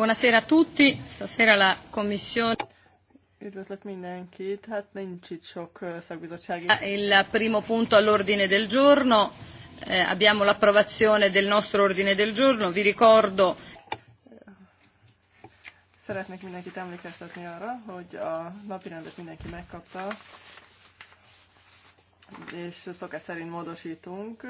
Buonasera a tutti, stasera la commissione. Üdvözlök mindenkit, hát nincs itt sok szakbizottsági. Ah, il primo punto all'ordine del giorno, eh, abbiamo l'approvazione del nostro ordine del giorno, vi ricordo. Szeretnék mindenkit emlékeztetni arra, hogy a napirendet mindenki megkapta, és szokás szerint módosítunk.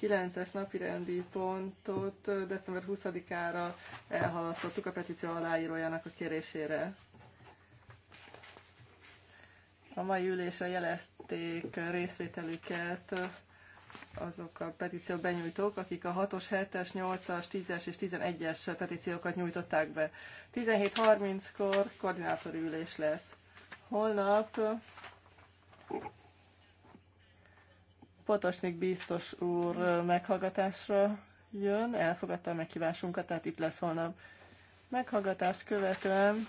9-es napirendi pontot december 20-ára elhalasztottuk a petíció aláírójának a kérésére. A mai ülésre jelezték részvételüket azok a petíció benyújtók, akik a 6-os, 7-es, 8-as, 10-es és 11-es petíciókat nyújtották be. 17.30-kor koordinátori ülés lesz. Holnap Potosnik biztos úr meghallgatásra jön, elfogadta a meghívásunkat, tehát itt lesz holnap. Meghallgatást követően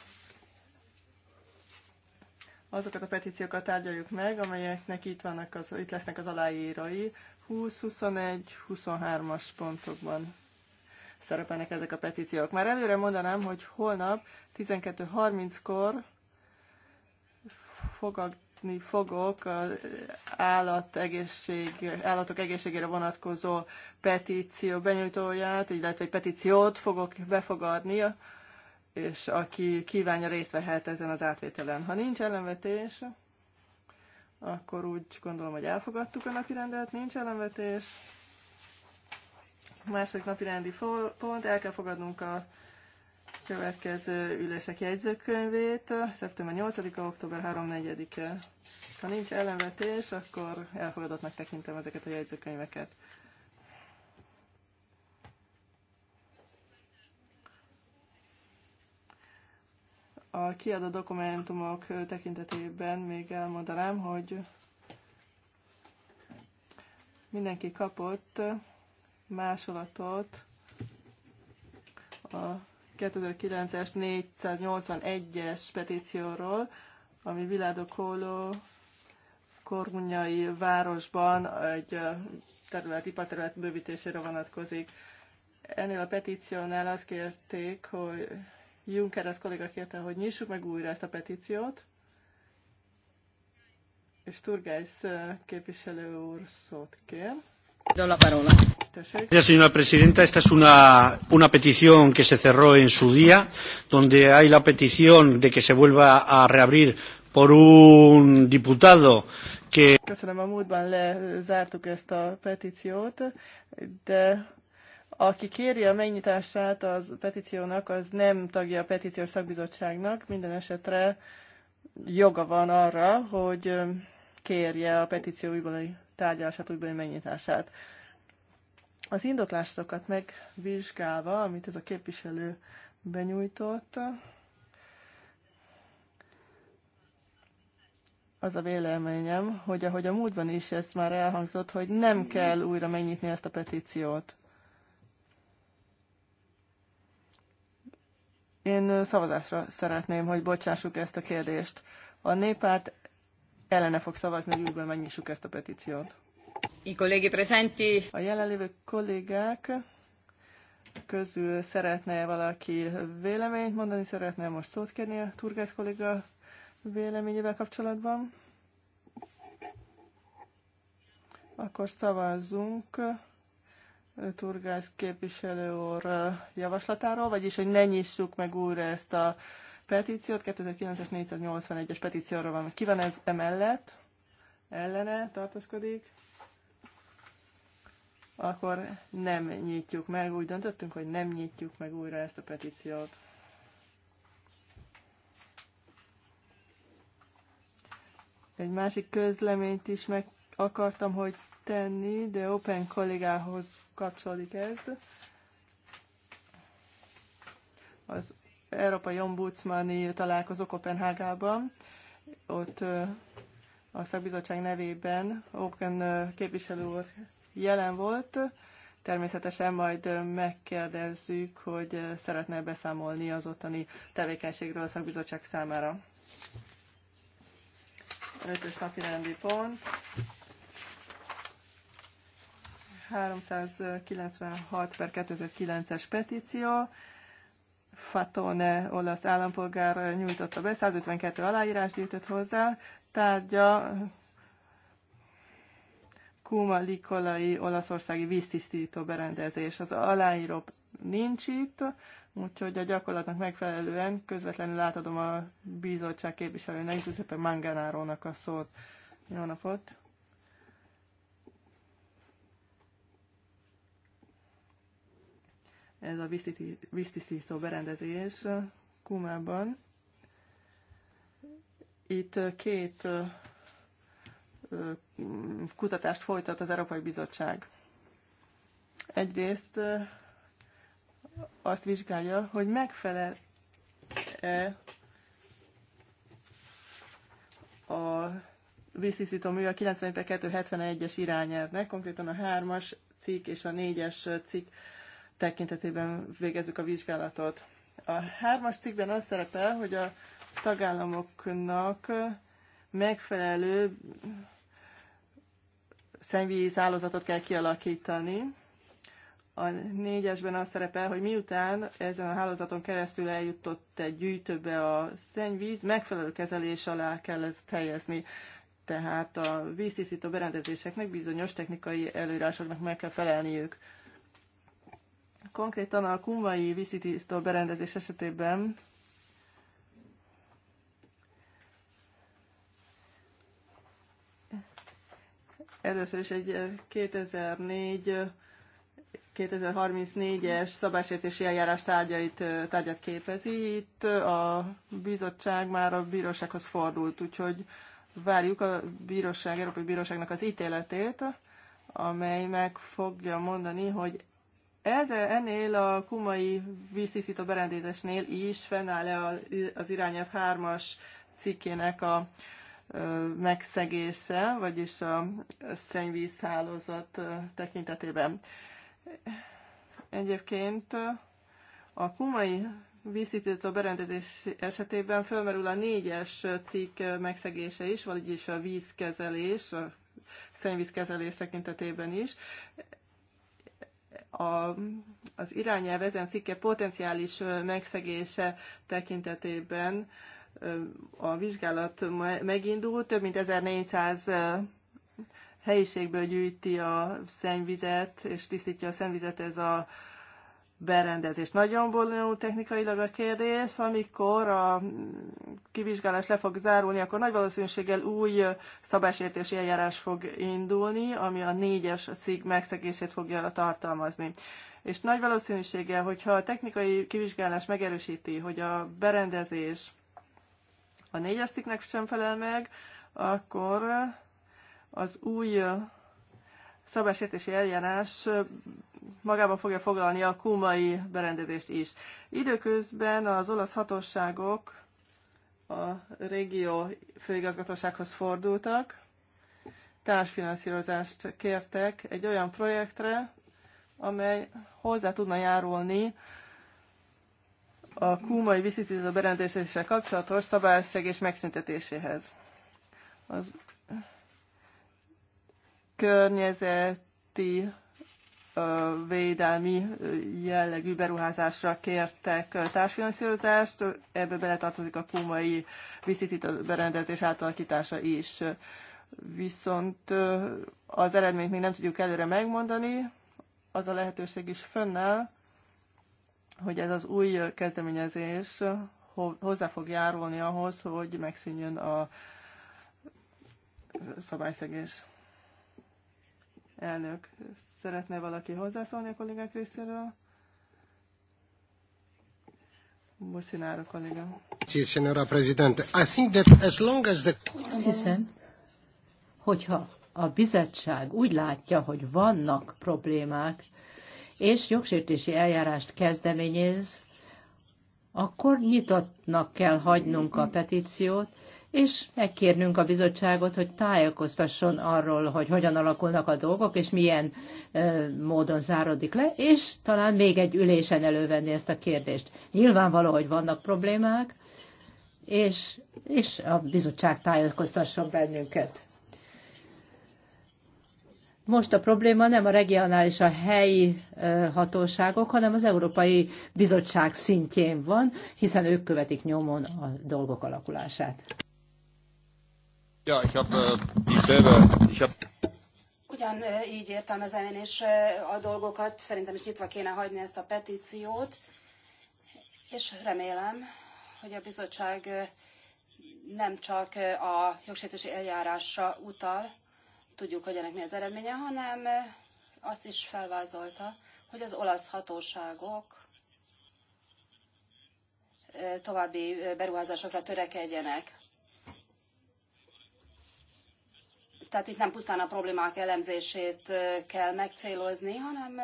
azokat a petíciókat tárgyaljuk meg, amelyeknek itt, vannak az, itt lesznek az aláírói 20, 21, 23-as pontokban szerepelnek ezek a petíciók. Már előre mondanám, hogy holnap 12.30-kor fogadni fogok az állat egészség, állatok egészségére vonatkozó petíció benyújtóját, illetve egy petíciót fogok befogadni, és aki kívánja részt vehet ezen az átvételen. Ha nincs ellenvetés, akkor úgy gondolom, hogy elfogadtuk a napirendet, nincs ellenvetés. Második második napirendi pont, el kell fogadnunk a következő ülések jegyzőkönyvét, szeptember 8-a, október 3-4-e. Ha nincs ellenvetés, akkor elfogadottnak tekintem ezeket a jegyzőkönyveket. A kiadott dokumentumok tekintetében még elmondanám, hogy mindenki kapott másolatot a 2009-es 481-es petícióról, ami Viládokoló kormunyai városban egy terület, iparterület bővítésére vonatkozik. Ennél a petíciónál azt kérték, hogy Juncker az kolléga kérte, hogy nyissuk meg újra ezt a petíciót, és Turgász képviselő úr szót kér. Señora presidenta, esta es una, una petición que se cerró en su día, donde hay la petición de que se vuelva a reabrir por un diputado que... Köszönöm, a múltban lezártuk ezt a petíciót, de aki kéri a megnyitását a petíciónak, az nem tagja a petíciós szakbizottságnak, minden esetre joga van arra, hogy kérje a petíció újbóli tárgyalását, úgyben megnyitását. Az indoklásokat megvizsgálva, amit ez a képviselő benyújtott, az a véleményem, hogy ahogy a múltban is ez már elhangzott, hogy nem kell újra megnyitni ezt a petíciót. Én szavazásra szeretném, hogy bocsássuk ezt a kérdést. A néppárt ellene fog szavazni, hogy újból megnyissuk ezt a petíciót. I colleghi presenti. A jelenlévő kollégák közül szeretne valaki véleményt mondani, szeretne most szót kérni a Turgász kolléga véleményével kapcsolatban? Akkor szavazzunk Turgász képviselő úr javaslatáról, vagyis hogy ne nyissuk meg újra ezt a petíciót, 2009-es es petícióról van. Ki van ez emellett? Ellene tartózkodik? Akkor nem nyitjuk meg. Úgy döntöttünk, hogy nem nyitjuk meg újra ezt a petíciót. Egy másik közleményt is meg akartam, hogy tenni, de Open kollégához kapcsolódik ez. Az Európai Ombudsmani találkozó Kopenhágában. Ott a szakbizottság nevében Open képviselő úr jelen volt. Természetesen majd megkérdezzük, hogy szeretne beszámolni az ottani tevékenységről a szakbizottság számára. Ötös napi rendi pont. 396 per 2009-es petíció, Fatone olasz állampolgár nyújtotta be, 152 aláírás gyűjtött hozzá, tárgya Kuma Likolai olaszországi víztisztító berendezés. Az aláíró nincs itt, úgyhogy a gyakorlatnak megfelelően közvetlenül átadom a bizottság képviselőnek, Giuseppe Manganárónak a szót. Jó napot! ez a víztisztító berendezés Kumában. Itt két kutatást folytat az Európai Bizottság. Egyrészt azt vizsgálja, hogy megfelel-e a víztisztító mű a 90 es irányelvnek, konkrétan a 3-as cikk és a 4-es cikk tekintetében végezzük a vizsgálatot. A hármas cikkben az szerepel, hogy a tagállamoknak megfelelő szennyvíz állózatot kell kialakítani. A négyesben az szerepel, hogy miután ezen a hálózaton keresztül eljutott egy gyűjtőbe a szennyvíz, megfelelő kezelés alá kell ezt helyezni. Tehát a víztisztító berendezéseknek bizonyos technikai előírásoknak meg kell felelniük. Konkrétan a kumvai vízitisztó berendezés esetében először is egy 2004 eh, 2034-es szabásértési eljárás tárgyait, eh, tárgyat képezi. Itt eh, a bizottság már a bírósághoz fordult, úgyhogy várjuk a bíróság, Európai Bíróságnak az ítéletét, amely meg fogja mondani, hogy ez ennél a kumai a berendezésnél is fennáll-e az irányelv 3-as cikkének a megszegése, vagyis a szennyvízhálózat tekintetében. Egyébként a kumai a berendezés esetében fölmerül a négyes cikk megszegése is, vagyis a vízkezelés, a szennyvízkezelés tekintetében is a, az irányelv ezen cikke potenciális megszegése tekintetében a vizsgálat megindult, több mint 1400 helyiségből gyűjti a szennyvizet, és tisztítja a szennyvizet ez a berendezés Nagyon bonyolult technikailag a kérdés, amikor a kivizsgálás le fog zárulni, akkor nagy valószínűséggel új szabásértési eljárás fog indulni, ami a négyes cikk megszegését fogja tartalmazni. És nagy valószínűséggel, hogyha a technikai kivizsgálás megerősíti, hogy a berendezés a négyes cikknek sem felel meg, akkor az új szabásértési eljárás magába fogja foglalni a kumai berendezést is. Időközben az olasz hatóságok a régió főigazgatósághoz fordultak, társfinanszírozást kértek egy olyan projektre, amely hozzá tudna járulni a kúmai visszatérő berendezéssel kapcsolatos és megszüntetéséhez. Az környezeti védelmi jellegű beruházásra kértek társfinanszírozást, ebbe beletartozik a kumai visszicita berendezés átalakítása is. Viszont az eredményt még nem tudjuk előre megmondani, az a lehetőség is fönnáll, hogy ez az új kezdeményezés hozzá fog járulni ahhoz, hogy megszűnjön a szabályszegés. Elnök, szeretne valaki hozzászólni a kollégák részéről? Bocsinára kolléga. Signora Presidente, I think that as long as the... Azt hiszem, hogyha a bizottság úgy látja, hogy vannak problémák, és jogsértési eljárást kezdeményez, akkor nyitottnak kell hagynunk a petíciót, és megkérnünk a bizottságot, hogy tájékoztasson arról, hogy hogyan alakulnak a dolgok, és milyen módon zárodik le, és talán még egy ülésen elővenni ezt a kérdést. Nyilvánvaló, hogy vannak problémák, és, és a bizottság tájékoztasson bennünket. Most a probléma nem a regionális, a helyi hatóságok, hanem az Európai Bizottság szintjén van, hiszen ők követik nyomon a dolgok alakulását. Ja, ich habe äh, ich habe... Ugyan így értelmezem én is a dolgokat, szerintem is nyitva kéne hagyni ezt a petíciót, és remélem, hogy a bizottság nem csak a jogsértési eljárásra utal, tudjuk, hogy ennek mi az eredménye, hanem azt is felvázolta, hogy az olasz hatóságok további beruházásokra törekedjenek. tehát itt nem pusztán a problémák elemzését kell megcélozni, hanem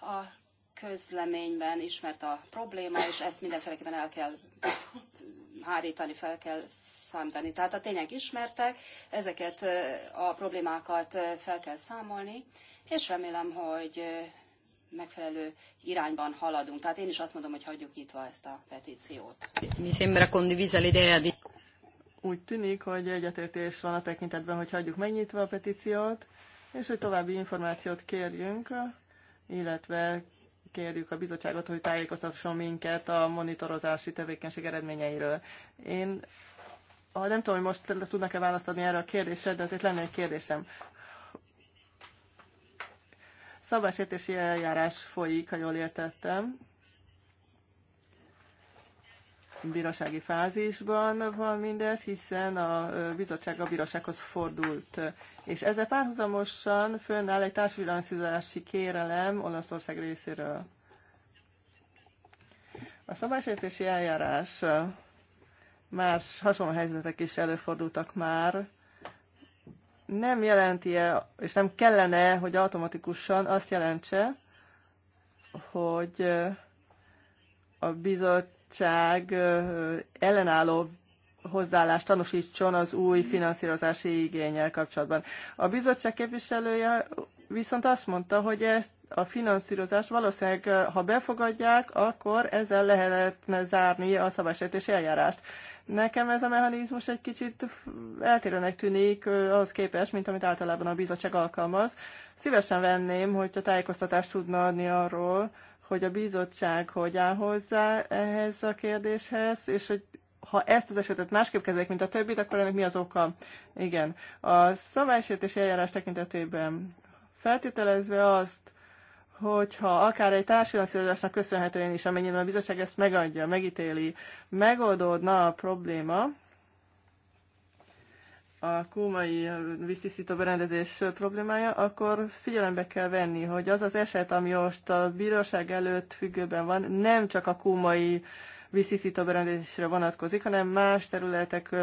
a közleményben ismert a probléma, és ezt mindenféleképpen el kell hárítani, fel kell számítani. Tehát a tények ismertek, ezeket a problémákat fel kell számolni, és remélem, hogy megfelelő irányban haladunk. Tehát én is azt mondom, hogy hagyjuk nyitva ezt a petíciót. Mi sembra condivisa l'idea di... Úgy tűnik, hogy egyetértés van a tekintetben, hogy hagyjuk megnyitva a petíciót, és hogy további információt kérjünk, illetve kérjük a bizottságot, hogy tájékoztasson minket a monitorozási tevékenység eredményeiről. Én ha nem tudom, hogy most tudnak-e választani erre a kérdésre, de azért lenne egy kérdésem. Szabásértési eljárás folyik, ha jól értettem bírósági fázisban van mindez, hiszen a bizottság a bírósághoz fordult. És ezzel párhuzamosan fönnáll egy társadalmi kérelem Olaszország részéről. A szabálysértési eljárás más hasonló helyzetek is előfordultak már. Nem jelenti -e, és nem kellene, hogy automatikusan azt jelentse, hogy a bizottság bizottság ellenálló hozzáállást tanúsítson az új finanszírozási igényel kapcsolatban. A bizottság képviselője viszont azt mondta, hogy ezt a finanszírozást valószínűleg, ha befogadják, akkor ezzel lehetne zárni a szabálysértési eljárást. Nekem ez a mechanizmus egy kicsit eltérőnek tűnik ahhoz képest, mint amit általában a bizottság alkalmaz. Szívesen venném, hogyha tájékoztatást tudna adni arról, hogy a bizottság hogy áll hozzá ehhez a kérdéshez, és hogy ha ezt az esetet másképp kezelik, mint a többit, akkor ennek mi az oka? Igen. A szabálysértési eljárás tekintetében feltételezve azt, hogyha akár egy társfinanszírozásnak köszönhetően is, amennyiben a bizottság ezt megadja, megítéli, megoldódna a probléma, a kómai víztisztító berendezés problémája, akkor figyelembe kell venni, hogy az az eset, ami most a bíróság előtt függőben van, nem csak a kómai víztisztító berendezésre vonatkozik, hanem más területek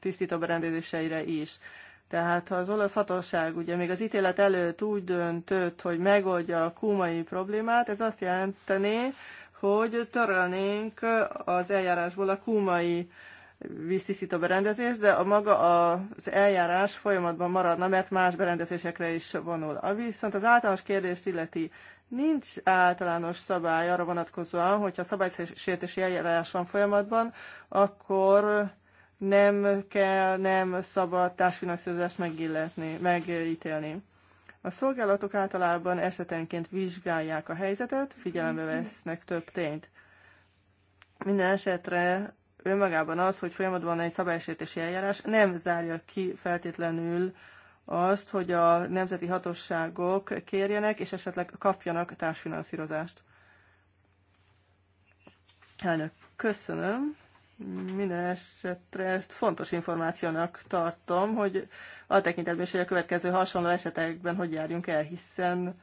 tisztító berendezéseire is. Tehát ha az olasz hatóság ugye még az ítélet előtt úgy döntött, hogy megoldja a kúmai problémát, ez azt jelenteni, hogy törölnénk az eljárásból a kúmai a berendezés, de a maga az eljárás folyamatban maradna, mert más berendezésekre is vonul. A viszont az általános kérdést illeti, nincs általános szabály arra vonatkozóan, hogyha szabálysértési eljárás van folyamatban, akkor nem kell, nem szabad társfinanszírozást megilletni, megítélni. A szolgálatok általában esetenként vizsgálják a helyzetet, figyelembe vesznek több tényt. Minden esetre önmagában az, hogy folyamatban egy szabálysértési eljárás nem zárja ki feltétlenül azt, hogy a nemzeti hatóságok kérjenek és esetleg kapjanak társfinanszírozást. Elnök, köszönöm. Minden esetre ezt fontos információnak tartom, hogy a tekintetben is, hogy a következő hasonló esetekben hogy járjunk el, hiszen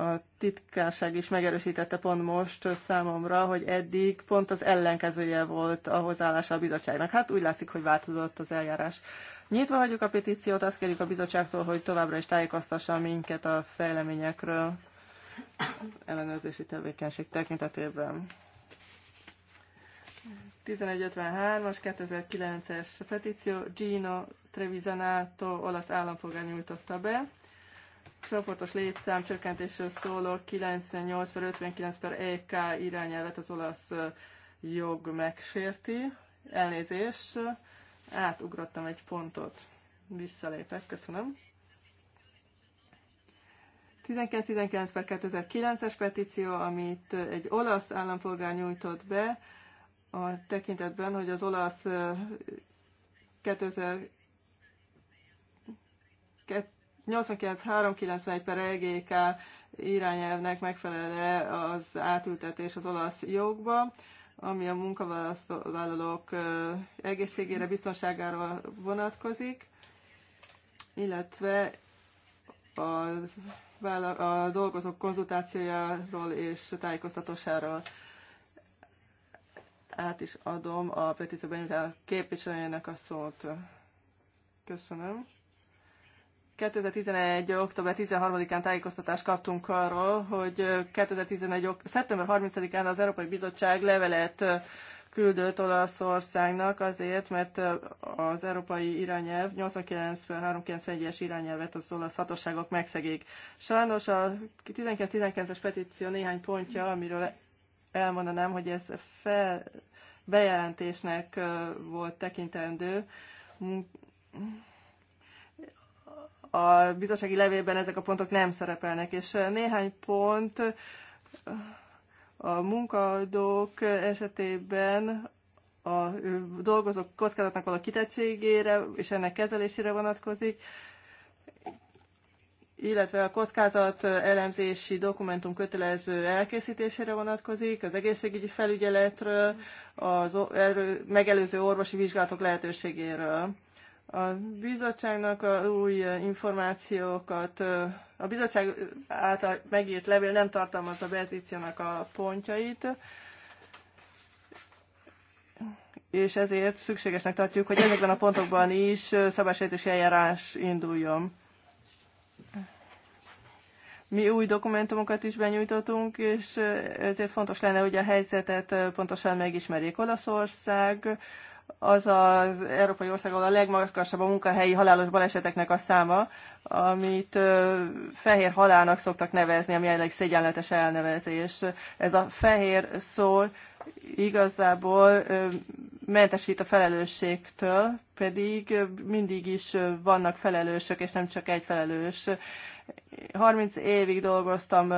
a titkárság is megerősítette pont most számomra, hogy eddig pont az ellenkezője volt a hozzáállása a bizottságnak. Hát úgy látszik, hogy változott az eljárás. Nyitva hagyjuk a petíciót, azt kérjük a bizottságtól, hogy továbbra is tájékoztassa minket a fejleményekről ellenőrzési tevékenység tekintetében. 1153-as 2009-es petíció Gino Trevisanato olasz állampolgár nyújtotta be csoportos létszám csökkentésről szóló 98 per 59 per EK irányelvet az olasz jog megsérti. Elnézés, átugrottam egy pontot. Visszalépek, köszönöm. 1919 per 2009-es petíció, amit egy olasz állampolgár nyújtott be, a tekintetben, hogy az olasz 2000 89.391 per EGK irányelvnek megfelele az átültetés az olasz jogba, ami a munkavállalók egészségére, biztonságára vonatkozik, illetve a, a dolgozók konzultációjáról és tájékoztatásáról át is adom a petíció benyújtásának képviselőjének a szót. Köszönöm. 2011. október 13-án tájékoztatást kaptunk arról, hogy 2011. szeptember 30-án az Európai Bizottság levelet küldött Olaszországnak azért, mert az európai irányelv, 89-391-es irányelvet az olasz hatóságok megszegik. Sajnos a 19-19-es petíció néhány pontja, amiről elmondanám, hogy ez fel, bejelentésnek volt tekintendő, a bizottsági levélben ezek a pontok nem szerepelnek, és néhány pont a munkadók esetében a dolgozók kockázatnak való kitettségére és ennek kezelésére vonatkozik, illetve a kockázat elemzési dokumentum kötelező elkészítésére vonatkozik, az egészségügyi felügyeletről, az erő, megelőző orvosi vizsgálatok lehetőségéről. A bizottságnak a új információkat, a bizottság által megírt levél nem tartalmazza a petíciónak a pontjait, és ezért szükségesnek tartjuk, hogy ezekben a pontokban is szabálysértési eljárás induljon. Mi új dokumentumokat is benyújtottunk, és ezért fontos lenne, hogy a helyzetet pontosan megismerjék Olaszország, az az európai ország, ahol a legmagasabb a munkahelyi halálos baleseteknek a száma, amit ö, fehér halálnak szoktak nevezni, ami egy szégyenletes elnevezés. Ez a fehér szó igazából ö, mentesít a felelősségtől, pedig mindig is vannak felelősök, és nem csak egy felelős. 30 évig dolgoztam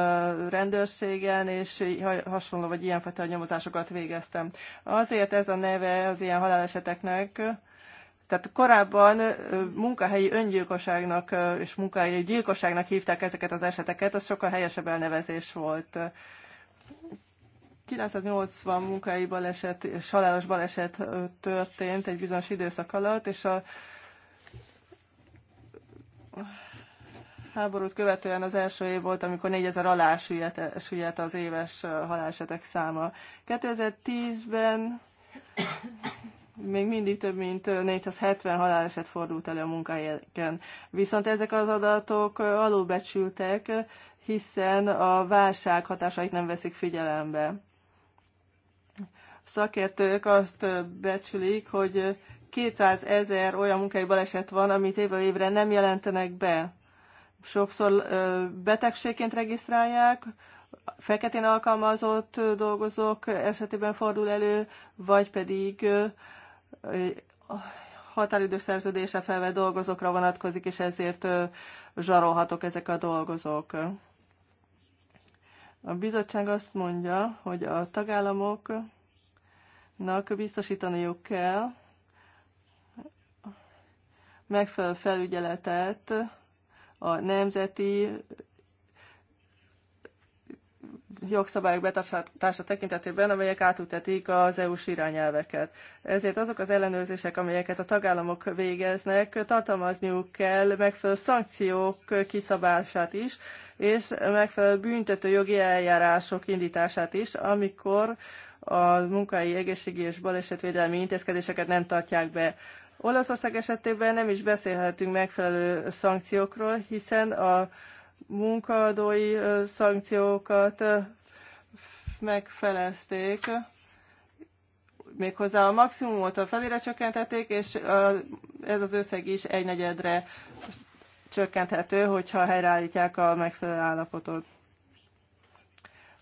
rendőrségen, és hasonló vagy ilyenfajta nyomozásokat végeztem. Azért ez a neve az ilyen haláleseteknek, tehát korábban munkahelyi öngyilkosságnak és munkahelyi gyilkosságnak hívták ezeket az eseteket, az sokkal helyesebb elnevezés volt. 980 munkai baleset és halálos baleset történt egy bizonyos időszak alatt, és a háborút követően az első év volt, amikor 4000 alá süllyedt, süllyedt az éves halálesetek száma. 2010-ben még mindig több mint 470 haláleset fordult elő a munkahelyeken. Viszont ezek az adatok alulbecsültek, hiszen a válság hatásait nem veszik figyelembe. Szakértők azt becsülik, hogy 200 ezer olyan munkai baleset van, amit évről évre nem jelentenek be sokszor betegségként regisztrálják, feketén alkalmazott dolgozók esetében fordul elő, vagy pedig szerződése felve dolgozókra vonatkozik, és ezért zsarolhatok ezek a dolgozók. A bizottság azt mondja, hogy a tagállamoknak biztosítaniuk kell megfelelő felügyeletet a nemzeti jogszabályok betartása tekintetében, amelyek átültetik az EU-s irányelveket. Ezért azok az ellenőrzések, amelyeket a tagállamok végeznek, tartalmazniuk kell megfelelő szankciók kiszabását is, és megfelelő büntető jogi eljárások indítását is, amikor a munkai egészségi és balesetvédelmi intézkedéseket nem tartják be. Olaszország esetében nem is beszélhetünk megfelelő szankciókról, hiszen a munkadói szankciókat megfelezték, méghozzá a maximumot a felére csökkentették, és ez az összeg is egynegyedre csökkenthető, hogyha helyreállítják a megfelelő állapotot.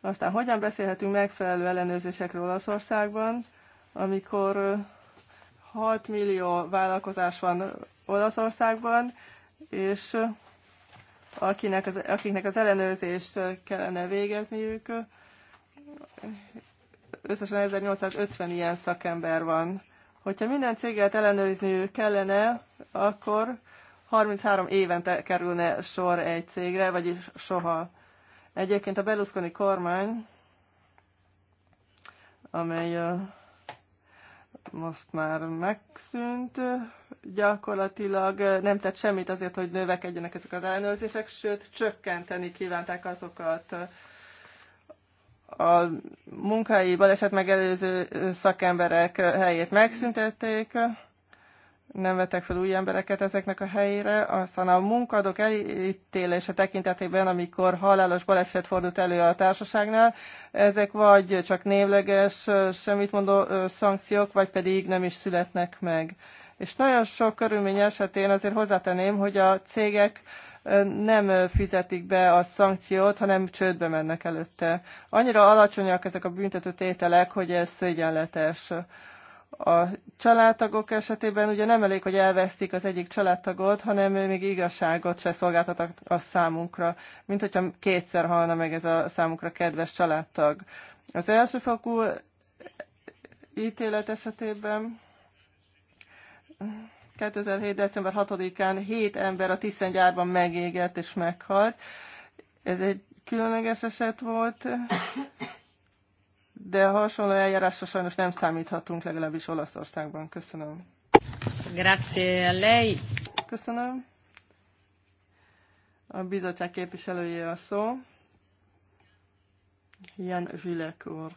Aztán hogyan beszélhetünk megfelelő ellenőrzésekről Olaszországban, amikor 6 millió vállalkozás van Olaszországban, és akinek az, akiknek az ellenőrzést kellene végezniük. Összesen 1850 ilyen szakember van. Hogyha minden céget ellenőrizniük kellene, akkor 33 évente kerülne sor egy cégre, vagyis soha. Egyébként a Berlusconi kormány, amely most már megszűnt gyakorlatilag, nem tett semmit azért, hogy növekedjenek ezek az ellenőrzések, sőt, csökkenteni kívánták azokat. A munkai baleset megelőző szakemberek helyét megszüntették, nem vettek fel új embereket ezeknek a helyére, aztán a munkadok elítélése tekintetében, amikor halálos baleset fordult elő a társaságnál, ezek vagy csak névleges, semmit mondó szankciók, vagy pedig nem is születnek meg. És nagyon sok körülmény esetén azért hozzátenném, hogy a cégek nem fizetik be a szankciót, hanem csődbe mennek előtte. Annyira alacsonyak ezek a büntető tételek, hogy ez szégyenletes. A családtagok esetében ugye nem elég, hogy elvesztik az egyik családtagot, hanem még igazságot se szolgáltatnak a számunkra, mint hogyha kétszer halna meg ez a számunkra kedves családtag. Az elsőfokú ítélet esetében 2007. december 6-án 7 ember a Tiszen gyárban megégett és meghalt. Ez egy különleges eset volt, de hasonló eljárásra sajnos nem számíthatunk, legalábbis Olaszországban. Köszönöm. Grazie a lei. Köszönöm. A bizottság képviselője a szó. Jan Zsilek úr.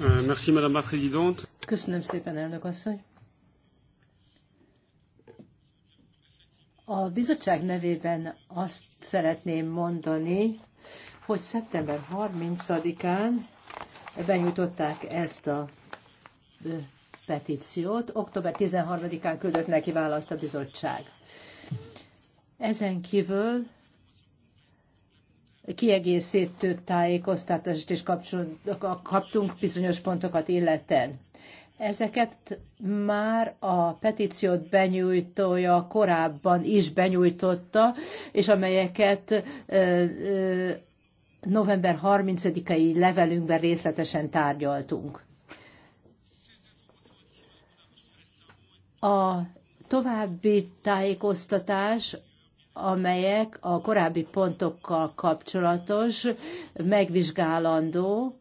Euh, merci, Madame la Présidente. Köszönöm szépen, elnök asszony. A bizottság nevében azt szeretném mondani, hogy szeptember 30-án benyújtották ezt a petíciót, október 13-án küldött neki választ a bizottság. Ezen kívül kiegészítő tájékoztatást is kaptunk bizonyos pontokat illeten. Ezeket már a petíciót benyújtója korábban is benyújtotta, és amelyeket november 30-ai levelünkben részletesen tárgyaltunk. A további tájékoztatás amelyek a korábbi pontokkal kapcsolatos, megvizsgálandó,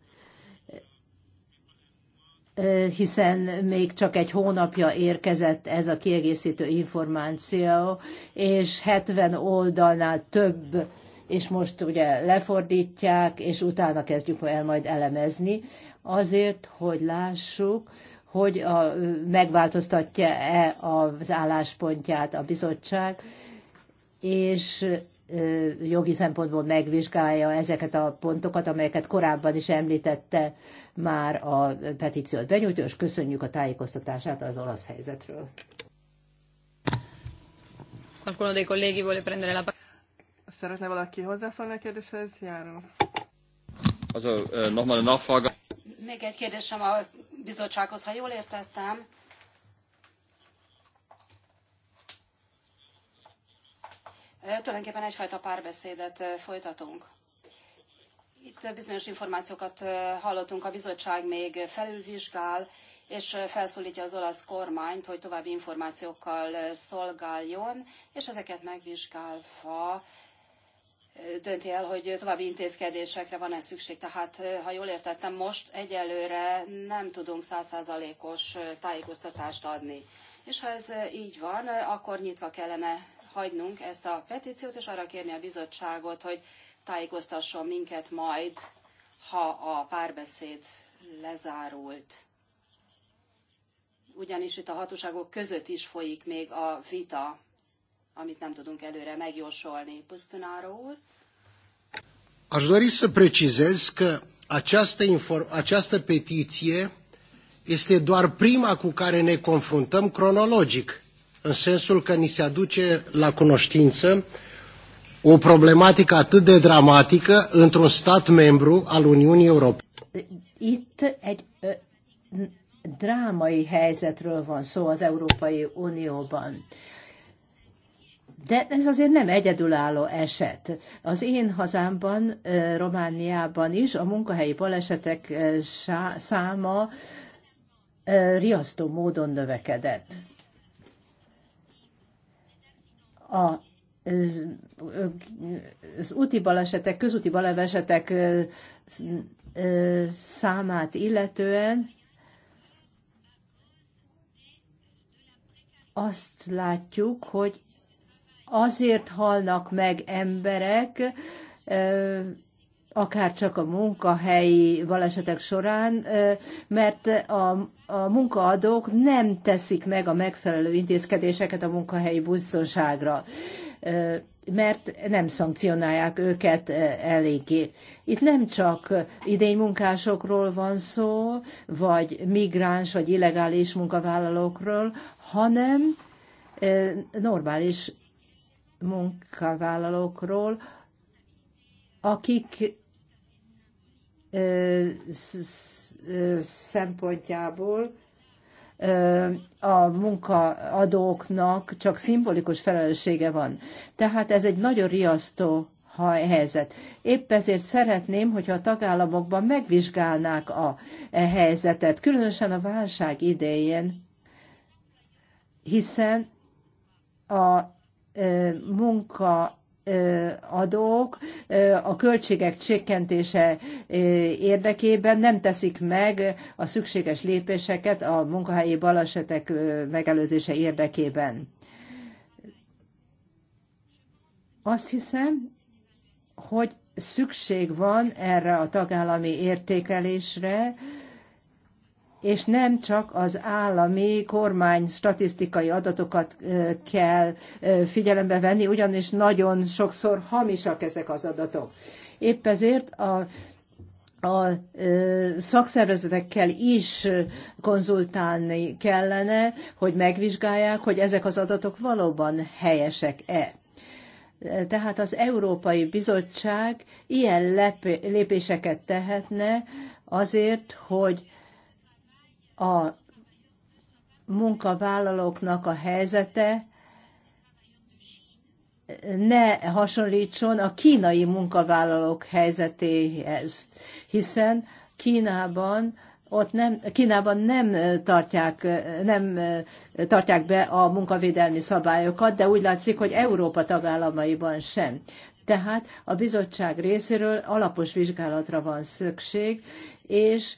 hiszen még csak egy hónapja érkezett ez a kiegészítő információ, és 70 oldalnál több és most ugye lefordítják, és utána kezdjük el majd elemezni, azért, hogy lássuk, hogy a, megváltoztatja-e az álláspontját a bizottság, és jogi szempontból megvizsgálja ezeket a pontokat, amelyeket korábban is említette már a petíciót benyújtó, és köszönjük a tájékoztatását az olasz helyzetről. Qualcuno dei colleghi vuole prendere la Szeretne valaki hozzászólni a kérdéshez? Járó. Az a, äh, nochmal eine Nachfrage. Még egy kérdésem a bizottsághoz, ha jól értettem. Tulajdonképpen egyfajta párbeszédet folytatunk. Itt bizonyos információkat hallottunk, a bizottság még felülvizsgál, és felszólítja az olasz kormányt, hogy további információkkal szolgáljon, és ezeket megvizsgálva dönti el, hogy további intézkedésekre van-e szükség. Tehát, ha jól értettem, most egyelőre nem tudunk százszázalékos tájékoztatást adni. És ha ez így van, akkor nyitva kellene hagynunk ezt a petíciót, és arra kérni a bizottságot, hogy tájékoztasson minket majd, ha a párbeszéd lezárult. Ugyanis itt a hatóságok között is folyik még a vita amit nem tudunk előre megjósolni. Pusztunáró úr? Aș dori să precizez că această, această petiție este doar prima cu care ne confruntăm cronologic, în sensul că ni se aduce la cunoștință o problematică atât de dramatică într-un stat membru al Uniunii Europene. Itt egy ö, drámai helyzetről van szó az Európai Unióban. De ez azért nem egyedülálló eset. Az én hazámban, Romániában is a munkahelyi balesetek száma riasztó módon növekedett. A az úti balesetek, közúti balesetek számát illetően azt látjuk, hogy azért halnak meg emberek, akár csak a munkahelyi balesetek során, mert a, a munkaadók nem teszik meg a megfelelő intézkedéseket a munkahelyi biztonságra mert nem szankcionálják őket eléggé. Itt nem csak munkásokról van szó, vagy migráns, vagy illegális munkavállalókról, hanem normális munkavállalókról, akik szempontjából a munkaadóknak csak szimbolikus felelőssége van. Tehát ez egy nagyon riasztó helyzet. Épp ezért szeretném, hogyha a tagállamokban megvizsgálnák a e helyzetet, különösen a válság idején, hiszen a munka adók a költségek csökkentése érdekében nem teszik meg a szükséges lépéseket a munkahelyi balesetek megelőzése érdekében. Azt hiszem, hogy szükség van erre a tagállami értékelésre, és nem csak az állami kormány statisztikai adatokat kell figyelembe venni, ugyanis nagyon sokszor hamisak ezek az adatok. Épp ezért a a szakszervezetekkel is konzultálni kellene, hogy megvizsgálják, hogy ezek az adatok valóban helyesek-e. Tehát az Európai Bizottság ilyen lépéseket tehetne azért, hogy a munkavállalóknak a helyzete ne hasonlítson a kínai munkavállalók helyzetéhez, hiszen Kínában ott nem, Kínában nem tartják, nem tartják be a munkavédelmi szabályokat, de úgy látszik, hogy Európa tagállamaiban sem. Tehát a bizottság részéről alapos vizsgálatra van szükség, és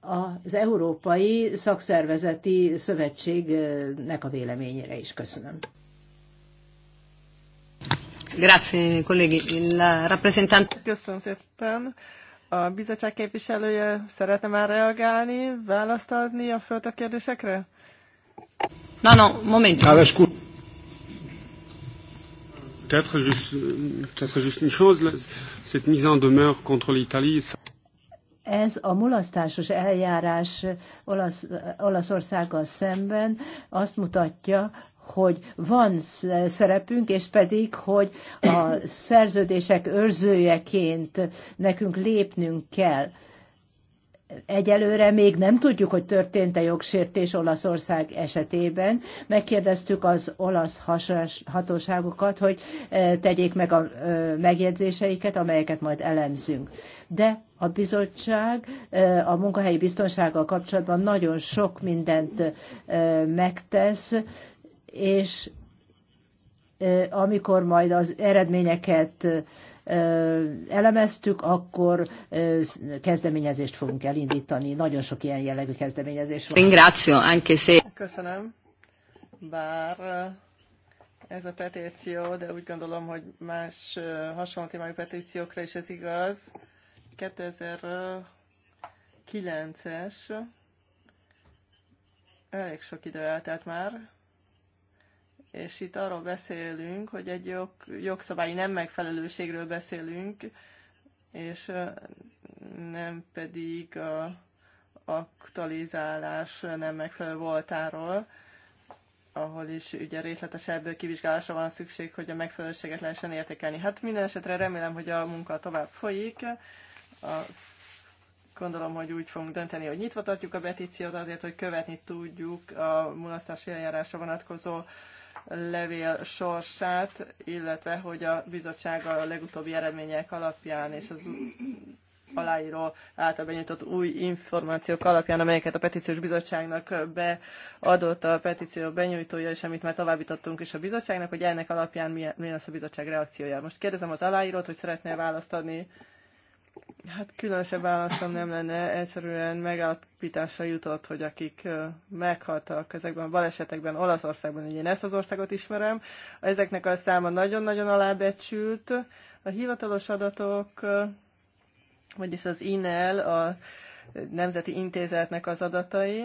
az Európai Szakszervezeti Szövetségnek a véleményére is. Köszönöm. Grazie, colleghi. Il rappresentante... Köszönöm szépen. A bizottság képviselője szeretne már reagálni, választ adni a föltett kérdésekre? No, no, moment. Ah, peut-être juste, peut juste une chose, cette mise en demeure contre l'Italie. Ez a mulasztásos eljárás Olasz, Olaszországgal szemben azt mutatja, hogy van szerepünk, és pedig, hogy a szerződések őrzőjeként nekünk lépnünk kell. Egyelőre még nem tudjuk, hogy történt-e jogsértés Olaszország esetében. Megkérdeztük az olasz hatóságokat, hogy e, tegyék meg a e, megjegyzéseiket, amelyeket majd elemzünk. De a bizottság e, a munkahelyi biztonsággal kapcsolatban nagyon sok mindent megtesz, és amikor majd az eredményeket elemeztük, akkor kezdeményezést fogunk elindítani. Nagyon sok ilyen jellegű kezdeményezés van. Ringráció, anche se. Köszönöm. Bár ez a petíció, de úgy gondolom, hogy más hasonló témájú petíciókra is ez igaz. 2009-es, elég sok idő eltelt már, és itt arról beszélünk, hogy egy jog, jogszabályi nem megfelelőségről beszélünk, és nem pedig a aktualizálás nem megfelelő voltáról, ahol is ugye részletesebb kivizsgálásra van szükség, hogy a megfelelőséget lehessen értékelni. Hát minden esetre remélem, hogy a munka tovább folyik. A, gondolom, hogy úgy fogunk dönteni, hogy nyitva tartjuk a petíciót azért, hogy követni tudjuk a mulasztási eljárásra vonatkozó levél sorsát, illetve hogy a bizottság a legutóbbi eredmények alapján és az aláíró által benyújtott új információk alapján, amelyeket a petíciós bizottságnak beadott a petíció benyújtója, és amit már továbbítottunk is a bizottságnak, hogy ennek alapján milyen, milyen lesz a bizottság reakciója. Most kérdezem az aláírót, hogy szeretné választ adni Hát különösebb válaszom nem lenne, egyszerűen megállapításra jutott, hogy akik meghaltak ezekben a balesetekben, Olaszországban, ugye én ezt az országot ismerem, ezeknek a száma nagyon-nagyon alábecsült. A hivatalos adatok, vagyis az INEL, a Nemzeti Intézetnek az adatai,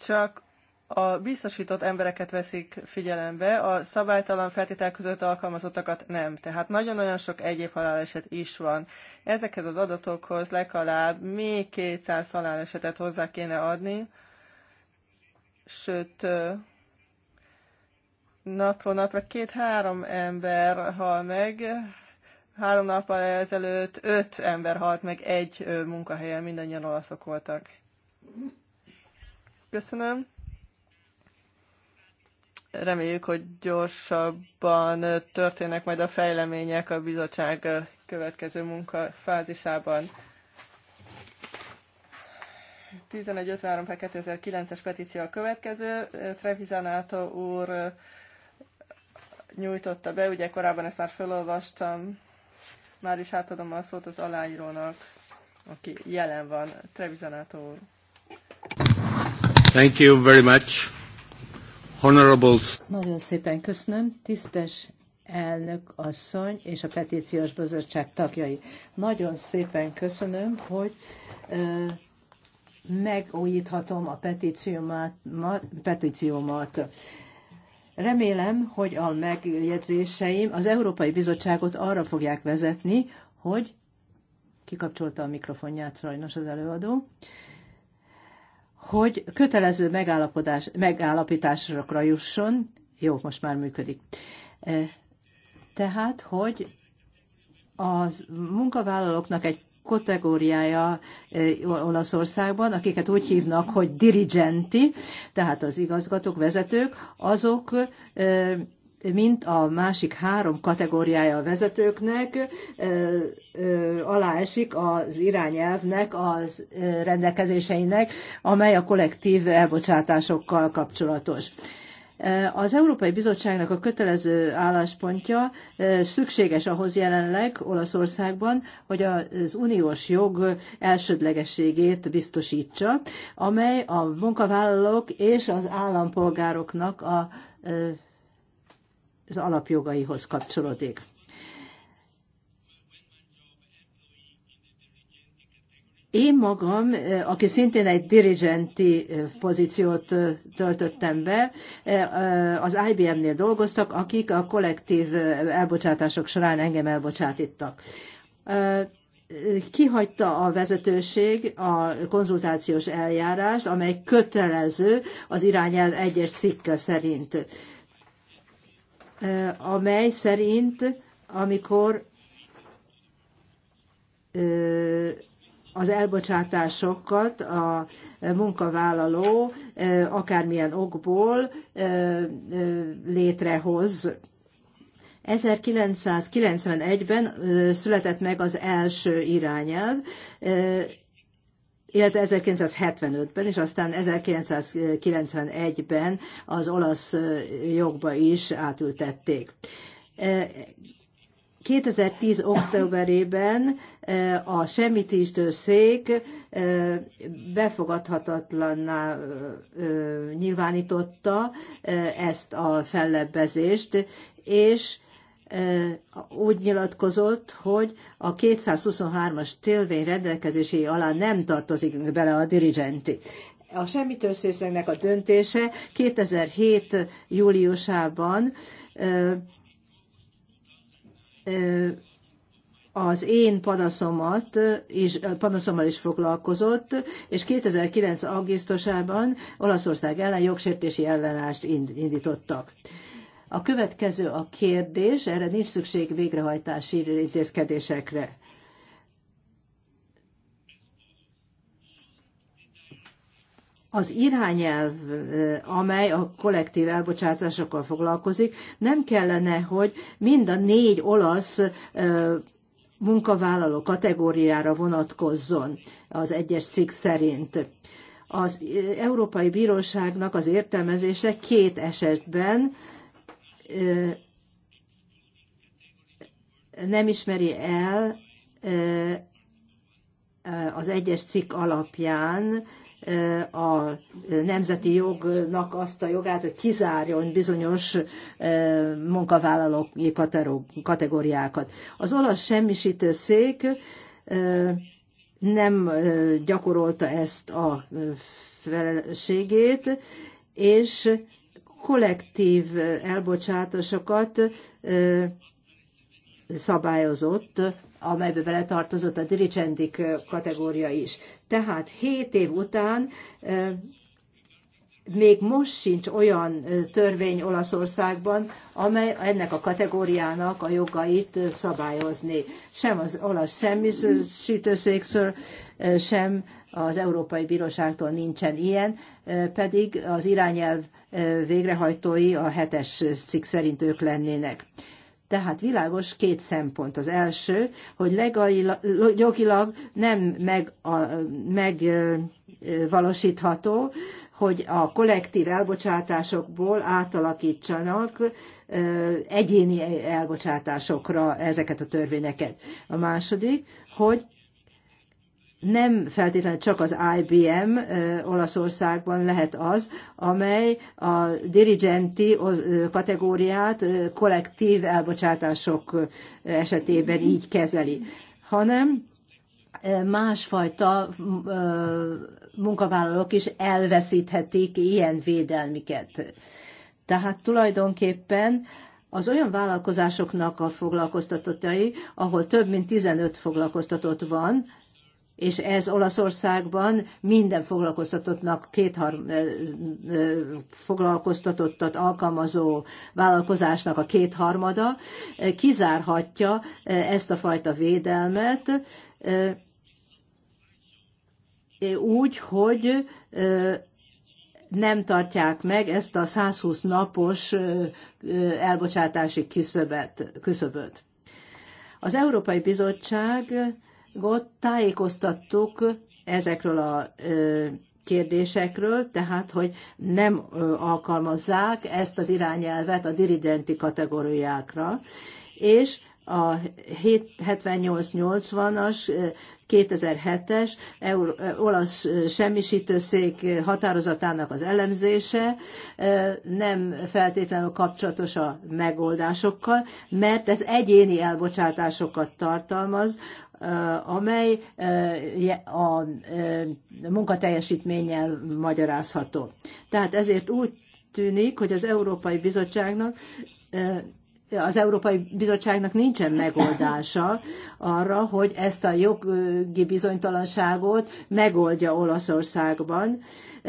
csak a biztosított embereket veszik figyelembe, a szabálytalan feltétel között alkalmazottakat nem. Tehát nagyon-nagyon sok egyéb haláleset is van. Ezekhez az adatokhoz legalább még 200 halálesetet hozzá kéne adni, sőt, napról napra két-három ember hal meg, három nappal ezelőtt öt ember halt meg egy munkahelyen, mindannyian olaszok voltak. Köszönöm. Reméljük, hogy gyorsabban történnek majd a fejlemények a bizottság következő munkafázisában. fázisában. 2009-es petíció a következő. Trevizanáto úr nyújtotta be, ugye korábban ezt már felolvastam, már is átadom a szót az aláírónak, aki jelen van, Trevizanáto úr. Thank you very much. Honorables. Nagyon szépen köszönöm, tisztes elnök asszony és a petíciós bizottság tagjai. Nagyon szépen köszönöm, hogy ö, megújíthatom a petíciómat, ma, petíciómat. Remélem, hogy a megjegyzéseim az Európai Bizottságot arra fogják vezetni, hogy kikapcsolta a mikrofonját sajnos az előadó. Ö, hogy kötelező megállapodás, megállapításokra jusson. Jó, most már működik. E, tehát, hogy a munkavállalóknak egy kategóriája e, Olaszországban, akiket úgy hívnak, hogy dirigenti, tehát az igazgatók, vezetők, azok e, mint a másik három kategóriája a vezetőknek aláesik az irányelvnek, az rendelkezéseinek, amely a kollektív elbocsátásokkal kapcsolatos. Az Európai Bizottságnak a kötelező álláspontja szükséges ahhoz jelenleg Olaszországban, hogy az uniós jog elsődlegességét biztosítsa, amely a munkavállalók és az állampolgároknak a az alapjogaihoz kapcsolódik. Én magam, eh, aki szintén egy dirigenti eh, pozíciót eh, töltöttem be, az IBM-nél dolgoztak, akik a kollektív elbocsátások során engem elbocsátítak. Kihagyta a vezetőség a konzultációs eljárást, amely kötelező az irányelv egyes cikke szerint Eh, amely szerint, amikor eh, az elbocsátásokat a munkavállaló eh, akármilyen okból létrehoz. 1991-ben született meg az első irányelv, illetve 1975-ben, és aztán 1991-ben az olasz jogba is átültették. 2010. októberében a semmitistő szék befogadhatatlanná nyilvánította ezt a fellebbezést, és úgy nyilatkozott, hogy a 223-as törvény rendelkezési alá nem tartozik bele a dirigenti. A törzsészeknek a döntése 2007. júliusában az én panaszomat is, panaszommal is foglalkozott, és 2009. augusztusában Olaszország ellen jogsértési ellenást indítottak. A következő a kérdés, erre nincs szükség végrehajtási intézkedésekre. az irányelv, amely a kollektív elbocsátásokkal foglalkozik, nem kellene, hogy mind a négy olasz munkavállaló kategóriára vonatkozzon az egyes cikk szerint. Az Európai Bíróságnak az értelmezése két esetben nem ismeri el az egyes cikk alapján a nemzeti jognak azt a jogát, hogy kizárjon bizonyos munkavállalói kategóriákat. Az olasz semmisítő szék nem gyakorolta ezt a felségét, és kollektív elbocsátásokat szabályozott, amelybe bele tartozott a dirigendik kategória is. Tehát 7 év után még most sincs olyan törvény Olaszországban, amely ennek a kategóriának a jogait szabályozni. Sem az olasz semmisítőszékszől, sem az Európai Bíróságtól nincsen ilyen, pedig az irányelv végrehajtói a hetes cikk szerint ők lennének. Tehát világos két szempont. Az első, hogy legalilag, jogilag nem megvalósítható, meg, hogy a kollektív elbocsátásokból átalakítsanak egyéni elbocsátásokra ezeket a törvényeket. A második, hogy nem feltétlenül csak az IBM Olaszországban lehet az, amely a dirigenti kategóriát kollektív elbocsátások esetében így kezeli, hanem másfajta munkavállalók is elveszíthetik ilyen védelmiket. Tehát tulajdonképpen az olyan vállalkozásoknak a foglalkoztatottai, ahol több mint 15 foglalkoztatott van, és ez Olaszországban minden foglalkoztatottnak kétharm, foglalkoztatottat alkalmazó vállalkozásnak a kétharmada kizárhatja ezt a fajta védelmet úgy, hogy nem tartják meg ezt a 120 napos elbocsátási küszöbet. Az Európai Bizottság bizottságot tájékoztattuk ezekről a kérdésekről, tehát hogy nem alkalmazzák ezt az irányelvet a diridenti kategóriákra, és a 78-80-as 2007-es olasz semmisítőszék határozatának az elemzése nem feltétlenül kapcsolatos a megoldásokkal, mert ez egyéni elbocsátásokat tartalmaz, Eh, amely eh, a eh, munkateljesítménnyel magyarázható. Tehát ezért úgy tűnik, hogy az Európai Bizottságnak az Európai Bizottságnak nincsen megoldása arra, hogy ezt a jogi bizonytalanságot megoldja Olaszországban,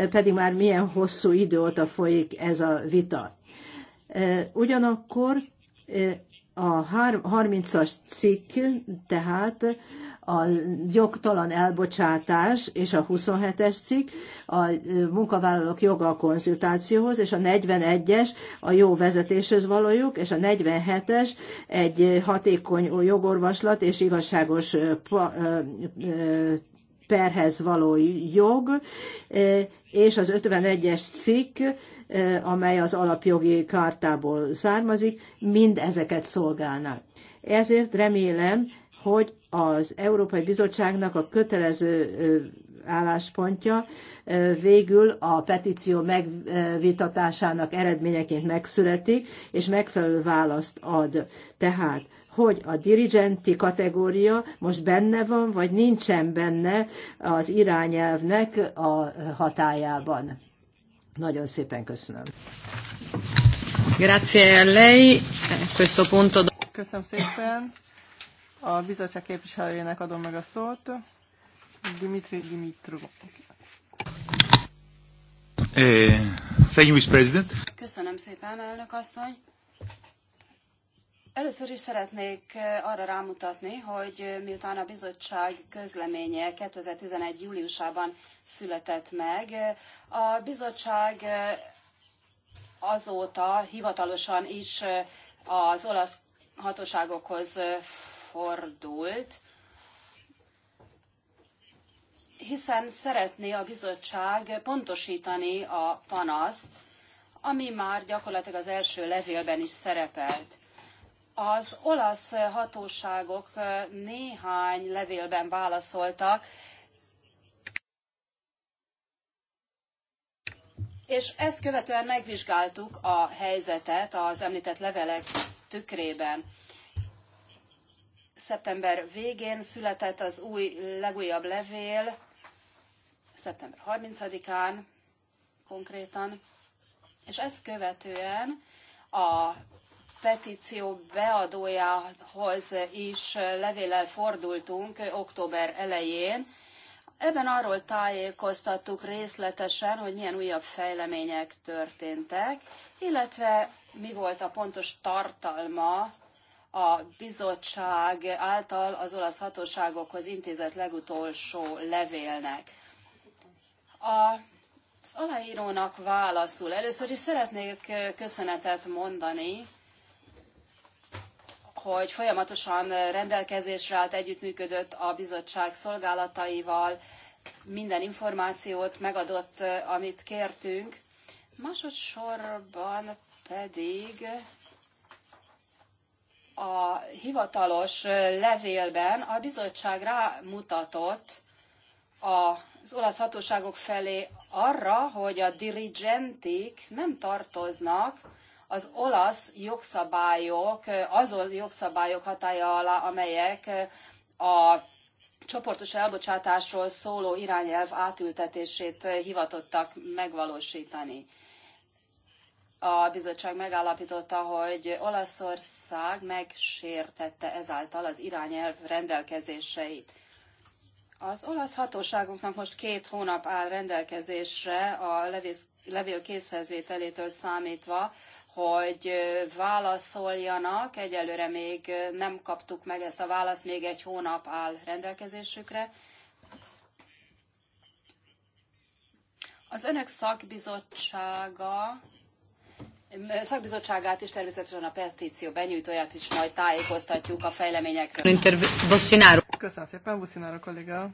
pedig már milyen hosszú idő óta folyik ez a vita. Ugyanakkor a 30-as cikk tehát a jogtalan elbocsátás és a 27-es cikk a munkavállalók joga a konzultációhoz, és a 41-es a jó vezetéshez való jog, és a 47-es egy hatékony jogorvoslat és igazságos perhez való jog, és az 51-es cikk, eh, amely az alapjogi kártából származik, mind ezeket szolgálnak. Ezért remélem, hogy az Európai Bizottságnak a kötelező eh, álláspontja eh, végül a petíció megvitatásának eredményeként megszületik, és megfelelő választ ad. Tehát hogy a dirigenti kategória most benne van, vagy nincsen benne az irányelvnek a hatájában. Nagyon szépen köszönöm. Grazie a lei. Questo punto... Köszönöm szépen. A bizottság képviselőjének adom meg a szót. Dimitri Dimitru. Eh, thank you, Mr. President. Köszönöm szépen, elnök asszony. Először is szeretnék eh, arra rámutatni, hogy eh, miután a bizottság közleménye 2011. júliusában született meg, eh, a bizottság azóta hivatalosan is az olasz hatóságokhoz fordult, hiszen szeretné a bizottság pontosítani a panaszt, ami már gyakorlatilag az első levélben is szerepelt. Az olasz hatóságok néhány levélben válaszoltak, és ezt követően megvizsgáltuk a helyzetet az említett levelek tükrében. Szeptember végén született az új, legújabb levél, szeptember 30-án konkrétan, és ezt követően a petíció beadójához is levéllel fordultunk október elején. Ebben arról tájékoztattuk részletesen, hogy milyen újabb fejlemények történtek, illetve mi volt a pontos tartalma a bizottság által az olasz hatóságokhoz intézett legutolsó levélnek. A az aláírónak válaszul. Először is szeretnék köszönetet mondani hogy folyamatosan rendelkezésre állt, együttműködött a bizottság szolgálataival, minden információt megadott, amit kértünk. Másodszorban pedig a hivatalos levélben a bizottság rámutatott az olasz hatóságok felé arra, hogy a dirigentik nem tartoznak az olasz jogszabályok, azon jogszabályok hatája alá, amelyek a csoportos elbocsátásról szóló irányelv átültetését hivatottak megvalósítani. A bizottság megállapította, hogy Olaszország megsértette ezáltal az irányelv rendelkezéseit. Az olasz hatóságoknak most két hónap áll rendelkezésre a levél készhezvételétől számítva, hogy válaszoljanak. Egyelőre még nem kaptuk meg ezt a választ, még egy hónap áll rendelkezésükre. Az önök szakbizottsága szakbizottságát is természetesen a petíció benyújtóját is majd tájékoztatjuk a fejleményekről. Bosszinaro. Köszönöm szépen, Bosszinaro kolléga.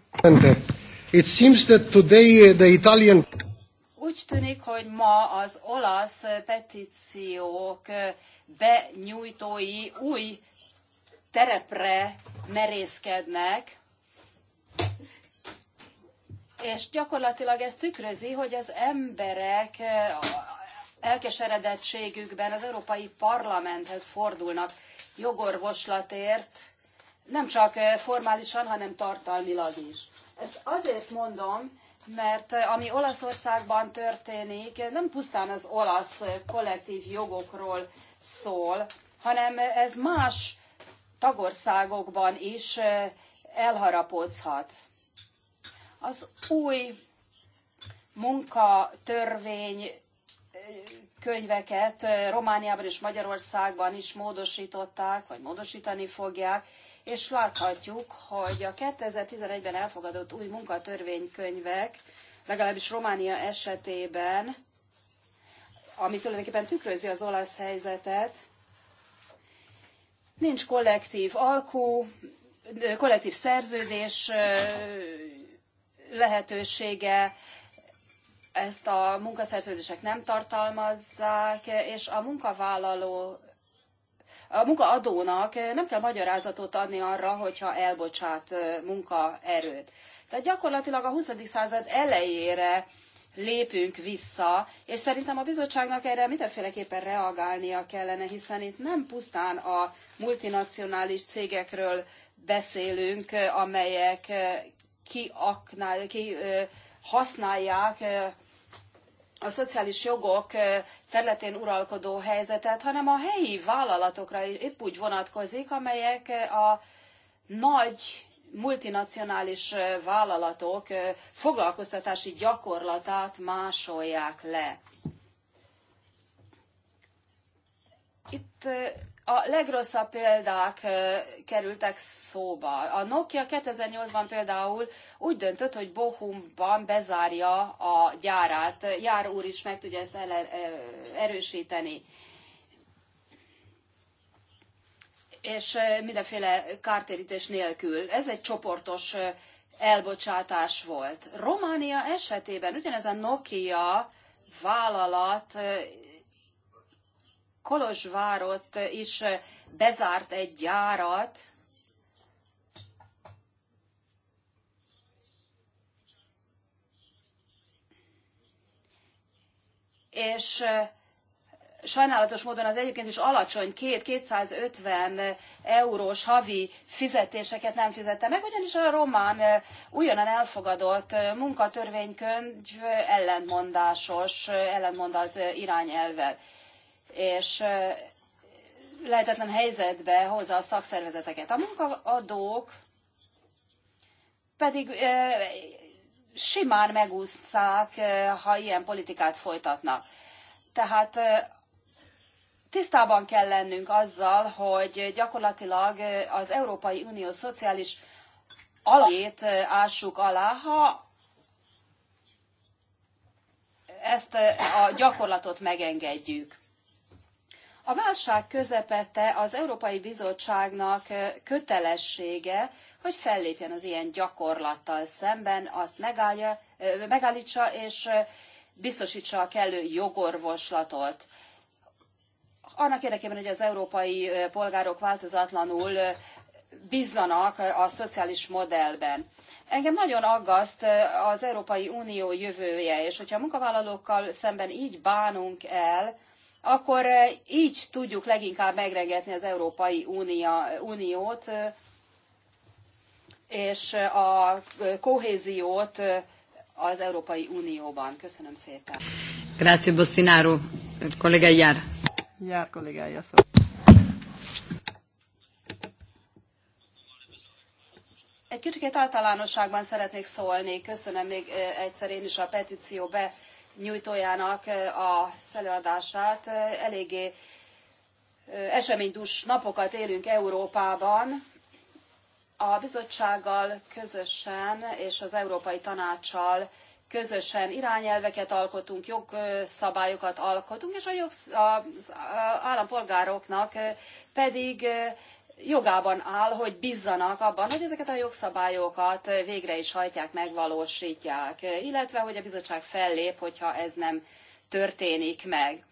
It seems that today uh, the Italian úgy tűnik, hogy ma az olasz petíciók benyújtói új terepre merészkednek, és gyakorlatilag ez tükrözi, hogy az emberek elkeseredettségükben az Európai Parlamenthez fordulnak jogorvoslatért, nem csak formálisan, hanem tartalmilag is. Ezt azért mondom, mert eh, ami Olaszországban történik, nem pusztán az olasz kollektív jogokról szól, hanem ez más tagországokban is eh, elharapódhat. Az új munkatörvény eh, könyveket Romániában és Magyarországban is módosították, vagy módosítani fogják, és láthatjuk, hogy a 2011-ben elfogadott új munkatörvénykönyvek, legalábbis Románia esetében, ami tulajdonképpen tükrözi az olasz helyzetet, nincs kollektív alkú, kollektív szerződés lehetősége, ezt a munkaszerződések nem tartalmazzák, és a munkavállaló a munkaadónak nem kell magyarázatot adni arra, hogyha elbocsát munkaerőt. Tehát gyakorlatilag a 20. század elejére lépünk vissza, és szerintem a bizottságnak erre mindenféleképpen reagálnia kellene, hiszen itt nem pusztán a multinacionális cégekről beszélünk, amelyek kiaknál, ki használják a szociális jogok területén uralkodó helyzetet, hanem a helyi vállalatokra épp úgy vonatkozik, amelyek a nagy multinacionális vállalatok foglalkoztatási gyakorlatát másolják le. Itt a legrosszabb példák kerültek szóba. A Nokia 2008-ban például úgy döntött, hogy Bochumban bezárja a gyárát. Jár úr is meg tudja ezt erősíteni. És mindenféle kártérítés nélkül. Ez egy csoportos elbocsátás volt. Románia esetében a Nokia vállalat Kolozsvárot is bezárt egy gyárat, és eh, sajnálatos módon az egyébként is alacsony két 250 eurós havi fizetéseket nem fizette meg, ugyanis a román eh, újonnan elfogadott eh, munkatörvénykönyv ellentmondásos, ellentmond az irányelvvel és lehetetlen helyzetbe hozza a szakszervezeteket. A munkaadók pedig simán megúszszák, ha ilyen politikát folytatnak. Tehát tisztában kell lennünk azzal, hogy gyakorlatilag az Európai Unió szociális alapjét ássuk alá, ha ezt a gyakorlatot megengedjük. A válság közepette az Európai Bizottságnak kötelessége, hogy fellépjen az ilyen gyakorlattal szemben, azt megállja, megállítsa és biztosítsa a kellő jogorvoslatot. Annak érdekében, hogy az európai polgárok változatlanul bizzanak a szociális modellben. Engem nagyon aggaszt az Európai Unió jövője, és hogyha a munkavállalókkal szemben így bánunk el, akkor eh, így tudjuk leginkább megrengetni az Európai Uniót, eh, és eh, a kohéziót az Európai Unióban. Köszönöm szépen. Grazie Bossinaro. Kollega Jár. Jár kollégája szó. Egy kicsit általánosságban szeretnék szólni. Köszönöm még egyszer én is a petíció be nyújtójának eh, a előadását. Eh, eléggé eh, eseménydús napokat élünk Európában. A bizottsággal közösen és az Európai Tanácssal közösen irányelveket alkotunk, jogszabályokat alkotunk, és a jogsz- az állampolgároknak pedig jogában áll, hogy bizzanak abban, hogy ezeket a jogszabályokat végre is hajtják, megvalósítják, illetve hogy a bizottság fellép, hogyha ez nem történik meg.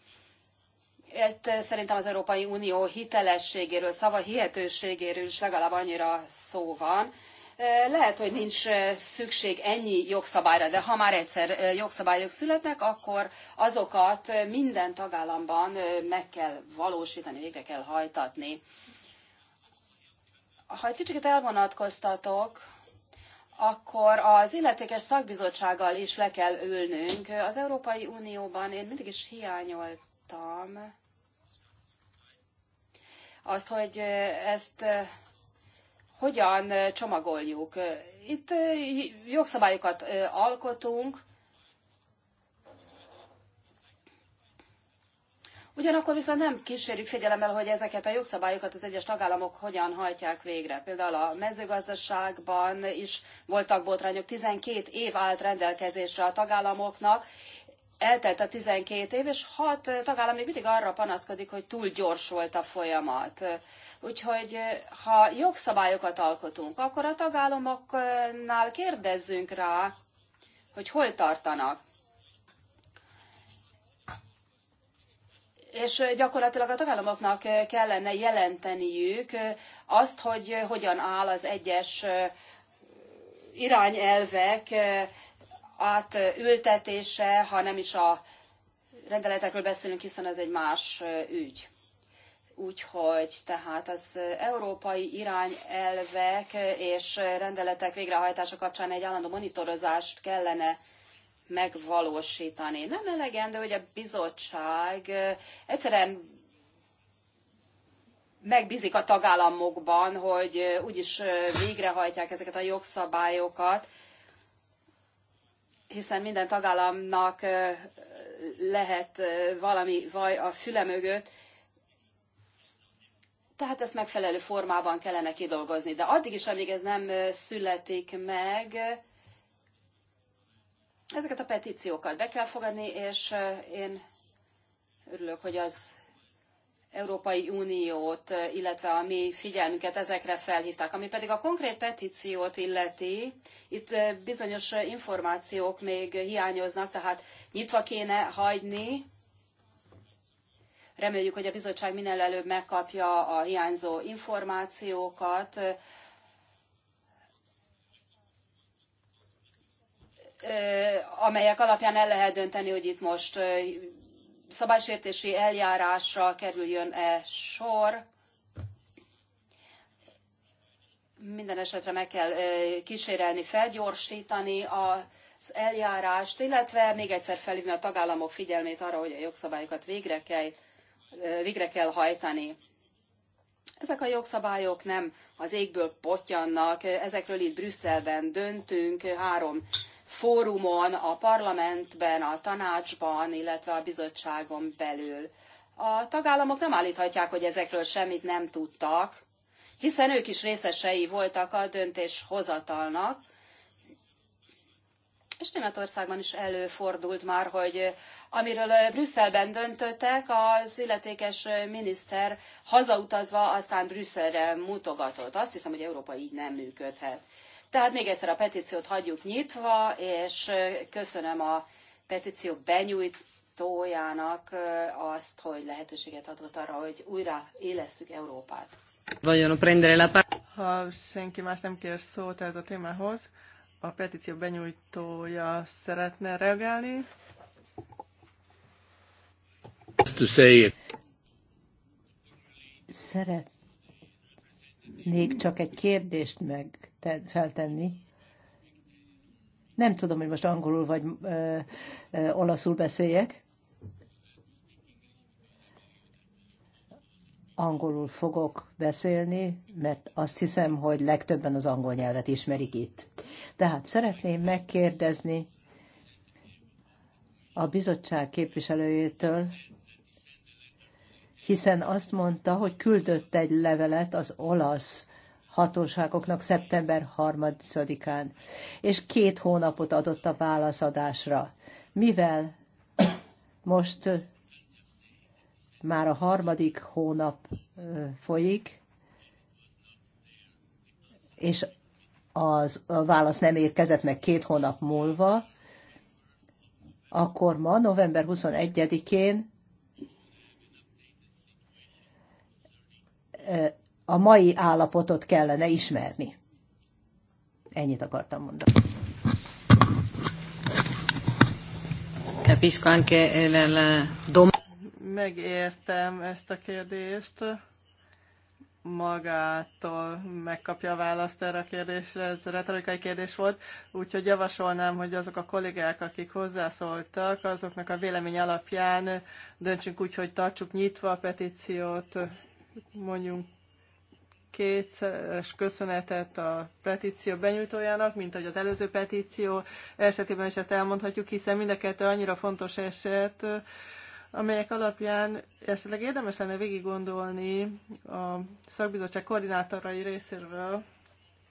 Itt szerintem az Európai Unió hitelességéről, szava hihetőségéről is legalább annyira szó van. Lehet, hogy nincs szükség ennyi jogszabályra, de ha már egyszer jogszabályok születnek, akkor azokat minden tagállamban meg kell valósítani, végre kell hajtatni ha egy kicsit elvonatkoztatok, akkor az illetékes szakbizottsággal is le kell ülnünk. Az Európai Unióban én mindig is hiányoltam azt, hogy ezt eh, hogyan csomagoljuk. Itt eh, jogszabályokat eh, alkotunk, Ugyanakkor viszont nem kísérjük figyelemmel, hogy ezeket a jogszabályokat az egyes tagállamok hogyan hajtják végre. Például a mezőgazdaságban is voltak botrányok, 12 év állt rendelkezésre a tagállamoknak, eltelt a 12 év, és hat tagállam még mindig arra panaszkodik, hogy túl gyors volt a folyamat. Úgyhogy ha jogszabályokat alkotunk, akkor a tagállamoknál kérdezzünk rá, hogy hol tartanak. és gyakorlatilag a tagállamoknak kellene jelenteniük azt, hogy hogyan áll az egyes irányelvek átültetése, ha nem is a rendeletekről beszélünk, hiszen ez egy más ügy. Úgyhogy tehát az európai irányelvek és rendeletek végrehajtása kapcsán egy állandó monitorozást kellene megvalósítani. Nem elegendő, hogy a bizottság egyszerűen megbízik a tagállamokban, hogy úgyis végrehajtják ezeket a jogszabályokat, hiszen minden tagállamnak lehet valami vaj a füle mögött, tehát ezt megfelelő formában kellene kidolgozni. De addig is, amíg ez nem születik meg, Ezeket a petíciókat be kell fogadni, és én örülök, hogy az Európai Uniót, illetve a mi figyelmünket ezekre felhívták. Ami pedig a konkrét petíciót illeti, itt bizonyos információk még hiányoznak, tehát nyitva kéne hagyni. Reméljük, hogy a bizottság minél előbb megkapja a hiányzó információkat amelyek alapján el lehet dönteni, hogy itt most szabálysértési eljárásra kerüljön-e sor. Minden esetre meg kell kísérelni, felgyorsítani az eljárást, illetve még egyszer felhívni a tagállamok figyelmét arra, hogy a jogszabályokat végre kell, végre kell hajtani. Ezek a jogszabályok nem az égből potyannak, ezekről itt Brüsszelben döntünk három fórumon, a parlamentben, a tanácsban, illetve a bizottságon belül. A tagállamok nem állíthatják, hogy ezekről semmit nem tudtak, hiszen ők is részesei voltak a döntéshozatalnak, és Németországban is előfordult már, hogy amiről Brüsszelben döntöttek, az illetékes miniszter hazautazva aztán Brüsszelre mutogatott. Azt hiszem, hogy Európa így nem működhet. Tehát még egyszer a petíciót hagyjuk nyitva, és köszönöm a petíció benyújtójának azt, hogy lehetőséget adott arra, hogy újra élesszük Európát. Ha senki más nem kér szót ez a témához, a petíció benyújtója szeretne reagálni. Szeretnék csak egy kérdést meg feltenni. Nem tudom, hogy most angolul vagy ö, ö, olaszul beszéljek. Angolul fogok beszélni, mert azt hiszem, hogy legtöbben az angol nyelvet ismerik itt. Tehát szeretném megkérdezni a bizottság képviselőjétől, hiszen azt mondta, hogy küldött egy levelet az olasz hatóságoknak szeptember 3-án, és két hónapot adott a válaszadásra. Mivel most már a harmadik hónap folyik, és az a válasz nem érkezett meg két hónap múlva, akkor ma, november 21-én a mai állapotot kellene ismerni. Ennyit akartam mondani. Capisco anche eh, la megértem ezt a kérdést. Magától megkapja a választ erre a kérdésre, ez retorikai kérdés volt, úgyhogy javasolnám, hogy azok a kollégák, akik hozzászóltak, azoknak a vélemény alapján döntsünk úgy, hogy tartsuk nyitva a petíciót, mondjunk kétszeres köszönetet a petíció benyújtójának, mint ahogy az előző petíció esetében is ezt elmondhatjuk, hiszen mind a kettő annyira fontos eset, amelyek alapján esetleg érdemes lenne végig gondolni a szakbizottság koordinátorai részéről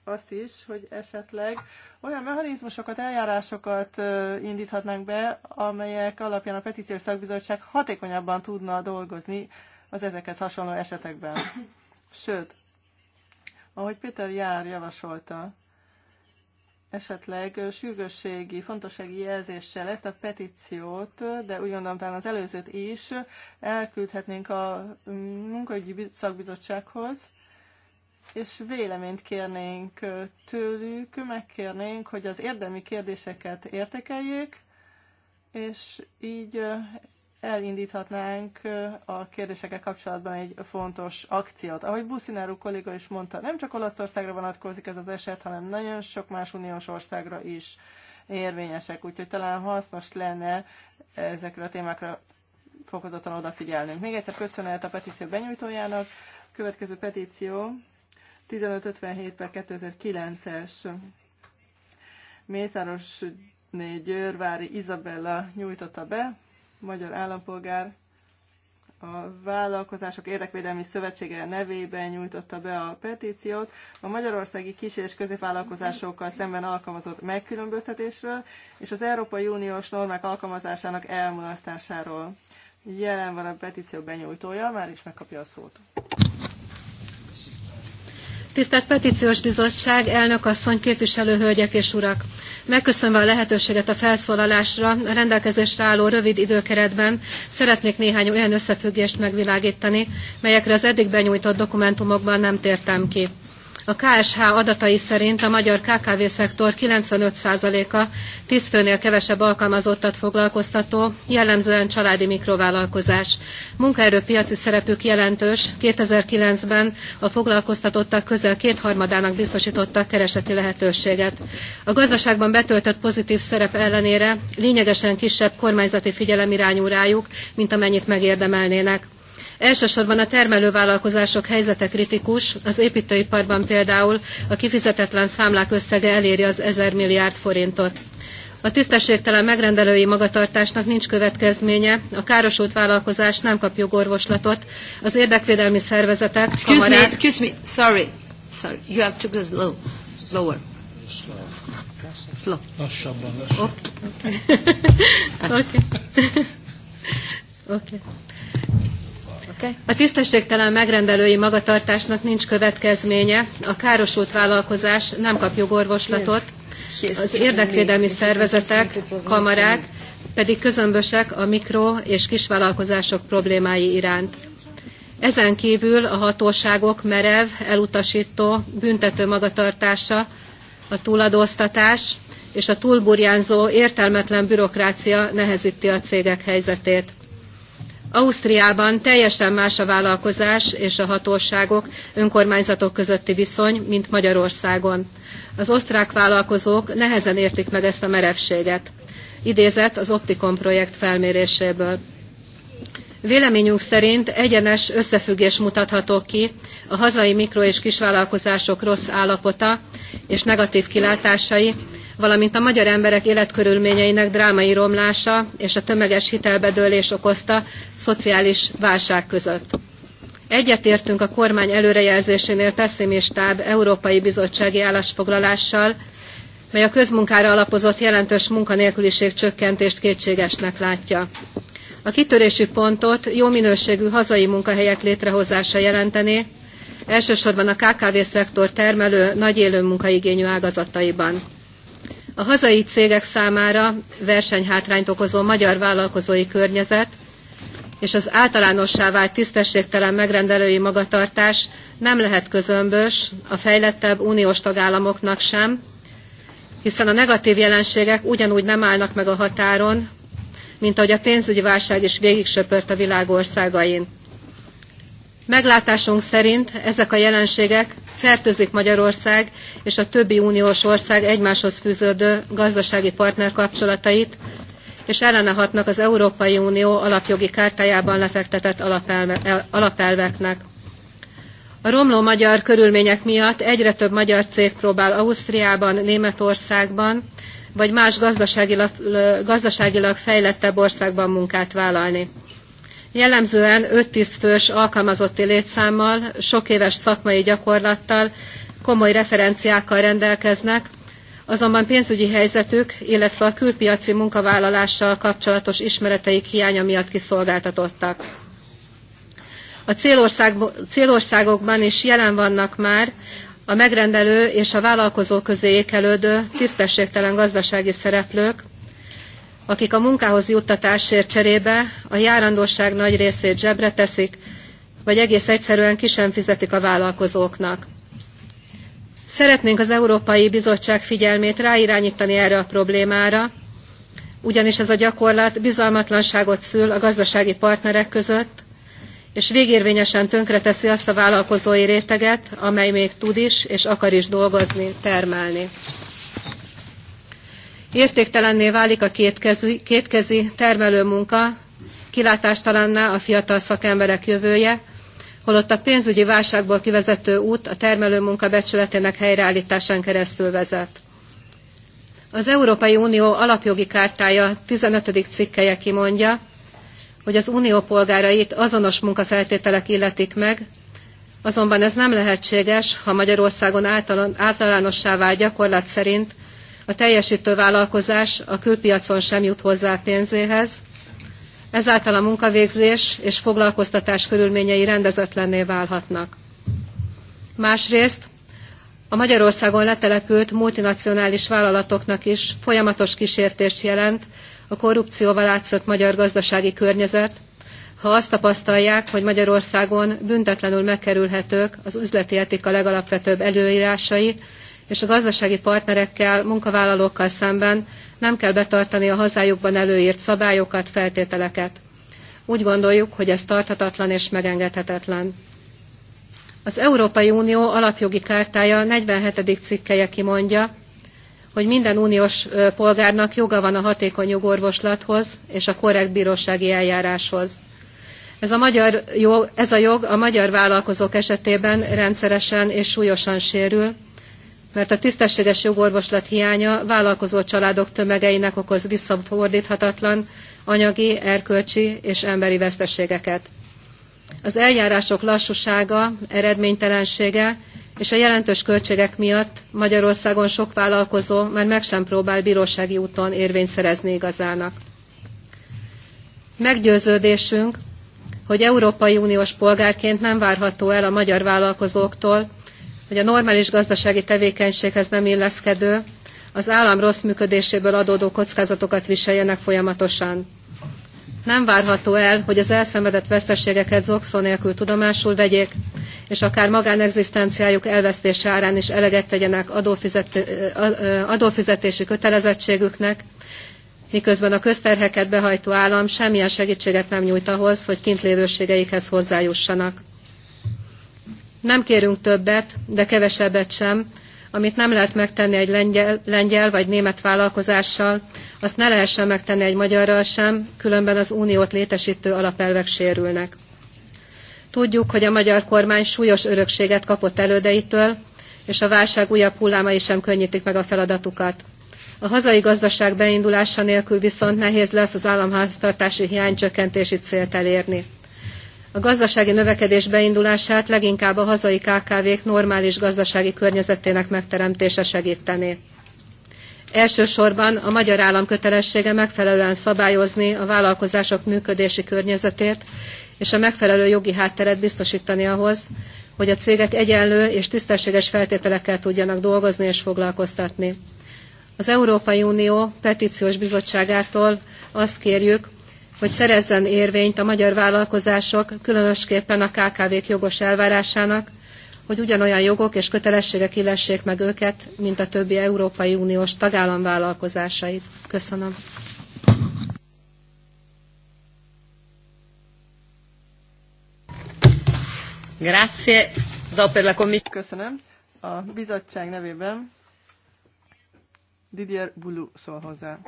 azt is, hogy esetleg olyan mechanizmusokat, eljárásokat indíthatnánk be, amelyek alapján a petíciós szakbizottság hatékonyabban tudna dolgozni az ezekhez hasonló esetekben. Sőt, ahogy Péter Jár javasolta, esetleg sürgősségi, fontossági jelzéssel ezt a petíciót, de úgy gondolom talán az előzőt is elküldhetnénk a munkaügyi szakbizottsághoz, és véleményt kérnénk tőlük, megkérnénk, hogy az érdemi kérdéseket értekeljék, és így elindíthatnánk a kérdésekkel kapcsolatban egy fontos akciót. Ahogy Buszináru kolléga is mondta, nem csak Olaszországra vonatkozik ez az eset, hanem nagyon sok más uniós országra is érvényesek, úgyhogy talán hasznos lenne ezekre a témákra fokozottan odafigyelnünk. Még egyszer köszönet a petíció benyújtójának. Következő petíció 1557 per 2009-es Mészáros Győrvári Izabella nyújtotta be, magyar állampolgár a Vállalkozások Érdekvédelmi Szövetsége nevében nyújtotta be a petíciót a magyarországi kis- és középvállalkozásokkal szemben alkalmazott megkülönböztetésről és az Európai Uniós normák alkalmazásának elmulasztásáról. Jelen van a petíció benyújtója, már is megkapja a szót. Tisztelt Petíciós Bizottság, elnök asszony, képviselő hölgyek és urak! Megköszönve a lehetőséget a felszólalásra, a rendelkezésre álló rövid időkeretben szeretnék néhány olyan összefüggést megvilágítani, melyekre az eddig benyújtott dokumentumokban nem tértem ki. A KSH adatai szerint a magyar KKV szektor 95%-a 10 főnél kevesebb alkalmazottat foglalkoztató, jellemzően családi mikrovállalkozás. Munkaerőpiaci szerepük jelentős, 2009-ben a foglalkoztatottak közel kétharmadának biztosítottak kereseti lehetőséget. A gazdaságban betöltött pozitív szerep ellenére lényegesen kisebb kormányzati figyelem irányul rájuk, mint amennyit megérdemelnének. Elsősorban a termelővállalkozások helyzete kritikus, az építőiparban például a kifizetetlen számlák összege eléri az 1000 milliárd forintot. A tisztességtelen megrendelői magatartásnak nincs következménye, a károsult vállalkozás nem kap jogorvoslatot, az érdekvédelmi szervezetek, excuse Me, excuse me, sorry, sorry, you have to go slow, slower. Slow. Lassabban, lassabban. Oké. Okay. okay. okay. A tisztességtelen megrendelői magatartásnak nincs következménye, a károsult vállalkozás nem kap jogorvoslatot, az érdekvédelmi szervezetek, kamarák pedig közömbösek a mikro- és kisvállalkozások problémái iránt. Ezen kívül a hatóságok merev, elutasító, büntető magatartása, a túladóztatás és a túlburjánzó értelmetlen bürokrácia nehezíti a cégek helyzetét. Ausztriában teljesen más a vállalkozás és a hatóságok, önkormányzatok közötti viszony, mint Magyarországon. Az osztrák vállalkozók nehezen értik meg ezt a merevséget. Idézett az Optikon projekt felméréséből. Véleményünk szerint egyenes összefüggés mutatható ki a hazai mikro- és kisvállalkozások rossz állapota és negatív kilátásai, valamint a magyar emberek életkörülményeinek drámai romlása és a tömeges hitelbedőlés okozta szociális válság között. Egyetértünk a kormány előrejelzésénél pessimistább Európai Bizottsági állásfoglalással, mely a közmunkára alapozott jelentős munkanélküliség csökkentést kétségesnek látja. A kitörési pontot jó minőségű hazai munkahelyek létrehozása jelenteni, elsősorban a KKV szektor termelő nagy élő munkaigényű ágazataiban. A hazai cégek számára versenyhátrányt okozó magyar vállalkozói környezet és az általánossá vált tisztességtelen megrendelői magatartás nem lehet közömbös a fejlettebb uniós tagállamoknak sem, hiszen a negatív jelenségek ugyanúgy nem állnak meg a határon, mint ahogy a pénzügyi válság is végig söpört a világ országain. Meglátásunk szerint ezek a jelenségek fertőzik Magyarország és a többi uniós ország egymáshoz fűződő gazdasági partnerkapcsolatait, és ellenehatnak az Európai Unió alapjogi kártájában lefektetett alapelve, alapelveknek. A romló magyar körülmények miatt egyre több magyar cég próbál Ausztriában, Németországban vagy más gazdaságilag, gazdaságilag fejlettebb országban munkát vállalni. Jellemzően 5-10 fős alkalmazotti létszámmal, sok éves szakmai gyakorlattal, komoly referenciákkal rendelkeznek, azonban pénzügyi helyzetük, illetve a külpiaci munkavállalással kapcsolatos ismereteik hiánya miatt kiszolgáltatottak. A célországokban is jelen vannak már a megrendelő és a vállalkozó közé ékelődő tisztességtelen gazdasági szereplők, akik a munkához juttatásért cserébe a járandóság nagy részét zsebre teszik, vagy egész egyszerűen ki sem fizetik a vállalkozóknak. Szeretnénk az Európai Bizottság figyelmét ráirányítani erre a problémára, ugyanis ez a gyakorlat bizalmatlanságot szül a gazdasági partnerek között, és végérvényesen tönkreteszi azt a vállalkozói réteget, amely még tud is és akar is dolgozni, termelni. Értéktelenné válik a kétkezi, kétkezi termelőmunka, kilátástalanná a fiatal szakemberek jövője, holott a pénzügyi válságból kivezető út a termelőmunka becsületének helyreállításán keresztül vezet. Az Európai Unió alapjogi kártája 15. cikkeje kimondja, hogy az unió polgárait azonos munkafeltételek illetik meg, azonban ez nem lehetséges, ha Magyarországon általánossá vált gyakorlat szerint a teljesítő vállalkozás a külpiacon sem jut hozzá a pénzéhez, ezáltal a munkavégzés és foglalkoztatás körülményei rendezetlenné válhatnak. Másrészt a Magyarországon letelepült multinacionális vállalatoknak is folyamatos kísértést jelent a korrupcióval átszott magyar gazdasági környezet, ha azt tapasztalják, hogy Magyarországon büntetlenül megkerülhetők az üzleti etika legalapvetőbb előírásai, és a gazdasági partnerekkel, munkavállalókkal szemben nem kell betartani a hazájukban előírt szabályokat, feltételeket. Úgy gondoljuk, hogy ez tarthatatlan és megengedhetetlen. Az Európai Unió alapjogi kártája 47. cikkeje kimondja, hogy minden uniós polgárnak joga van a hatékony jogorvoslathoz és a korrekt bírósági eljáráshoz. Ez a, magyar jog, ez a jog a magyar vállalkozók esetében rendszeresen és súlyosan sérül, mert a tisztességes jogorvoslat hiánya vállalkozó családok tömegeinek okoz visszafordíthatatlan anyagi, erkölcsi és emberi veszteségeket. Az eljárások lassúsága, eredménytelensége és a jelentős költségek miatt Magyarországon sok vállalkozó már meg sem próbál bírósági úton érvényt szerezni igazának. Meggyőződésünk, hogy Európai Uniós polgárként nem várható el a magyar vállalkozóktól, hogy a normális gazdasági tevékenységhez nem illeszkedő, az állam rossz működéséből adódó kockázatokat viseljenek folyamatosan. Nem várható el, hogy az elszenvedett veszteségeket zokszó nélkül tudomásul vegyék, és akár magánexisztenciájuk elvesztése árán is eleget tegyenek adófizetési kötelezettségüknek, miközben a közterheket behajtó állam semmilyen segítséget nem nyújt ahhoz, hogy kintlévőségeikhez hozzájussanak. Nem kérünk többet, de kevesebbet sem, amit nem lehet megtenni egy lengyel, lengyel vagy német vállalkozással, azt ne lehessen megtenni egy magyarral sem, különben az uniót létesítő alapelvek sérülnek. Tudjuk, hogy a magyar kormány súlyos örökséget kapott elődeitől, és a válság újabb hullámai sem könnyítik meg a feladatukat. A hazai gazdaság beindulása nélkül viszont nehéz lesz az államháztartási hiány csökkentését célt elérni. A gazdasági növekedés beindulását leginkább a hazai KKV-k normális gazdasági környezetének megteremtése segítené. Elsősorban a magyar állam kötelessége megfelelően szabályozni a vállalkozások működési környezetét és a megfelelő jogi hátteret biztosítani ahhoz, hogy a cégek egyenlő és tisztességes feltételekkel tudjanak dolgozni és foglalkoztatni. Az Európai Unió petíciós bizottságától azt kérjük, hogy szerezzen érvényt a magyar vállalkozások, különösképpen a KKV-k jogos elvárásának, hogy ugyanolyan jogok és kötelességek illessék meg őket, mint a többi Európai Uniós tagállam vállalkozásait. Köszönöm. Grazie. Do per la Köszönöm. A bizottság nevében Didier Bulu szól hozzá.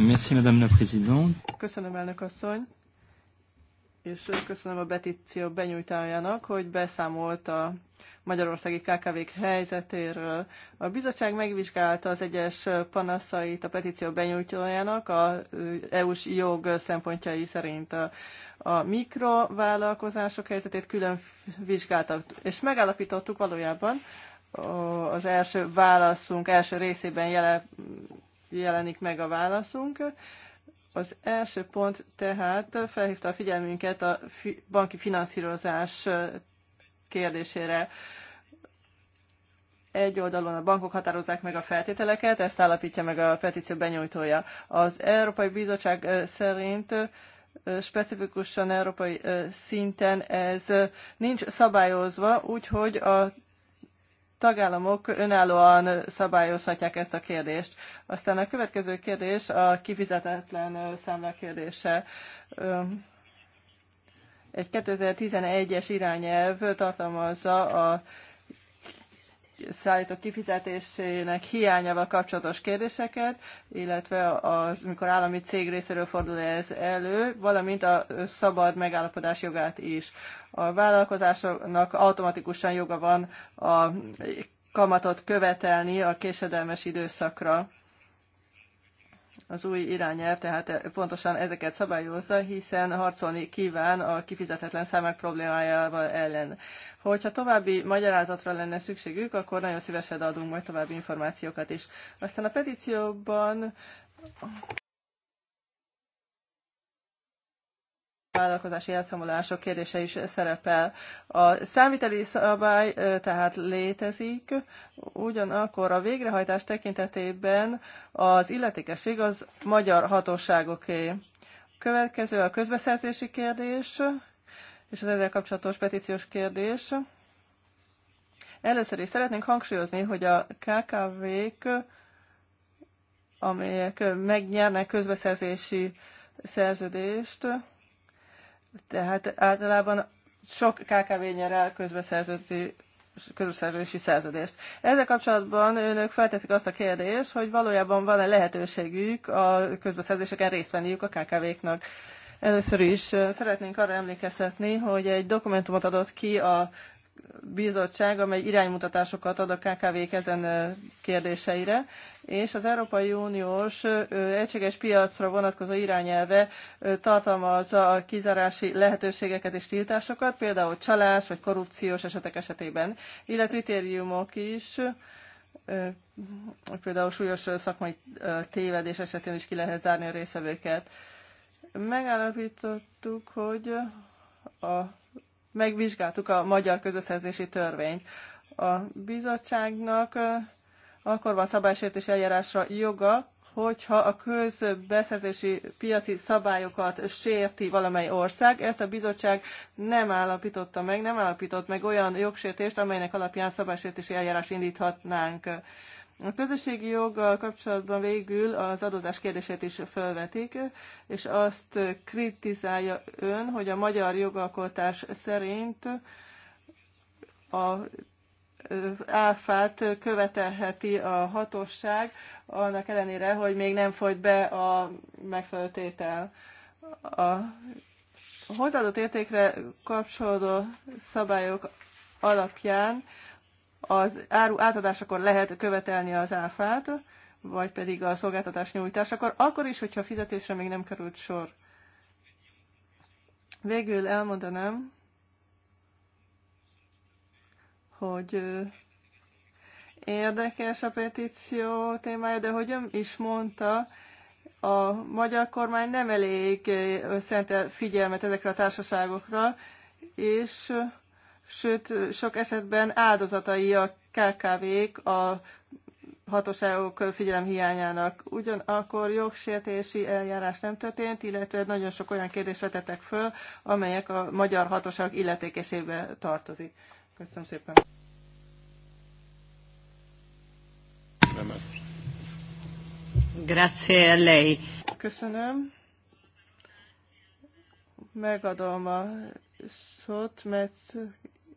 Merci, Madame la Présidente. Köszönöm, elnök asszony, és köszönöm a petíció benyújtájának, hogy beszámolt a magyarországi kkv helyzetéről. A bizottság megvizsgálta az egyes panaszait a petíció benyújtójának a EU-s jog szempontjai szerint. A, a mikrovállalkozások helyzetét külön vizsgáltak, és megállapítottuk valójában az első válaszunk első részében jele jelenik meg a válaszunk. Az első pont tehát felhívta a figyelmünket a banki finanszírozás kérdésére. Egy oldalon a bankok határozzák meg a feltételeket, ezt állapítja meg a petíció benyújtója. Az Európai Bizottság szerint specifikusan európai szinten ez nincs szabályozva, úgyhogy a tagállamok önállóan szabályozhatják ezt a kérdést. Aztán a következő kérdés a kifizetetlen számla kérdése. Egy 2011-es irányelv tartalmazza a szállító kifizetésének hiányával kapcsolatos kérdéseket, illetve az, amikor állami cég részéről fordul ez elő, valamint a szabad megállapodás jogát is. A vállalkozásnak automatikusan joga van a kamatot követelni a késedelmes időszakra. Az új irányelv tehát eh, pontosan ezeket szabályozza, hiszen harcolni kíván a kifizetetlen számák problémájával ellen. Hogyha további magyarázatra lenne szükségük, akkor nagyon szívesen adunk majd további információkat is. Aztán a petícióban vállalkozási elszámolások kérdése is szerepel. A számviteli szabály tehát létezik, ugyanakkor a végrehajtás tekintetében az illetékesség az magyar hatóságoké. Következő a közbeszerzési kérdés, és az ezzel kapcsolatos petíciós kérdés. Először is szeretnénk hangsúlyozni, hogy a KKV-k, amelyek megnyernek közbeszerzési szerződést, tehát általában sok KKV nyerel közbeszerződési, közbeszerzőti szerződést. Ezzel kapcsolatban önök felteszik azt a kérdést, hogy valójában van-e lehetőségük a közbeszerzéseken részt venniük a KKV-knak. Először is szeretnénk arra emlékeztetni, hogy egy dokumentumot adott ki a bizottság, amely iránymutatásokat ad a kkv ezen kérdéseire, és az Európai Uniós egységes piacra vonatkozó irányelve tartalmazza a kizárási lehetőségeket és tiltásokat, például csalás vagy korrupciós esetek esetében, illetve kritériumok is, például súlyos szakmai tévedés esetén is ki lehet zárni a részvevőket. Megállapítottuk, hogy a megvizsgáltuk a magyar közösszerzési törvényt. A bizottságnak akkor van szabálysértés eljárásra joga, hogyha a közbeszerzési piaci szabályokat sérti valamely ország. Ezt a bizottság nem állapította meg, nem állapított meg olyan jogsértést, amelynek alapján szabálysértési eljárás indíthatnánk. A közösségi joggal kapcsolatban végül az adózás kérdését is felvetik, és azt kritizálja ön, hogy a magyar jogalkotás szerint a áfát követelheti a hatóság, annak ellenére, hogy még nem folyt be a megfelelő tétel. A hozzáadott értékre kapcsolódó szabályok alapján az áru átadásakor lehet követelni az áfát, vagy pedig a szolgáltatás nyújtásakor, akkor is, hogyha a fizetésre még nem került sor. Végül elmondanám, hogy érdekes a petíció témája, de hogy ön is mondta, a magyar kormány nem elég szentel figyelmet ezekre a társaságokra, és sőt, sok esetben áldozatai a KKV-k a hatóságok figyelem hiányának. Ugyanakkor jogsértési eljárás nem történt, illetve nagyon sok olyan kérdést vetettek föl, amelyek a magyar hatóságok illetékesébe tartozik. Köszönöm szépen. Grazie lei. Köszönöm. Megadom a szót, mert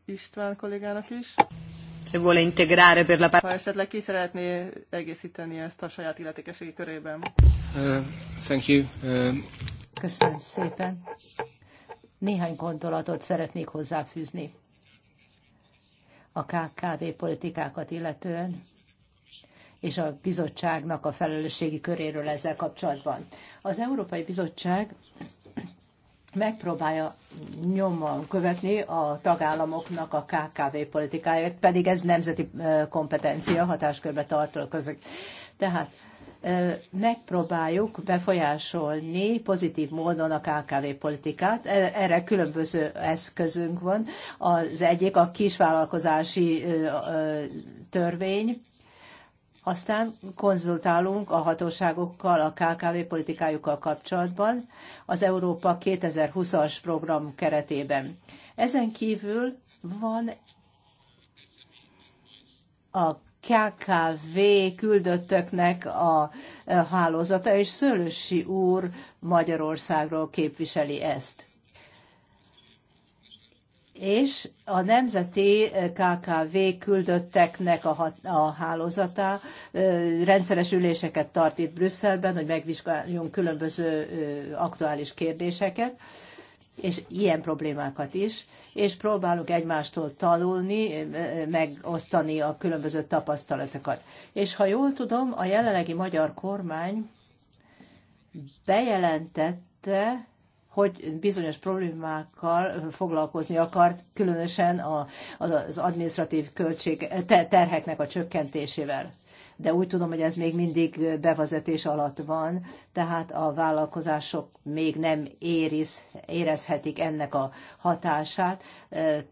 István kollégának is. Se vuole per la Ha esetleg ki szeretné egészíteni ezt a saját illetékeségi körében. Uh, thank you. Uh... Köszönöm szépen. Néhány gondolatot szeretnék hozzáfűzni a KKV politikákat illetően és a bizottságnak a felelősségi köréről ezzel kapcsolatban. Az Európai Bizottság megpróbálja nyomon követni a tagállamoknak a KKV politikáját, pedig ez nemzeti kompetencia, hatáskörbe tartozik. Tehát megpróbáljuk befolyásolni pozitív módon a KKV politikát. E, erre különböző eszközünk van. Az egyik a kisvállalkozási törvény, aztán konzultálunk a hatóságokkal, a KKV politikájukkal kapcsolatban az Európa 2020-as program keretében. Ezen kívül van a KKV küldöttöknek a hálózata, és Szőlősi úr Magyarországról képviseli ezt és a nemzeti eh, KKV küldötteknek a, hat, a hálózatá eh, rendszeres üléseket tart itt Brüsszelben, hogy megvizsgáljunk különböző eh, aktuális kérdéseket és ilyen problémákat is, és próbálunk egymástól tanulni, megosztani a különböző tapasztalatokat. És ha jól tudom, a jelenlegi magyar kormány bejelentette, hogy bizonyos problémákkal foglalkozni akar, különösen az administratív költség terheknek a csökkentésével. De úgy tudom, hogy ez még mindig bevezetés alatt van, tehát a vállalkozások még nem ériz, érezhetik ennek a hatását,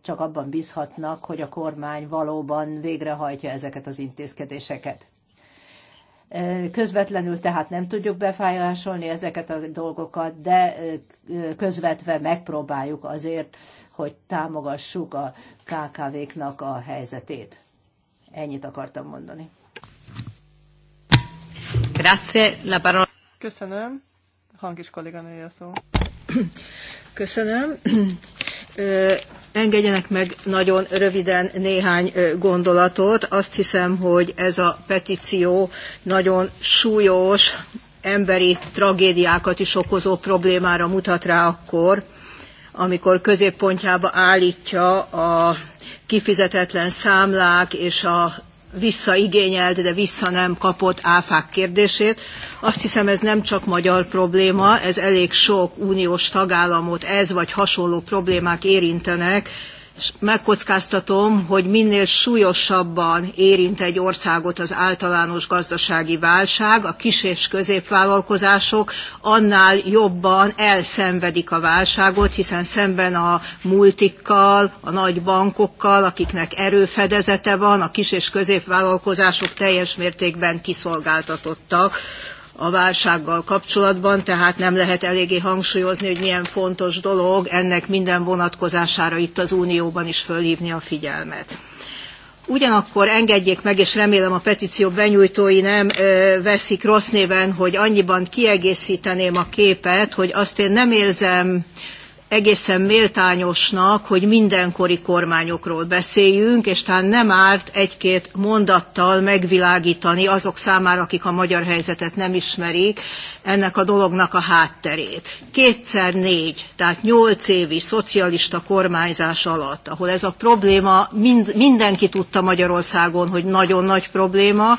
csak abban bízhatnak, hogy a kormány valóban végrehajtja ezeket az intézkedéseket. Közvetlenül tehát nem tudjuk befájásolni ezeket a dolgokat, de közvetve megpróbáljuk azért, hogy támogassuk a KKV-knak a helyzetét. Ennyit akartam mondani. Grazie, la parola. Köszönöm. Hangis kolléganője a szó. Köszönöm. Engedjenek meg nagyon röviden néhány gondolatot. Azt hiszem, hogy ez a petíció nagyon súlyos, emberi tragédiákat is okozó problémára mutat rá akkor, amikor középpontjába állítja a kifizetetlen számlák és a visszaigényelt, de vissza nem kapott áfák kérdését. Azt hiszem ez nem csak magyar probléma, ez elég sok uniós tagállamot ez vagy hasonló problémák érintenek, megkockáztatom, hogy minél súlyosabban érint egy országot az általános gazdasági válság, a kis és középvállalkozások annál jobban elszenvedik a válságot, hiszen szemben a multikkal, a nagy bankokkal, akiknek erőfedezete van, a kis és középvállalkozások teljes mértékben kiszolgáltatottak a válsággal kapcsolatban, tehát nem lehet eléggé hangsúlyozni, hogy milyen fontos dolog ennek minden vonatkozására itt az Unióban is fölhívni a figyelmet. Ugyanakkor engedjék meg, és remélem a petíció benyújtói nem ö, veszik rossz néven, hogy annyiban kiegészíteném a képet, hogy azt én nem érzem egészen méltányosnak, hogy mindenkori kormányokról beszéljünk, és talán nem árt egy-két mondattal megvilágítani azok számára, akik a magyar helyzetet nem ismerik, ennek a dolognak a hátterét. Kétszer négy, tehát nyolc évi szocialista kormányzás alatt, ahol ez a probléma mind, mindenki tudta Magyarországon, hogy nagyon nagy probléma,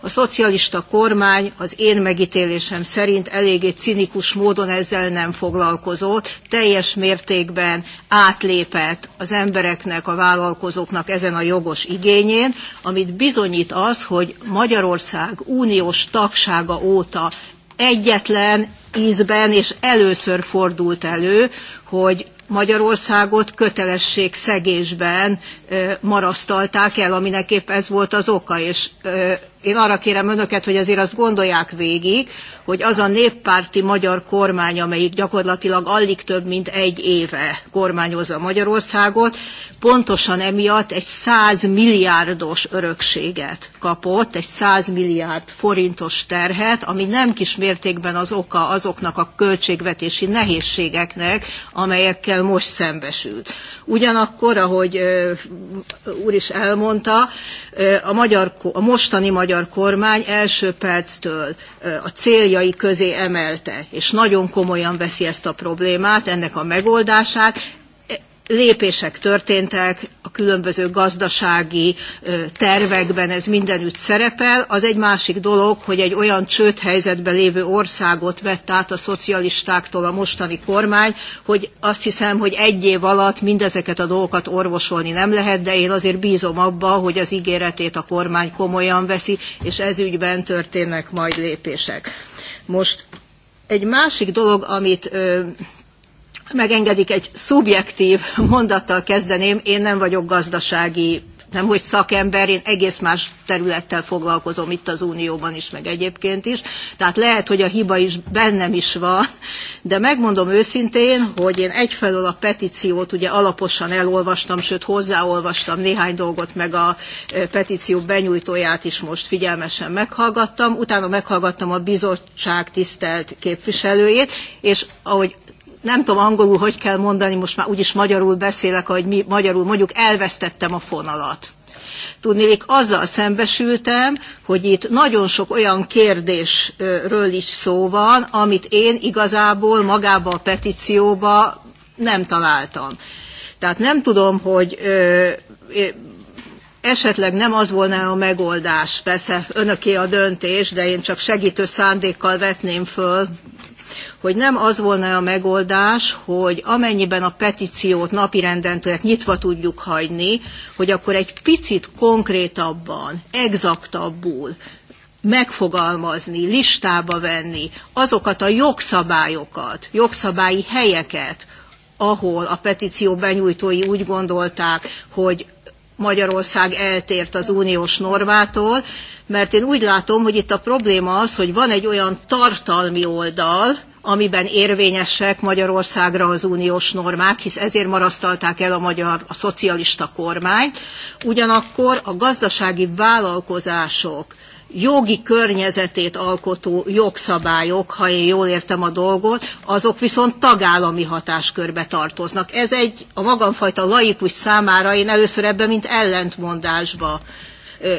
a szocialista kormány az én megítélésem szerint eléggé cinikus módon ezzel nem foglalkozott, teljes mértékben átlépett az embereknek, a vállalkozóknak ezen a jogos igényén, amit bizonyít az, hogy Magyarország uniós tagsága óta egyetlen ízben és először fordult elő, hogy Magyarországot kötelesség szegésben marasztalták el, aminek épp ez volt az oka, és én arra kérem önöket, hogy azért azt gondolják végig, hogy az a néppárti magyar kormány, amelyik gyakorlatilag alig több mint egy éve kormányozza Magyarországot, pontosan emiatt egy 100 milliárdos örökséget kapott, egy 100 milliárd forintos terhet, ami nem kis mértékben az oka azoknak a költségvetési nehézségeknek, amelyekkel most szembesült. Ugyanakkor, ahogy úr is elmondta, a, magyar, a mostani magyar kormány első perctől a céljai közé emelte, és nagyon komolyan veszi ezt a problémát, ennek a megoldását, lépések történtek, a különböző gazdasági tervekben ez mindenütt szerepel. Az egy másik dolog, hogy egy olyan csődhelyzetben lévő országot vett át a szocialistáktól a mostani kormány, hogy azt hiszem, hogy egy év alatt mindezeket a dolgokat orvosolni nem lehet, de én azért bízom abba, hogy az ígéretét a kormány komolyan veszi, és ez ügyben történnek majd lépések. Most egy másik dolog, amit megengedik, egy szubjektív mondattal kezdeném. Én nem vagyok gazdasági nem hogy szakember, én egész más területtel foglalkozom itt az Unióban is, meg egyébként is. Tehát lehet, hogy a hiba is bennem is van, de megmondom őszintén, hogy én egyfelől a petíciót ugye alaposan elolvastam, sőt hozzáolvastam néhány dolgot, meg a e, petíció benyújtóját is most figyelmesen meghallgattam, utána meghallgattam a bizottság tisztelt képviselőjét, és ahogy nem tudom angolul, hogy kell mondani, most már úgyis magyarul beszélek, ahogy mi magyarul mondjuk, elvesztettem a fonalat. Tudnélik, azzal szembesültem, hogy itt nagyon sok olyan kérdésről is szó van, amit én igazából magába a petícióba nem találtam. Tehát nem tudom, hogy ö, esetleg nem az volna a megoldás, persze önöké a döntés, de én csak segítő szándékkal vetném föl hogy nem az volna a megoldás, hogy amennyiben a petíciót napirenden tehát nyitva tudjuk hagyni, hogy akkor egy picit konkrétabban, exaktabbul megfogalmazni, listába venni azokat a jogszabályokat, jogszabályi helyeket, ahol a petíció benyújtói úgy gondolták, hogy Magyarország eltért az uniós normától, mert én úgy látom, hogy itt a probléma az, hogy van egy olyan tartalmi oldal, amiben érvényesek Magyarországra az uniós normák, hisz ezért marasztalták el a magyar, a szocialista kormányt. Ugyanakkor a gazdasági vállalkozások jogi környezetét alkotó jogszabályok, ha én jól értem a dolgot, azok viszont tagállami hatáskörbe tartoznak. Ez egy a magamfajta laikus számára én először ebben, mint ellentmondásba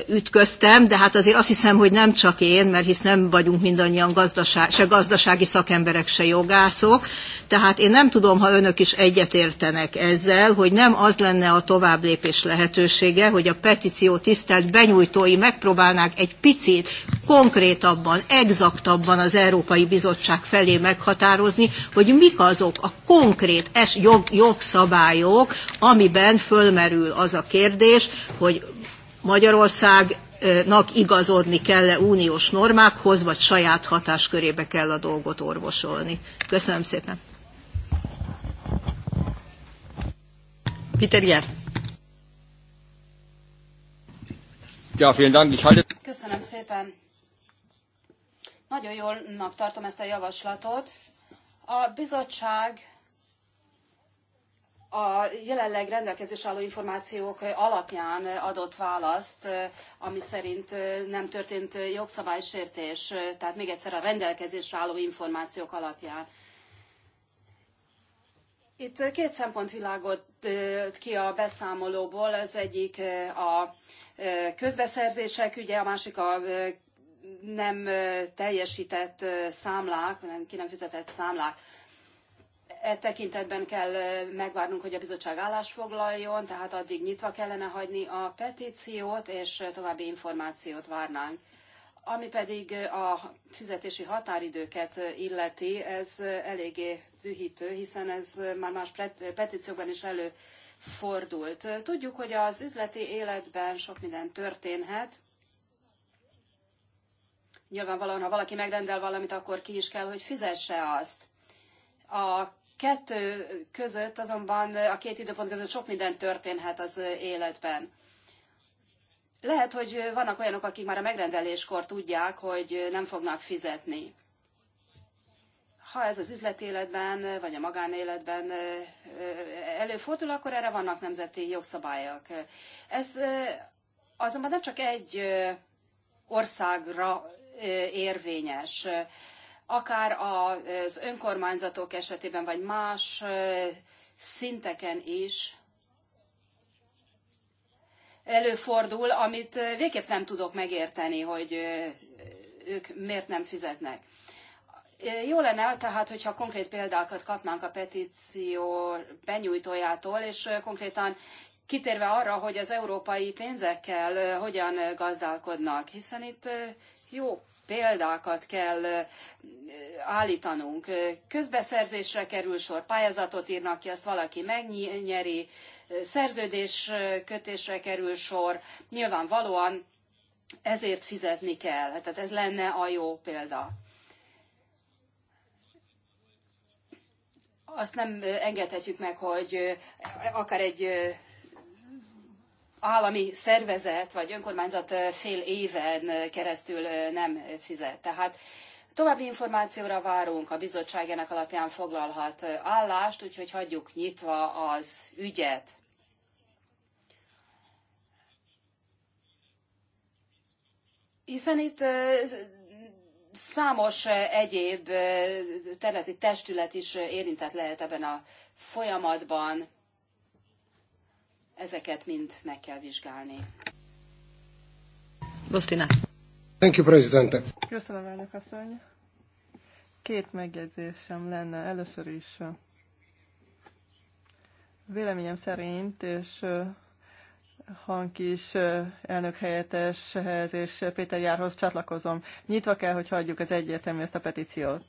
ütköztem, de hát azért azt hiszem, hogy nem csak én, mert hisz nem vagyunk mindannyian gazdaság, se gazdasági szakemberek, se jogászok, tehát én nem tudom, ha önök is egyetértenek ezzel, hogy nem az lenne a továbblépés lehetősége, hogy a petíció tisztelt benyújtói megpróbálnák egy picit konkrétabban, exaktabban az Európai Bizottság felé meghatározni, hogy mik azok a konkrét es, jog, jogszabályok, amiben fölmerül az a kérdés, hogy Magyarországnak igazodni kell -e uniós normákhoz, vagy saját hatáskörébe kell a dolgot orvosolni. Köszönöm szépen. Peter Jert. Ja, Dank. Ich halte... Köszönöm szépen. Nagyon jólnak tartom ezt a javaslatot. A bizottság a jelenleg rendelkezés álló információk alapján adott választ, ami szerint nem történt jogszabálysértés, tehát még egyszer a rendelkezés álló információk alapján. Itt két szempont világott ki a beszámolóból, az egyik a közbeszerzések ügye, a másik a nem teljesített számlák, nem ki nem fizetett számlák e tekintetben kell e, megvárnunk, hogy a bizottság foglaljon. tehát addig nyitva kellene hagyni a petíciót, és e, további információt várnánk. Ami pedig e, a fizetési határidőket illeti, ez eléggé dühítő, hiszen ez már más petíciókban is előfordult. Tudjuk, hogy az üzleti életben sok minden történhet. Nyilvánvalóan, ha valaki megrendel valamit, akkor ki is kell, hogy fizesse azt. A kettő között azonban a két időpont között sok minden történhet az életben. Lehet, hogy vannak olyanok, akik már a megrendeléskor tudják, hogy nem fognak fizetni. Ha ez az életben, vagy a magánéletben előfordul, akkor erre vannak nemzeti jogszabályok. Ez azonban nem csak egy országra érvényes akár az önkormányzatok esetében, vagy más szinteken is előfordul, amit végképp nem tudok megérteni, hogy ők miért nem fizetnek. Jó lenne tehát, hogyha konkrét példákat kapnánk a petíció benyújtójától, és konkrétan kitérve arra, hogy az európai pénzekkel hogyan gazdálkodnak, hiszen itt jó példákat kell állítanunk. Közbeszerzésre kerül sor, pályázatot írnak ki, azt valaki megnyeri, szerződés kötésre kerül sor, nyilvánvalóan ezért fizetni kell. Tehát ez lenne a jó példa. Azt nem engedhetjük meg, hogy akár egy állami szervezet vagy önkormányzat fél éven keresztül nem fizet. Tehát további információra várunk, a bizottság ennek alapján foglalhat állást, úgyhogy hagyjuk nyitva az ügyet. Hiszen itt számos egyéb területi testület is érintett lehet ebben a folyamatban ezeket mind meg kell vizsgálni. Bustina. Thank you, Presidente. Köszönöm, elnök asszony. Két megjegyzésem lenne. Először is véleményem szerint, és is elnök helyetteshez és Péter Járhoz csatlakozom. Nyitva kell, hogy hagyjuk az egyértelmű ezt a petíciót.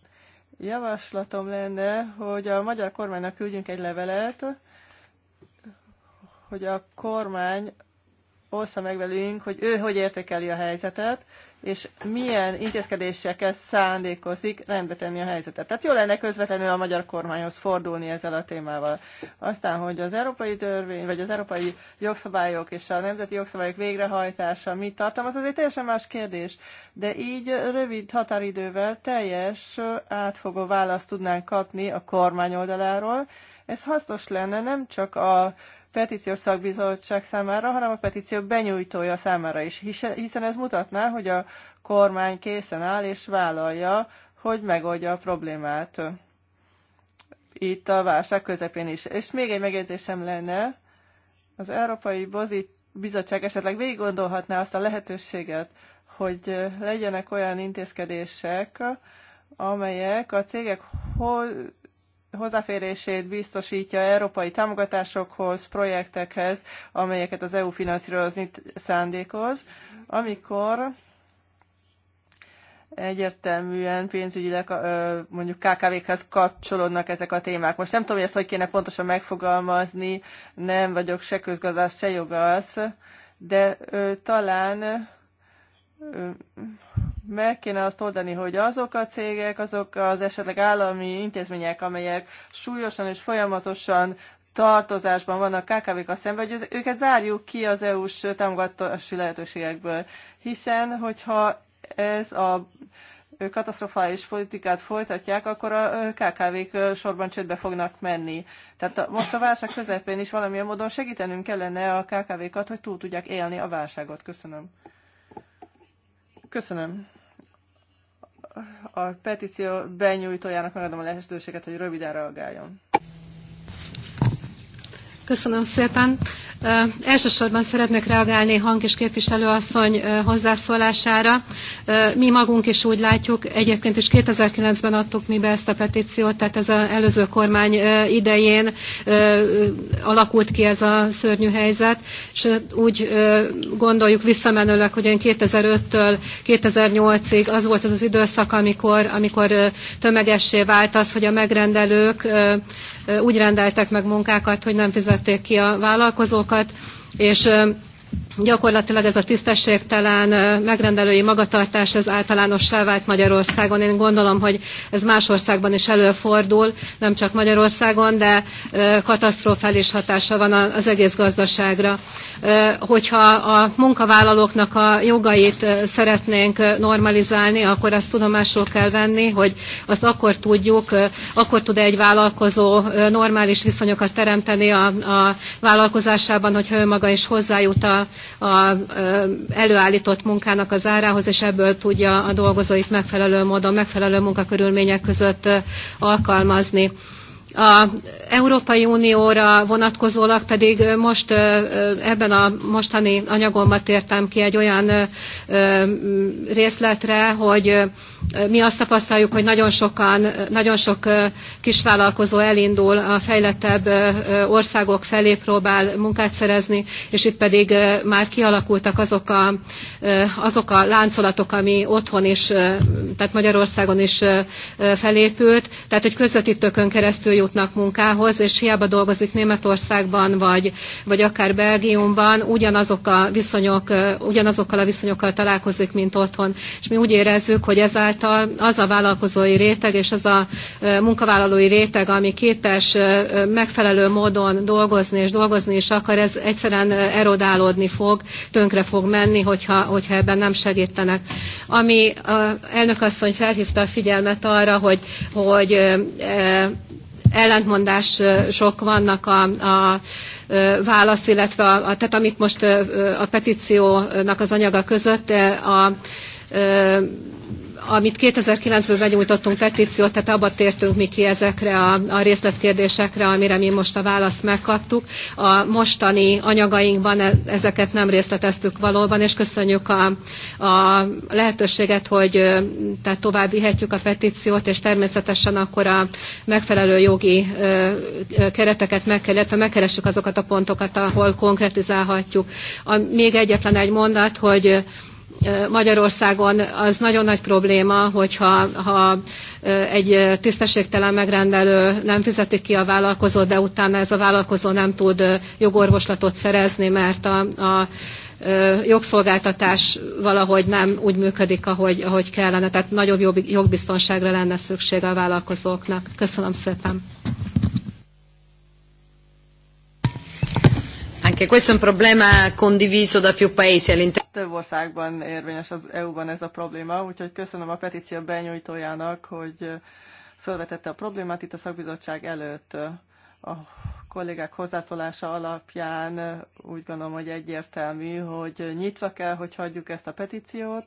Javaslatom lenne, hogy a magyar kormánynak küldjünk egy levelet, hogy a kormány ossza meg velünk, hogy ő hogy értékeli a helyzetet, és milyen intézkedésekkel szándékozik rendbe tenni a helyzetet. Tehát jó lenne közvetlenül a magyar kormányhoz fordulni ezzel a témával. Aztán, hogy az európai törvény, vagy az európai jogszabályok és a nemzeti jogszabályok végrehajtása mit tartom, az egy teljesen más kérdés. De így rövid határidővel teljes átfogó választ tudnánk kapni a kormány oldaláról. Ez hasznos lenne nem csak a petíciós szakbizottság számára, hanem a petíció benyújtója számára is, hiszen ez mutatná, hogy a kormány készen áll és vállalja, hogy megoldja a problémát itt a válság közepén is. És még egy megjegyzésem lenne, az Európai Bozit Bizottság esetleg végig gondolhatná azt a lehetőséget, hogy legyenek olyan intézkedések, amelyek a cégek hozzáférését biztosítja európai támogatásokhoz, projektekhez, amelyeket az EU finanszírozni szándékoz, amikor egyértelműen pénzügyileg mondjuk KKV-khez kapcsolódnak ezek a témák. Most nem tudom, hogy ezt hogy kéne pontosan megfogalmazni, nem vagyok se közgazdász, se jogász, de ö, talán ö, meg kéne azt oldani, hogy azok a cégek, azok az esetleg állami intézmények, amelyek súlyosan és folyamatosan tartozásban vannak KKV-kkal szemben, hogy őket zárjuk ki az EU-s támogatási lehetőségekből. Hiszen, hogyha ez a katasztrofális politikát folytatják, akkor a KKV-k sorban csődbe fognak menni. Tehát a, most a válság közepén is valamilyen módon segítenünk kellene a KKV-kat, hogy túl tudják élni a válságot. Köszönöm. Köszönöm a petíció benyújtójának megadom a lehetőséget, hogy röviden reagáljon. Köszönöm szépen. Elsősorban szeretnék reagálni hang és képviselőasszony hozzászólására. Mi magunk is úgy látjuk, egyébként is 2009-ben adtuk mi be ezt a petíciót, tehát ez az előző kormány idején alakult ki ez a szörnyű helyzet, és úgy gondoljuk visszamenőleg, hogy 2005-től 2008-ig az volt az az időszak, amikor, amikor tömegessé vált az, hogy a megrendelők úgy rendeltek meg munkákat, hogy nem fizették ki a vállalkozókat, és gyakorlatilag ez a tisztességtelen megrendelői magatartás ez általánossá vált Magyarországon. Én gondolom, hogy ez más országban is előfordul, nem csak Magyarországon, de katasztrofális hatása van az egész gazdaságra. Hogyha a munkavállalóknak a jogait szeretnénk normalizálni, akkor azt tudomásul kell venni, hogy azt akkor tudjuk, akkor tud egy vállalkozó normális viszonyokat teremteni a, a vállalkozásában, hogyha ő maga is hozzájut a, a előállított munkának az árához, és ebből tudja a dolgozóit megfelelő módon, megfelelő munkakörülmények között alkalmazni. A Európai Unióra vonatkozólag pedig most ebben a mostani anyagomban tértem ki egy olyan részletre, hogy mi azt tapasztaljuk, hogy nagyon, sokan, nagyon sok kisvállalkozó elindul a fejlettebb országok felé próbál munkát szerezni, és itt pedig már kialakultak azok a, azok a láncolatok, ami otthon is, tehát Magyarországon is felépült, tehát hogy közvetítőkön keresztül jutnak munkához, és hiába dolgozik Németországban, vagy, vagy akár Belgiumban, ugyanazok a viszonyok, ugyanazokkal a viszonyokkal találkozik, mint otthon. És mi úgy érezzük, hogy ez a ezáltal az a vállalkozói réteg és az a munkavállalói réteg, ami képes megfelelő módon dolgozni és dolgozni is akar, ez egyszerűen erodálódni fog, tönkre fog menni, hogyha, hogyha ebben nem segítenek. Ami asszony felhívta a figyelmet arra, hogy, hogy ellentmondások vannak a, a válasz, illetve a, a, tehát amit most a petíciónak az anyaga között a, a amit 2009-ben benyújtottunk petíciót, tehát abba tértünk mi ki ezekre a, a részletkérdésekre, amire mi most a választ megkaptuk. A mostani anyagainkban e, ezeket nem részleteztük valóban, és köszönjük a, a lehetőséget, hogy tehát tovább vihetjük a petíciót, és természetesen akkor a megfelelő jogi kereteket meg kell, illetve megkeressük azokat a pontokat, ahol konkretizálhatjuk. A, még egyetlen egy mondat, hogy Magyarországon az nagyon nagy probléma, hogyha ha egy tisztességtelen megrendelő nem fizeti ki a vállalkozót, de utána ez a vállalkozó nem tud jogorvoslatot szerezni, mert a, a jogszolgáltatás valahogy nem úgy működik, ahogy, ahogy kellene. Tehát nagyobb jogbiztonságra lenne szüksége a vállalkozóknak. Köszönöm szépen. Che questo è un problema condiviso da più paesi all'interno. Több országban érvényes az EU-ban ez a probléma, úgyhogy köszönöm a petíció benyújtójának, hogy felvetette a problémát itt a szakbizottság előtt. A kollégák hozzászólása alapján úgy gondolom, hogy egyértelmű, hogy nyitva kell, hogy hagyjuk ezt a petíciót,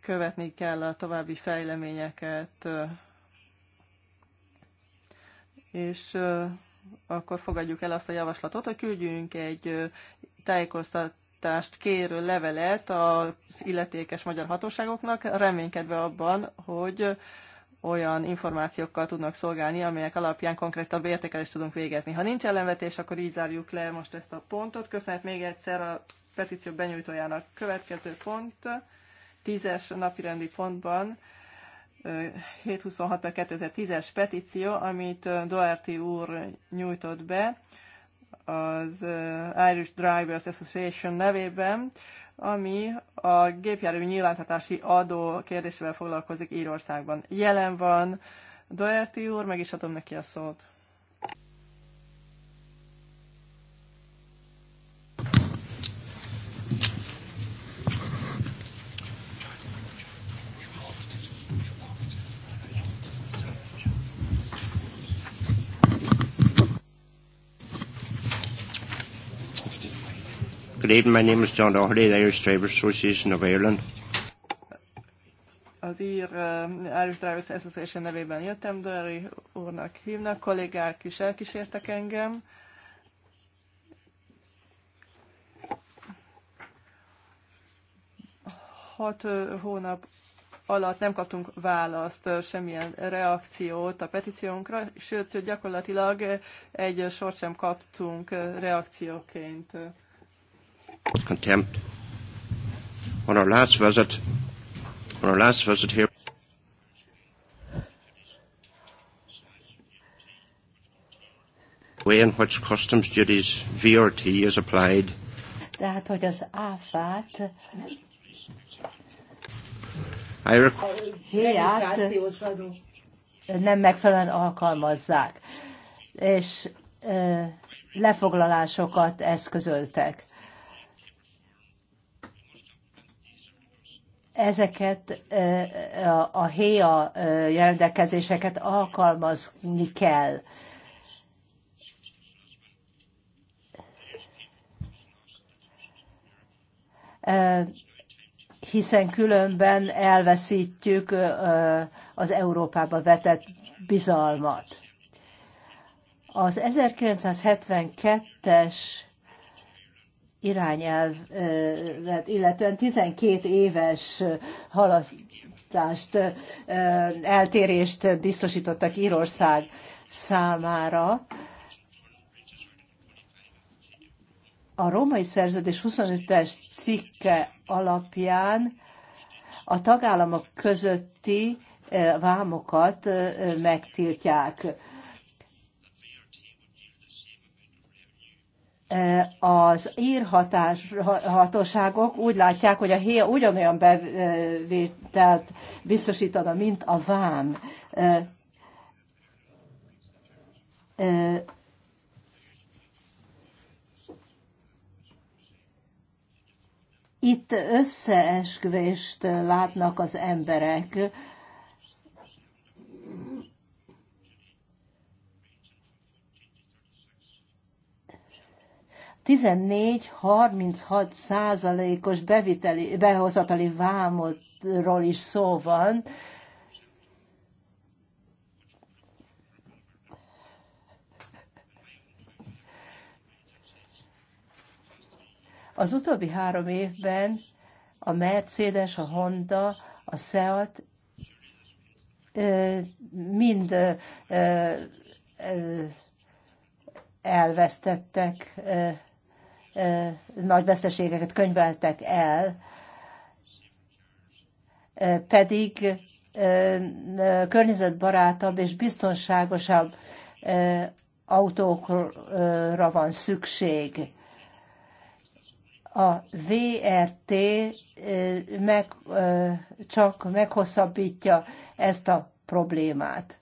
követni kell a további fejleményeket, és akkor fogadjuk el azt a javaslatot, hogy küldjünk egy tájékoztatást kérő levelet az illetékes magyar hatóságoknak, reménykedve abban, hogy olyan információkkal tudnak szolgálni, amelyek alapján konkrétabb értékelést tudunk végezni. Ha nincs ellenvetés, akkor így zárjuk le most ezt a pontot. Köszönet még egyszer a petíció benyújtójának. Következő pont, tízes napirendi pontban 726 2010-es petíció, amit Doherty úr nyújtott be az Irish Drivers Association nevében, ami a gépjármű nyilvántartási adó kérdésével foglalkozik Írországban. Jelen van Doherty úr, meg is adom neki a szót. Good evening, my name is John Doherty, the Irish Drivers Association of Ireland. Az ír uh, Irish Drivers Association nevében jöttem, Dori úrnak hívnak, kollégák is elkísértek engem. Hat uh, hónap alatt nem kaptunk választ, semmilyen reakciót a petíciónkra, sőt, gyakorlatilag egy sort sem kaptunk reakcióként. Uh, contempt. On our last visit, on our last visit here, way in which customs duties VRT is applied. Tehát, hogy az áfát héját nem megfelelően alkalmazzák, és lefoglalásokat eszközöltek. ezeket a héja rendelkezéseket alkalmazni kell. hiszen különben elveszítjük az Európába vetett bizalmat. Az 1972-es irányelvet, illetően 12 éves halasztást, eltérést biztosítottak Írország számára. A római szerződés 25-es cikke alapján a tagállamok közötti vámokat megtiltják Eh, az ír hatás, hatóságok úgy látják, hogy a héja ugyanolyan bevételt biztosítana, mint a vám. Eh, eh, itt összeesküvést látnak az emberek 14-36 százalékos beviteli, behozatali vámotról is szó van. Az utóbbi három évben a Mercedes, a Honda, a Seat mind elvesztettek nagy veszteségeket könyveltek el, pedig környezetbarátabb és biztonságosabb autókra van szükség. A VRT meg, csak meghosszabbítja ezt a problémát.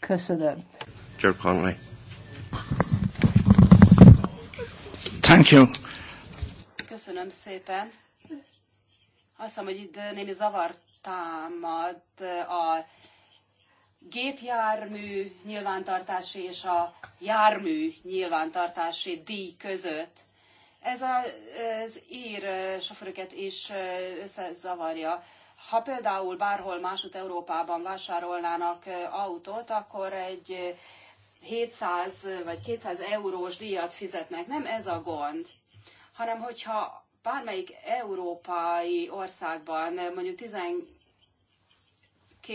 Köszönöm. Chair Thank you. Köszönöm szépen. Azt hiszem, hogy itt némi zavar támad a gépjármű nyilvántartási és a jármű nyilvántartási díj között. Ez az ír sofőröket is összezavarja. Ha például bárhol másút Európában vásárolnának autót, akkor egy 700 vagy 200 eurós díjat fizetnek. Nem ez a gond, hanem hogyha bármelyik európai országban mondjuk 12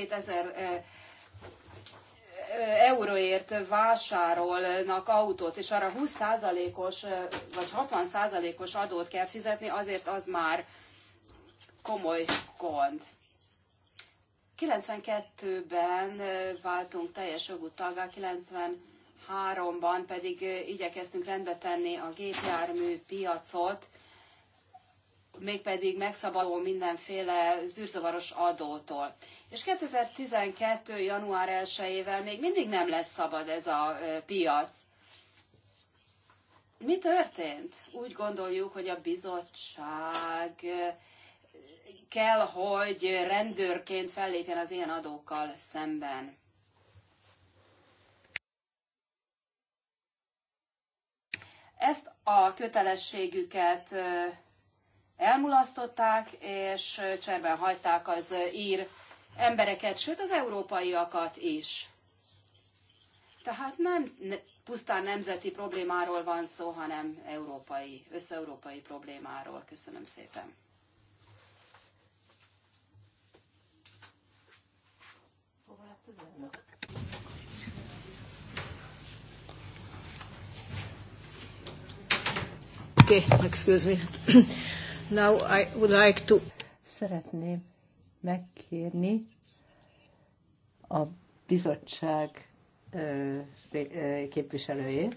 ezer euróért vásárolnak autót, és arra 20%-os vagy 60%-os adót kell fizetni, azért az már komoly gond. 92-ben váltunk teljes jogú taggá, 93-ban pedig igyekeztünk rendbe tenni a gépjármű piacot, mégpedig megszabadul mindenféle zűrzavaros adótól. És 2012. január 1-ével még mindig nem lesz szabad ez a piac. Mi történt? Úgy gondoljuk, hogy a bizottság kell, hogy rendőrként fellépjen az ilyen adókkal szemben. Ezt a kötelességüket elmulasztották, és cserben hagyták az ír embereket, sőt az európaiakat is. Tehát nem pusztán nemzeti problémáról van szó, hanem európai, összeurópai problémáról. Köszönöm szépen. Okay, excuse me. Now I would like to... Szeretném megkérni a bizottság képviselőjét,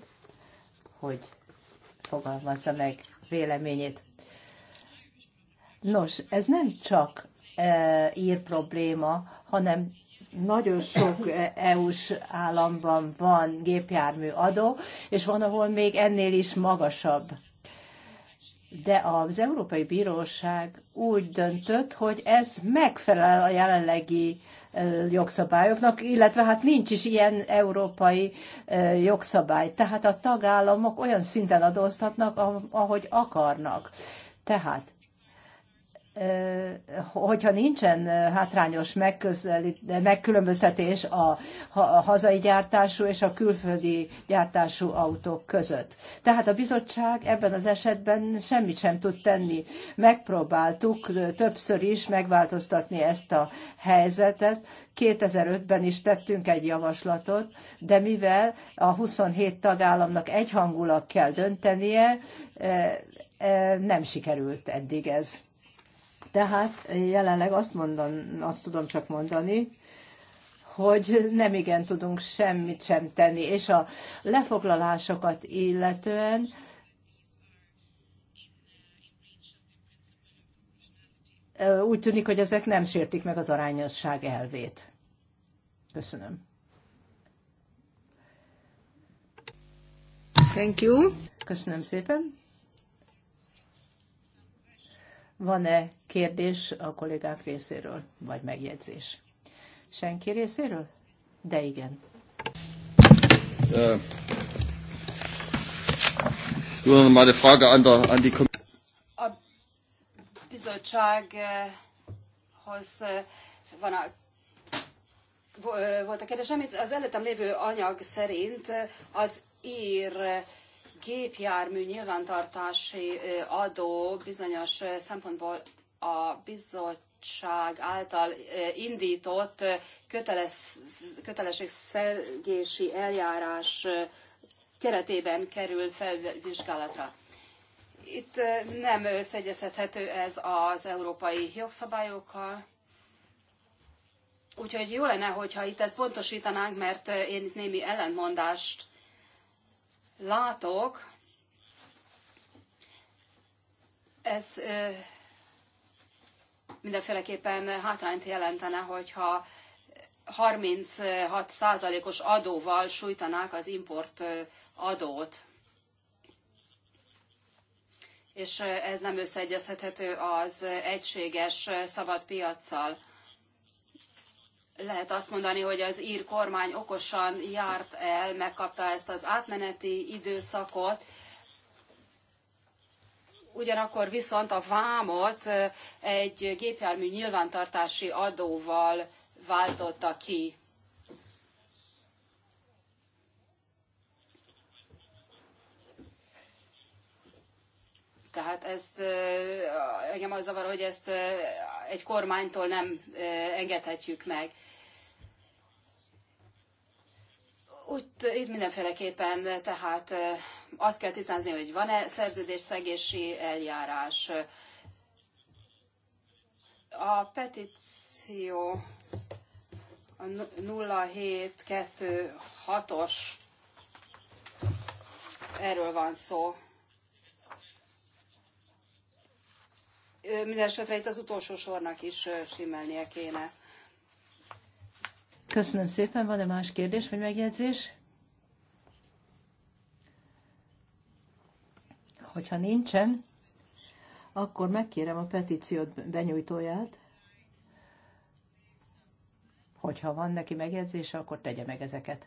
hogy fogalmazza meg véleményét. Nos, ez nem csak ír probléma, hanem nagyon sok EU-s államban van gépjármű adó, és van, ahol még ennél is magasabb de az Európai Bíróság úgy döntött, hogy ez megfelel a jelenlegi jogszabályoknak, illetve hát nincs is ilyen európai jogszabály. Tehát a tagállamok olyan szinten adóztatnak, ahogy akarnak. Tehát hogyha nincsen hátrányos megkülönböztetés a hazai gyártású és a külföldi gyártású autók között. Tehát a bizottság ebben az esetben semmit sem tud tenni. Megpróbáltuk többször is megváltoztatni ezt a helyzetet. 2005-ben is tettünk egy javaslatot, de mivel a 27 tagállamnak egyhangulag kell döntenie, nem sikerült eddig ez. Tehát jelenleg azt, mondan, azt tudom csak mondani, hogy nem igen tudunk semmit sem tenni, és a lefoglalásokat illetően úgy tűnik, hogy ezek nem sértik meg az arányosság elvét. Köszönöm. Thank you. Köszönöm szépen. Van-e kérdés a kollégák részéről, vagy megjegyzés? Senki részéről? De igen. Äh, a bizottsághoz äh, van a äh, volt a kérdés, amit az előttem lévő anyag szerint az ír gépjármű nyilvántartási adó bizonyos szempontból a bizottság által indított kötelességszegési eljárás keretében kerül felvizsgálatra. Itt nem összeegyeztethető ez az európai jogszabályokkal, úgyhogy jó lenne, hogyha itt ezt pontosítanánk, mert én itt némi ellentmondást látok, ez mindenféleképpen hátrányt jelentene, hogyha 36%-os adóval sújtanák az import adót. És ez nem összeegyezhethető az egységes szabad piaccal lehet azt mondani, hogy az ír kormány okosan járt el, megkapta ezt az átmeneti időszakot, ugyanakkor viszont a vámot egy gépjármű nyilvántartási adóval váltotta ki. Tehát ez, engem az zavar, hogy ezt egy kormánytól nem engedhetjük meg. Úgy, itt mindenféleképpen tehát azt kell tisztázni, hogy van-e szegési eljárás. A petíció a 0726-os erről van szó. Mindenesetre itt az utolsó sornak is simmelnie kéne. Köszönöm szépen. Van-e más kérdés vagy megjegyzés? Hogyha nincsen, akkor megkérem a petíciót benyújtóját. Hogyha van neki megjegyzése, akkor tegye meg ezeket.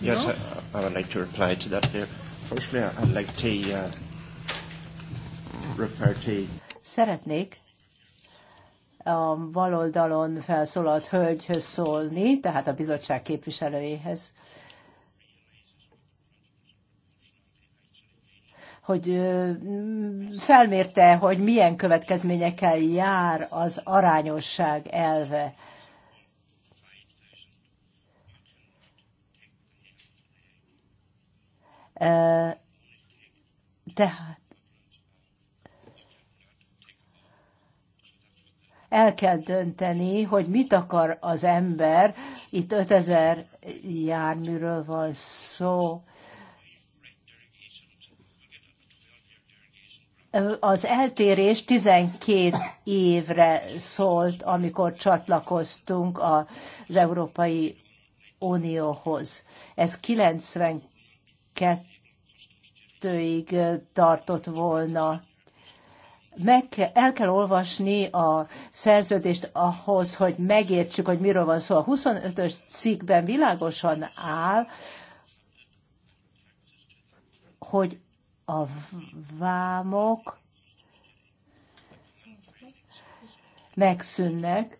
Yes, I, I would like to reply to that there. Uh, firstly, I'd like to uh, refer to... Szeretnék a baloldalon felszólalt hölgyhöz szólni, tehát a bizottság képviselőjéhez, hogy felmérte, hogy milyen következményekkel jár az arányosság elve. Tehát el kell dönteni, hogy mit akar az ember. Itt 5000 járműről van szó. Az eltérés 12 évre szólt, amikor csatlakoztunk az Európai Unióhoz. Ez 92 ig tartott volna meg kell, el kell olvasni a szerződést ahhoz, hogy megértsük, hogy miről van szó. A 25-ös cikkben világosan áll, hogy a vámok megszűnnek,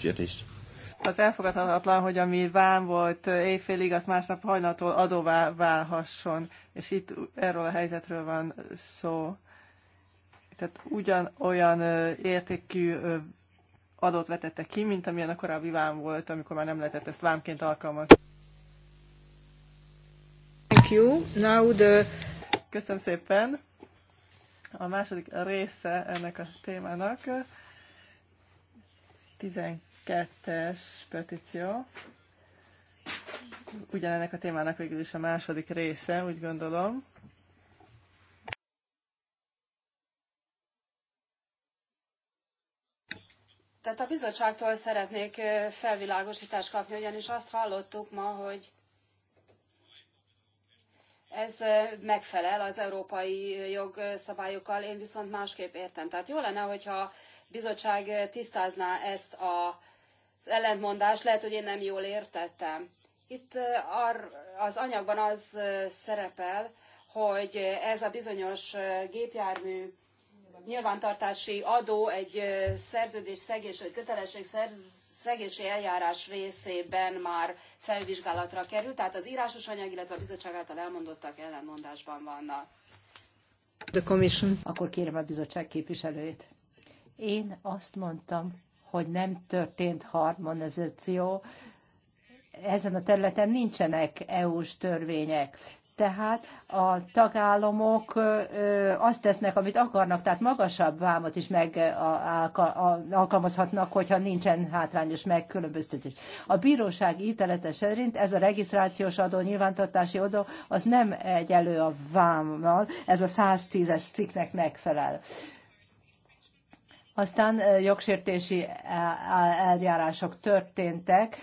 Gyerést. Az elfogadhatatlan, hogy ami vám volt éjfélig, az másnap hajnaltól adóvá válhasson. És itt erről a helyzetről van szó. Tehát ugyanolyan értékű adót vetette ki, mint amilyen a korábbi vám volt, amikor már nem lehetett ezt vámként alkalmazni. Thank you. Now the... Köszönöm szépen. A második része ennek a témának 12 kettes petíció. Ugyanennek a témának végül is a második része, úgy gondolom. Tehát a bizottságtól szeretnék felvilágosítást kapni, ugyanis azt hallottuk ma, hogy ez megfelel az európai jogszabályokkal, én viszont másképp értem. Tehát jó lenne, hogyha bizottság eh, tisztázná ezt az ellentmondást, lehet, hogy én nem jól értettem. Itt eh, az anyagban az eh, szerepel, hogy ez a bizonyos gépjármű nyilvántartási adó egy szerződésszegés vagy kötelességszegési eljárás részében már felvizsgálatra került, tehát az írásos anyag, illetve a bizottság által elmondottak ellentmondásban vannak. The commission. Akkor kérem a bizottság képviselőjét. Én azt mondtam, hogy nem történt harmonizáció, ezen a területen nincsenek EU-s törvények. Tehát a tagállamok azt tesznek, amit akarnak, tehát magasabb vámot is meg alkalmazhatnak, hogyha nincsen hátrányos megkülönböztetés. A bíróság ítelete szerint ez a regisztrációs adó, nyilvántartási adó, az nem egyelő a vámmal, ez a 110-es cikknek megfelel. Aztán jogsértési e, e, eljárások történtek,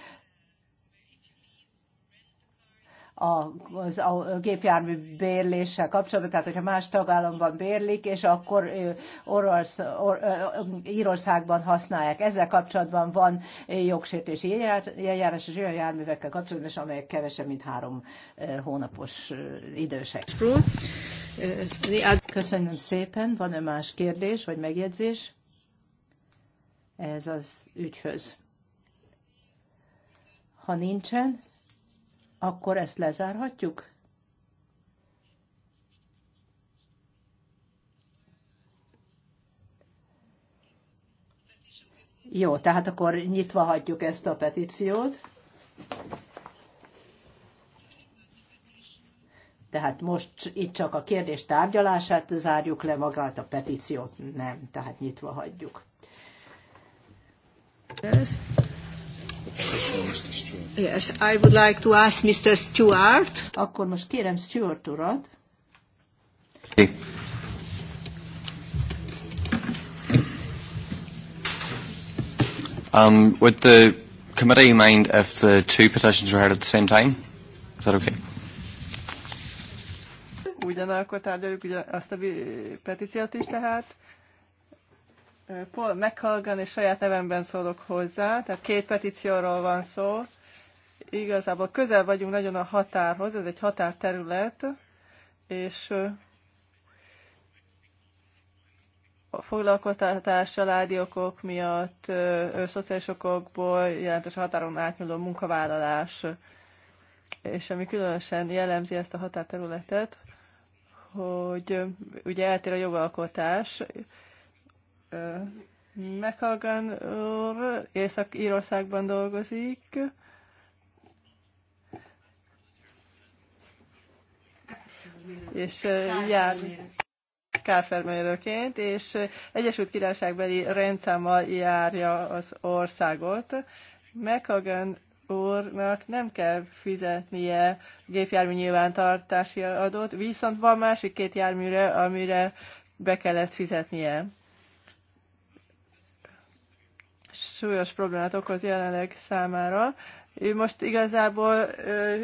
a, az, a gépjármű bérléssel kapcsolatban, tehát hogyha más tagállamban bérlik, és akkor Orosz, or, Írországban használják. Ezzel kapcsolatban van jogsértési eljárás és olyan járművekkel kapcsolatban, és amelyek kevesebb, mint három hónapos idősek. Köszönöm szépen. Van-e más kérdés vagy megjegyzés? ez az ügyhöz. Ha nincsen, akkor ezt lezárhatjuk? Jó, tehát akkor nyitva hagyjuk ezt a petíciót. Tehát most itt csak a kérdés tárgyalását zárjuk le, magát a petíciót nem, tehát nyitva hagyjuk. Yes. Yes, I would like to ask Mr. Stewart. Akkor most kérem Stewart urat. Okay. Um, would the committee mind if the two petitions were heard at the same time? Is that okay? Ugyanakkor tárgyaljuk ugye azt a petíciót is tehát. Paul McCulgan és saját nevemben szólok hozzá, tehát két petícióról van szó. Igazából közel vagyunk nagyon a határhoz, ez egy határterület, és a foglalkoztatás, családi okok miatt, szociális okokból jelentős határon átnyúló munkavállalás, és ami különösen jellemzi ezt a határterületet, hogy ugye eltér a jogalkotás, McCallgan úr Észak-Írországban dolgozik. És jár kárfermelőként, és Egyesült Királyságbeli rendszámmal járja az országot. McCagan úrnak nem kell fizetnie gépjármű nyilvántartási adót, viszont van másik két járműre, amire be kellett fizetnie súlyos problémát okoz jelenleg számára. Ő most igazából ö,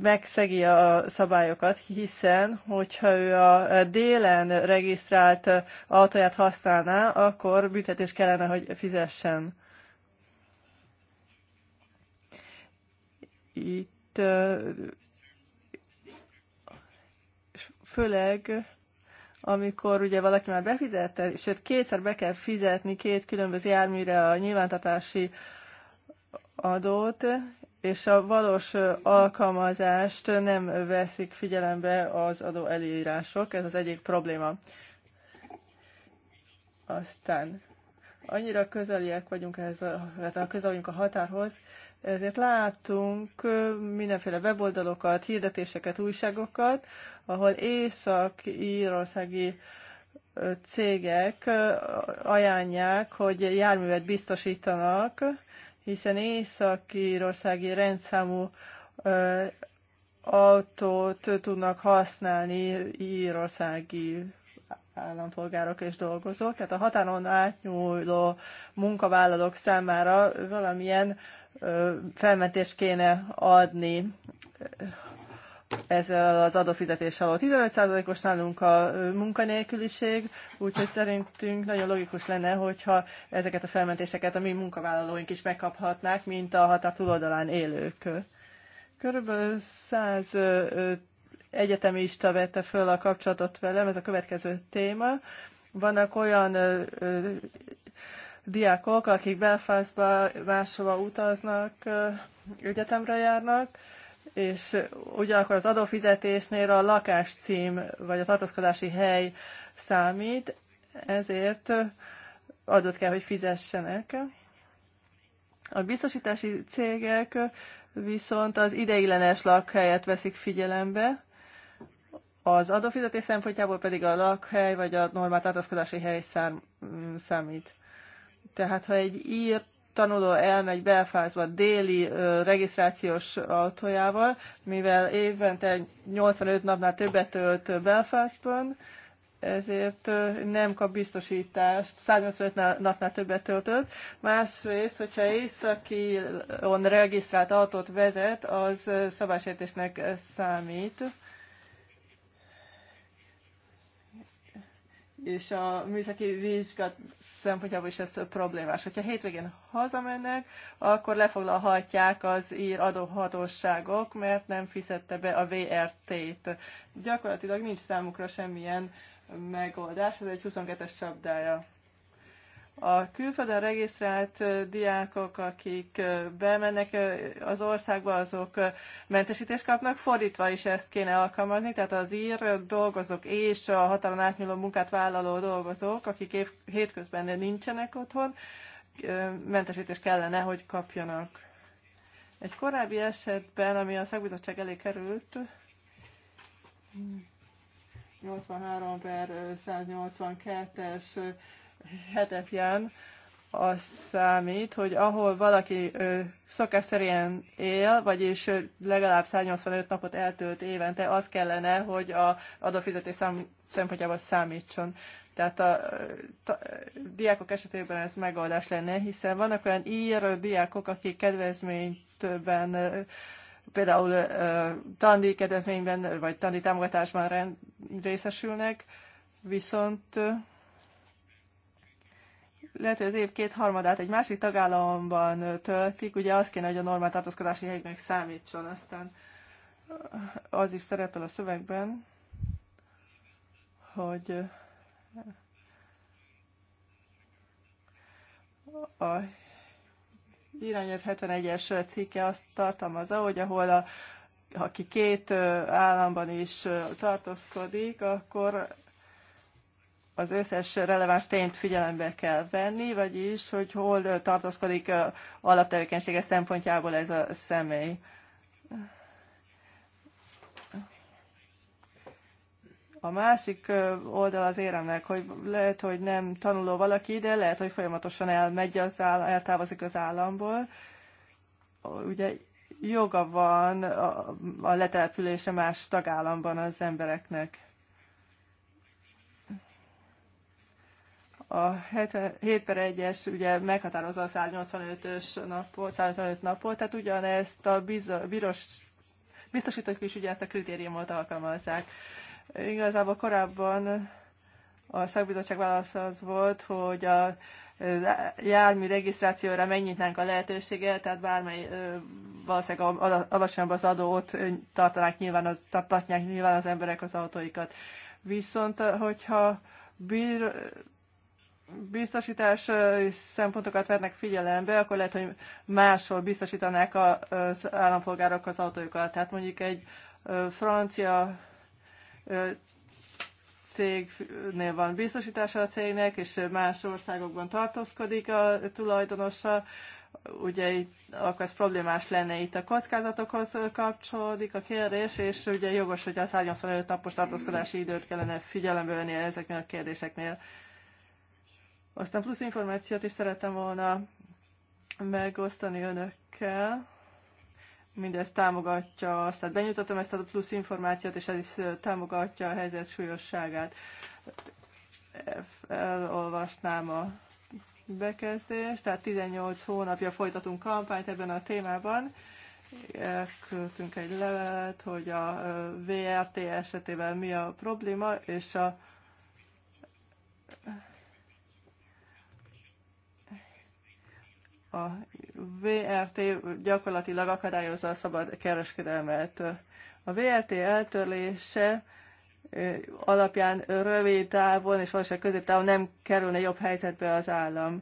megszegi a szabályokat, hiszen hogyha ő a délen regisztrált autóját használná, akkor büntetés kellene, hogy fizessen. Itt főleg amikor ugye valaki már befizette, sőt kétszer be kell fizetni két különböző járműre a nyilvántartási adót, és a valós alkalmazást nem veszik figyelembe az adó elírások, ez az egyik probléma. Aztán annyira közeliek vagyunk ehhez, a, hát a közel vagyunk a határhoz, ezért látunk mindenféle weboldalokat, hirdetéseket, újságokat, ahol észak-írországi cégek ajánlják, hogy járművet biztosítanak, hiszen észak-írországi rendszámú autót tudnak használni írországi állampolgárok és dolgozók, tehát a határon átnyúló munkavállalók számára valamilyen felmentést kéne adni ezzel az adófizetés alól. 15%-os nálunk a munkanélküliség, úgyhogy szerintünk nagyon logikus lenne, hogyha ezeket a felmentéseket a mi munkavállalóink is megkaphatnák, mint a határ túloldalán élők. Körülbelül 100 egyetemista vette föl a kapcsolatot velem, ez a következő téma. Vannak olyan diákok, akik Belfastba, máshova utaznak, egyetemre járnak, és ugyanakkor az adófizetésnél a lakáscím vagy a tartózkodási hely számít, ezért adót kell, hogy fizessenek. A biztosítási cégek viszont az ideiglenes lakhelyet veszik figyelembe, az adófizetés szempontjából pedig a lakhely vagy a normál tartózkodási hely szám, számít. Tehát, ha egy ír tanuló elmegy Belfázba déli ö, regisztrációs autójával, mivel évente 85 napnál többet tölt Belfázban, ezért nem kap biztosítást, 185 napnál többet töltött. Másrészt, hogyha északi on regisztrált autót vezet, az szabásértésnek számít. és a műszaki vizsgat szempontjából is ez problémás. Hogyha hétvégén hazamennek, akkor lefoglalhatják az ír adóhatóságok, mert nem fizette be a VRT-t. Gyakorlatilag nincs számukra semmilyen megoldás, ez egy 22-es csapdája a külföldön regisztrált diákok, akik bemennek az országba, azok mentesítést kapnak, fordítva is ezt kéne alkalmazni, tehát az ír dolgozók és a határon átnyúló munkát vállaló dolgozók, akik év, hétközben nincsenek otthon, mentesítést kellene, hogy kapjanak. Egy korábbi esetben, ami a szakbizottság elé került, 83 per 182-es hetedján az számít, hogy ahol valaki ö, szokás szerint él, vagyis ö, legalább 185 napot eltölt évente, az kellene, hogy a adófizetés szám, szempontjából számítson. Tehát a, a diákok esetében ez megoldás lenne, hiszen vannak olyan ír diákok, akik kedvezményben például ö, tandi kedvezményben vagy tandi támogatásban rend, részesülnek, viszont lehet, hogy az év két harmadát egy másik tagállamban töltik, ugye az kéne, hogy a normál tartózkodási helynek számítson, aztán az is szerepel a szövegben, hogy a irányelv 71-es cikke azt tartalmazza, hogy ahol a, aki két államban is tartózkodik, akkor az összes releváns tényt figyelembe kell venni, vagyis, hogy hol tartózkodik alaptevékenysége szempontjából ez a személy. A másik oldal az éremnek, hogy lehet, hogy nem tanuló valaki, de lehet, hogy folyamatosan elmegy az áll, eltávozik az államból. Ugye joga van a, a letelepülése más tagállamban az embereknek. A 7 per 1-es ugye meghatározza a 185-ös napot, 185 napot, tehát ugyanezt a bíros, biztosítók is ugye ezt a kritériumot alkalmazzák. Igazából korábban a szakbizottság válasz az volt, hogy a e, jármű regisztrációra megnyitnánk a lehetőséget, tehát bármely valószínűleg alacsonyabb az adó, ott tartanák nyilván az, tartatják nyilván az emberek az autóikat. Viszont hogyha bír, biztosítás szempontokat vetnek figyelembe, akkor lehet, hogy máshol biztosítanák az állampolgárok az autójukat. Tehát mondjuk egy francia cégnél van biztosítása a cégnek, és más országokban tartózkodik a tulajdonosa, ugye itt, akkor ez problémás lenne itt a kockázatokhoz kapcsolódik a kérdés, és ugye jogos, hogy a 185 napos tartózkodási időt kellene figyelembe venni ezeknél a kérdéseknél. Aztán plusz információt is szerettem volna megosztani önökkel. Mindez támogatja azt, tehát benyújtottam ezt a plusz információt, és ez is támogatja a helyzet súlyosságát. Elolvasnám a bekezdést, tehát 18 hónapja folytatunk kampányt ebben a témában. Elküldtünk egy levelet, hogy a VRT esetében mi a probléma, és a A VRT gyakorlatilag akadályozza a szabad kereskedelmet. A VRT eltörlése alapján rövid távon és valószínűleg középtávon nem kerülne jobb helyzetbe az állam.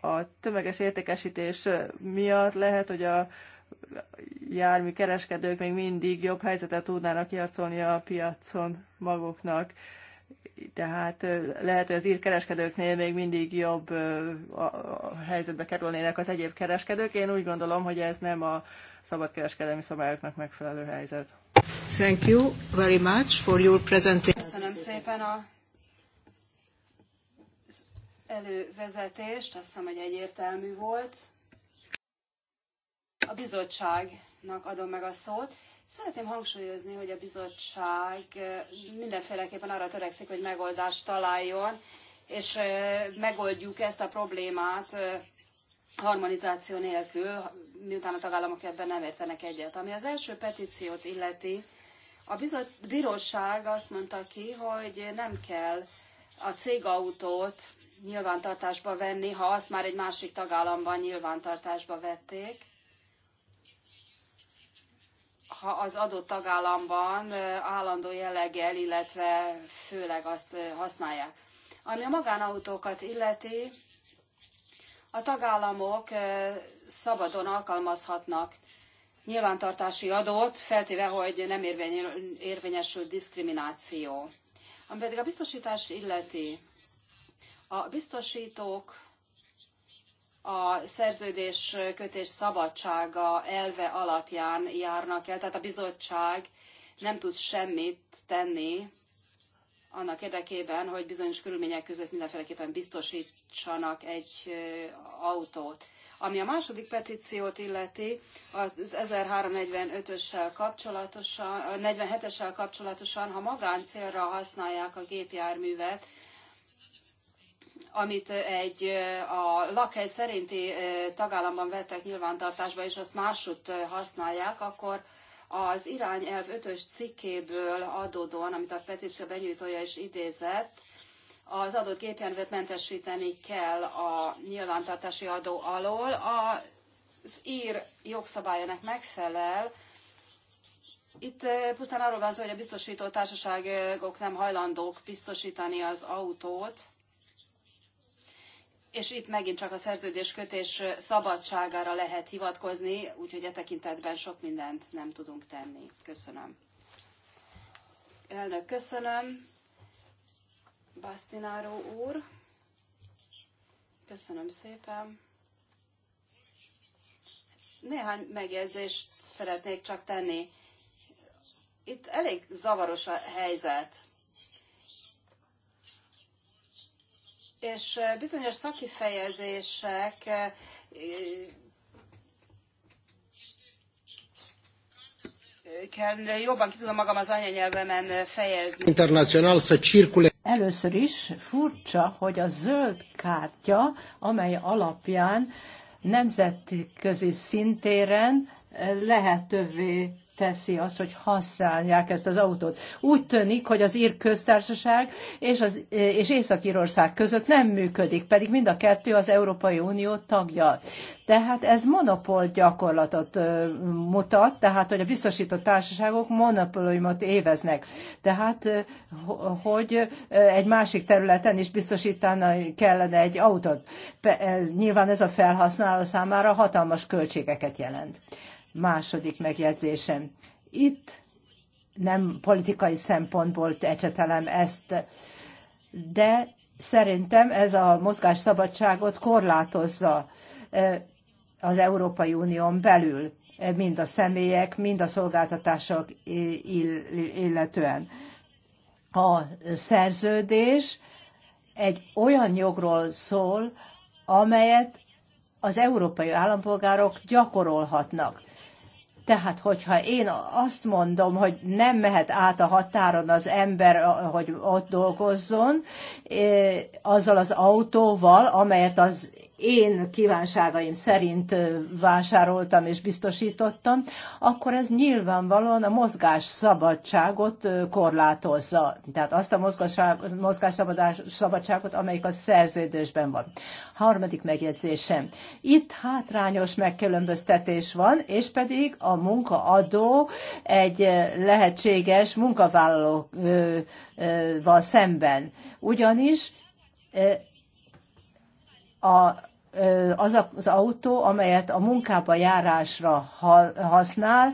A tömeges értékesítés miatt lehet, hogy a jármű kereskedők még mindig jobb helyzetet tudnának kiharcolni a piacon maguknak tehát lehet, hogy az ír kereskedőknél még mindig jobb a helyzetbe kerülnének az egyéb kereskedők. Én úgy gondolom, hogy ez nem a szabadkereskedelmi szabályoknak megfelelő helyzet. Thank you very much for your presentation. Köszönöm szépen a elővezetést, azt hiszem, hogy egyértelmű volt. A bizottságnak adom meg a szót. Szeretném hangsúlyozni, hogy a bizottság eh, mindenféleképpen arra törekszik, hogy megoldást találjon, és eh, megoldjuk ezt a problémát eh, harmonizáció nélkül, miután a tagállamok ebben nem értenek egyet. Ami az első petíciót illeti, a bíróság azt mondta ki, hogy nem kell a cégautót nyilvántartásba venni, ha azt már egy másik tagállamban nyilvántartásba vették, ha az adott tagállamban állandó jelleggel, illetve főleg azt használják. Ami a magánautókat illeti, a tagállamok szabadon alkalmazhatnak nyilvántartási adót, feltéve, hogy nem érvényesül diszkrimináció. Ami pedig a biztosítást illeti, a biztosítók a szerződés kötés szabadsága elve alapján járnak el, tehát a bizottság nem tud semmit tenni annak érdekében, hogy bizonyos körülmények között mindenféleképpen biztosítsanak egy autót. Ami a második petíciót illeti, az 1345-össel kapcsolatosan, 47-essel kapcsolatosan, ha magáncélra használják a gépjárművet, amit egy a lakhely szerinti tagállamban vettek nyilvántartásba, és azt másút használják, akkor az irányelv 5-ös cikkéből adódóan, amit a petíció benyújtója is idézett, az adott gépjárművet mentesíteni kell a nyilvántartási adó alól. Az ír jogszabályának megfelel. Itt pusztán arról van szó, hogy a biztosító társaságok nem hajlandók biztosítani az autót, és itt megint csak a szerződéskötés szabadságára lehet hivatkozni, úgyhogy e tekintetben sok mindent nem tudunk tenni. Köszönöm. Elnök, köszönöm. Bastináró úr. Köszönöm szépen. Néhány megjegyzést szeretnék csak tenni. Itt elég zavaros a helyzet. és bizonyos szakifejezések kell jobban ki tudom magam az anyanyelvemen fejezni. Internacional Először is furcsa, hogy a zöld kártya, amely alapján nemzetközi szintéren lehetővé teszi azt, hogy használják ezt az autót. Úgy tűnik, hogy az ír köztársaság és, az, és Észak-Írország között nem működik, pedig mind a kettő az Európai Unió tagja. Tehát ez monopól gyakorlatot mutat, tehát hogy a biztosított társaságok monopóliumot éveznek. Tehát, hogy egy másik területen is biztosítani kellene egy autót. Nyilván ez a felhasználó számára hatalmas költségeket jelent. Második megjegyzésem. Itt nem politikai szempontból ecsetelem ezt, de szerintem ez a mozgásszabadságot korlátozza e, az Európai Unión belül, e, mind a személyek, mind a szolgáltatások illetően. A szerződés egy olyan jogról szól, amelyet az európai állampolgárok gyakorolhatnak. Tehát, hogyha én azt mondom, hogy nem mehet át a határon az ember, hogy ott dolgozzon, eh, azzal az autóval, amelyet az én kívánságaim szerint vásároltam és biztosítottam, akkor ez nyilvánvalóan a mozgás szabadságot korlátozza. Tehát azt a mozgás szabadságot, amelyik a szerződésben van. Harmadik megjegyzésem. Itt hátrányos megkülönböztetés van, és pedig a munkaadó egy lehetséges munkavállalóval szemben. Ugyanis a az az autó, amelyet a munkába járásra használ,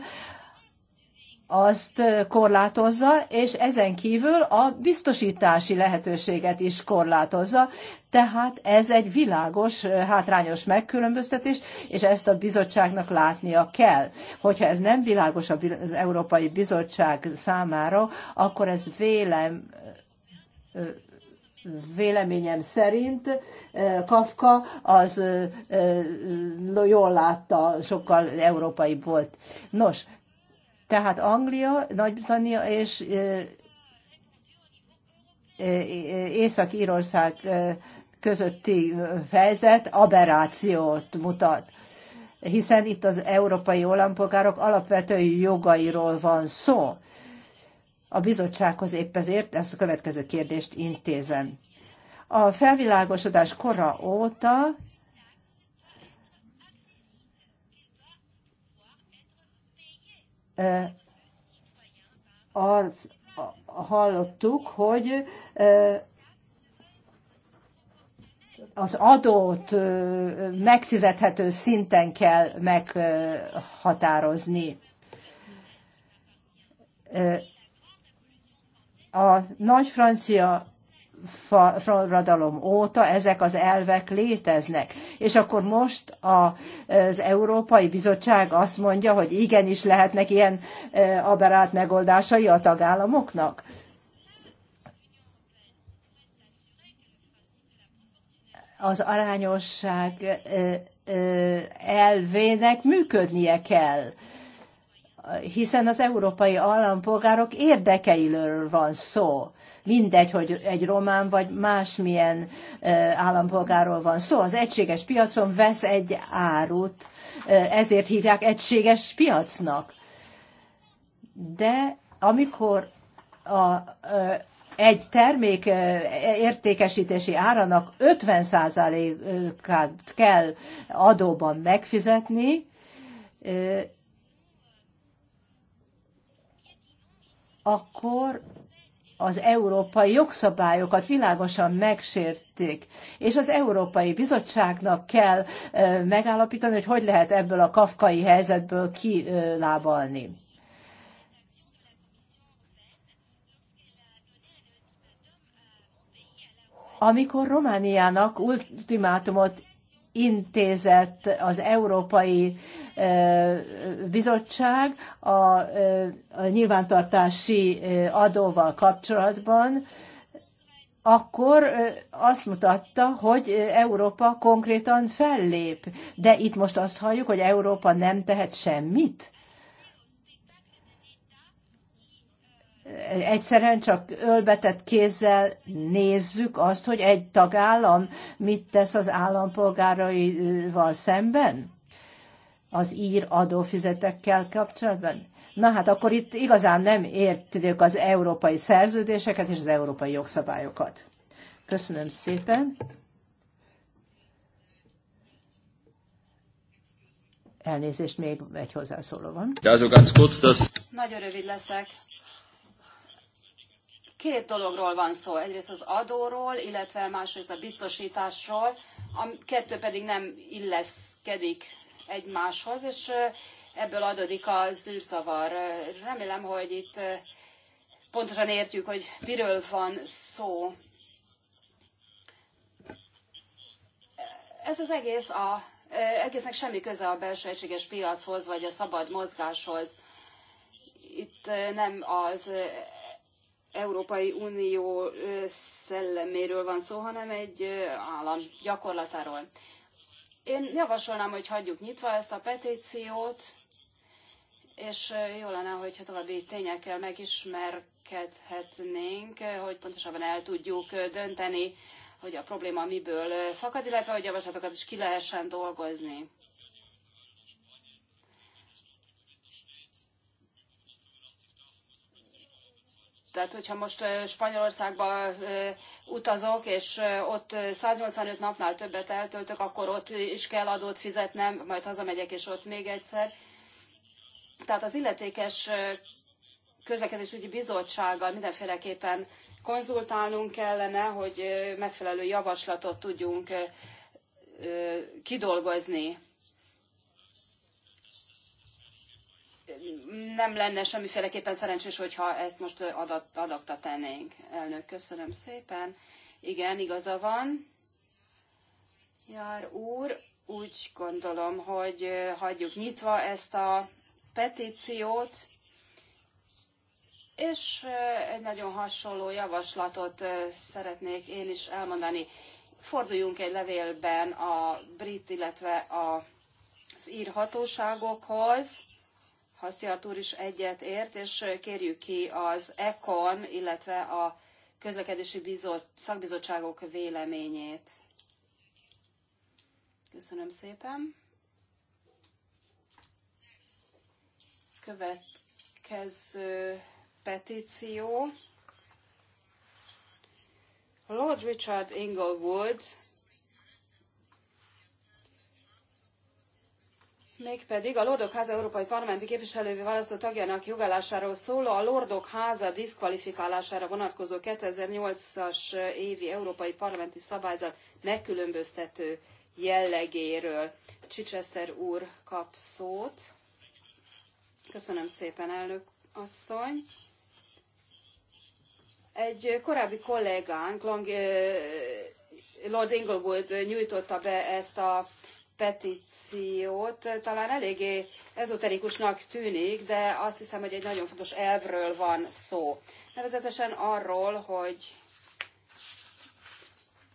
azt korlátozza, és ezen kívül a biztosítási lehetőséget is korlátozza, tehát ez egy világos, hátrányos megkülönböztetés, és ezt a bizottságnak látnia kell. Hogyha ez nem világos az Európai Bizottság számára, akkor ez vélem véleményem szerint eh, Kafka az eh, eh, jól látta, sokkal európai volt. Nos, tehát Anglia, Nagy-Britannia és Észak-Írország közötti fejezet aberrációt mutat hiszen itt az európai állampolgárok alapvető jogairól van szó a bizottsághoz épp ezért ezt a következő kérdést intézem. A felvilágosodás kora óta az, hallottuk, hogy az adót megfizethető szinten kell meghatározni a nagy francia forradalom óta ezek az elvek léteznek. És akkor most az Európai Bizottság azt mondja, hogy igenis lehetnek ilyen e, aberált megoldásai a tagállamoknak. Az arányosság e, e, elvének működnie kell hiszen az európai állampolgárok érdekeiről van szó. Mindegy, hogy egy román vagy másmilyen állampolgáról van szó. Az egységes piacon vesz egy árut, ezért hívják egységes piacnak. De amikor a, egy termék értékesítési árának 50%-át kell adóban megfizetni, akkor az európai jogszabályokat világosan megsértik, és az Európai Bizottságnak kell megállapítani, hogy hogy lehet ebből a kafkai helyzetből kilábalni. Amikor Romániának ultimátumot intézett az Európai Bizottság a nyilvántartási adóval kapcsolatban, akkor azt mutatta, hogy Európa konkrétan fellép. De itt most azt halljuk, hogy Európa nem tehet semmit. egyszerűen csak ölbetett kézzel nézzük azt, hogy egy tagállam mit tesz az állampolgáraival szemben? Az ír adófizetekkel kapcsolatban? Na hát akkor itt igazán nem értjük az európai szerződéseket és az európai jogszabályokat. Köszönöm szépen. Elnézést, még egy hozzászóló van. Nagyon rövid leszek. Két dologról van szó, egyrészt az adóról, illetve másrészt a biztosításról, a kettő pedig nem illeszkedik egymáshoz, és ebből adódik a zűrzavar. Remélem, hogy itt pontosan értjük, hogy miről van szó. Ez az egész a, egésznek semmi köze a belső egységes piachoz, vagy a szabad mozgáshoz. Itt nem az Európai Unió szelleméről van szó, hanem egy állam gyakorlatáról. Én javasolnám, hogy hagyjuk nyitva ezt a petíciót, és jó lenne, hogyha további tényekkel megismerkedhetnénk, hogy pontosabban el tudjuk dönteni, hogy a probléma miből fakad, illetve hogy javaslatokat is ki lehessen dolgozni. Tehát, hogyha most Spanyolországba utazok, és ott 185 napnál többet eltöltök, akkor ott is kell adót fizetnem, majd hazamegyek, és ott még egyszer. Tehát az illetékes közlekedésügyi bizottsággal mindenféleképpen konzultálnunk kellene, hogy megfelelő javaslatot tudjunk kidolgozni. nem lenne semmiféleképpen szerencsés, hogyha ezt most adat, adakta tennénk. Elnök, köszönöm szépen. Igen, igaza van. Jár úr, úgy gondolom, hogy hagyjuk nyitva ezt a petíciót, és egy nagyon hasonló javaslatot szeretnék én is elmondani. Forduljunk egy levélben a brit, illetve az ír hatóságokhoz, Hasztyart úr is egyet ért, és kérjük ki az ECON, illetve a közlekedési bizot, szakbizottságok véleményét. Köszönöm szépen. Következő petíció. Lord Richard Inglewood mégpedig a Lordok Háza Európai Parlamenti Képviselővé választó tagjának jogállásáról szóló a Lordok Háza diszkvalifikálására vonatkozó 2008-as évi Európai Parlamenti Szabályzat megkülönböztető jellegéről. Chichester úr kap szót. Köszönöm szépen, elnök asszony. Egy korábbi kollégánk, Long, eh, Lord Inglewood nyújtotta be ezt a petíciót talán eléggé ezoterikusnak tűnik, de azt hiszem, hogy egy nagyon fontos elvről van szó. Nevezetesen arról, hogy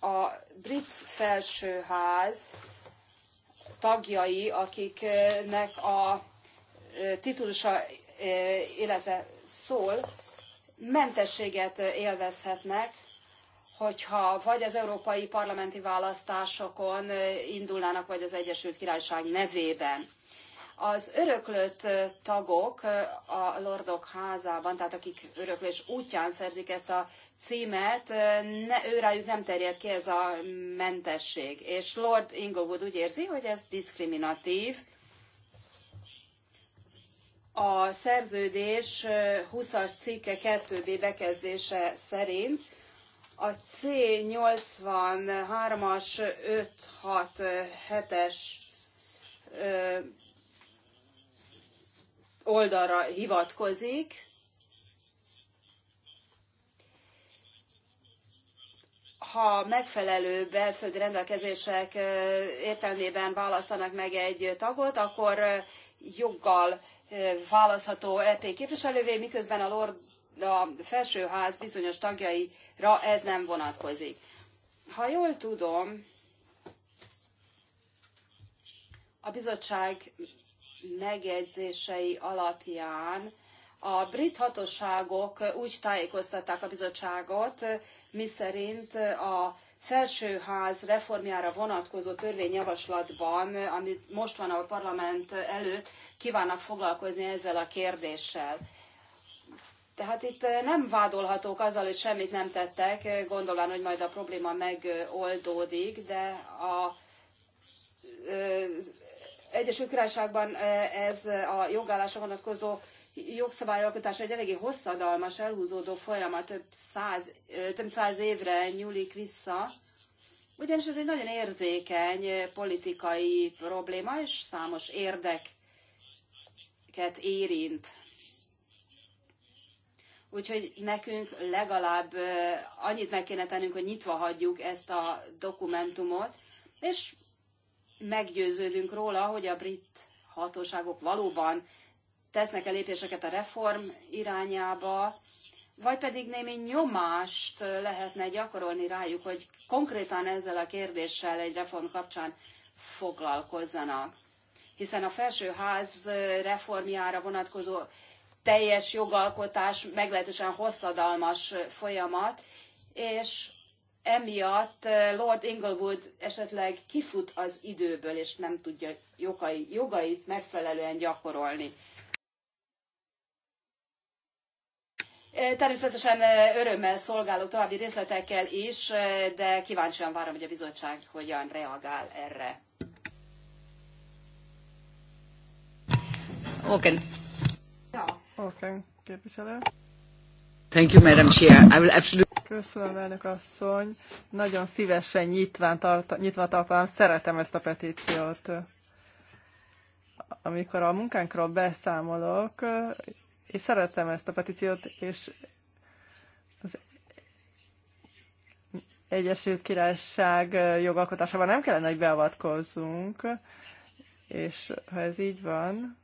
a brit felsőház tagjai, akiknek a e, titulusa e, illetve szól, mentességet élvezhetnek hogyha vagy az európai parlamenti választásokon indulnának, vagy az Egyesült Királyság nevében. Az öröklött tagok a Lordok házában, tehát akik öröklés útján szerzik ezt a címet, ne, őrájuk nem terjed ki ez a mentesség. És Lord Inglewood úgy érzi, hogy ez diszkriminatív. A szerződés 20-as cikke 2b bekezdése szerint a C83-as 567-es oldalra hivatkozik. Ha megfelelő belföldi rendelkezések értelmében választanak meg egy tagot, akkor joggal választható EP képviselővé, miközben a Lord a felsőház bizonyos tagjaira ez nem vonatkozik. Ha jól tudom, a bizottság megjegyzései alapján a brit hatóságok úgy tájékoztatták a bizottságot, miszerint a felsőház reformjára vonatkozó törvényjavaslatban, amit most van a parlament előtt, kívánnak foglalkozni ezzel a kérdéssel. Tehát itt eh, nem vádolhatók azzal, hogy semmit nem tettek, eh, gondolván, hogy majd a probléma megoldódik, de a eh, Egyesült Királyságban ez a jogállásra vonatkozó jogszabályalkotás egy eléggé hosszadalmas, elhúzódó folyamat, több száz, több száz évre nyúlik vissza, ugyanis ez egy nagyon érzékeny politikai probléma, és számos érdeket érint. Úgyhogy nekünk legalább annyit meg kéne tennünk, hogy nyitva hagyjuk ezt a dokumentumot, és meggyőződünk róla, hogy a brit hatóságok valóban tesznek-e lépéseket a reform irányába, vagy pedig némi nyomást lehetne gyakorolni rájuk, hogy konkrétan ezzel a kérdéssel egy reform kapcsán foglalkozzanak. Hiszen a felsőház reformjára vonatkozó teljes jogalkotás meglehetősen hosszadalmas folyamat, és emiatt eh, Lord Inglewood esetleg kifut az időből, és nem tudja jogai, jogait megfelelően gyakorolni. Eh, természetesen eh, örömmel szolgálok további részletekkel is, de kíváncsian várom, hogy a bizottság hogyan reagál erre. Okay. Oké, képviselő. Thank you, Madam Chair. I will absolutely... Köszönöm, elnök asszony. Nagyon szívesen nyitván tart, nyitva tartalán szeretem ezt a petíciót. Amikor a munkánkról beszámolok, és szeretem ezt a petíciót, és az Egyesült Királyság jogalkotásában nem kellene, hogy beavatkozzunk, és ha ez így van,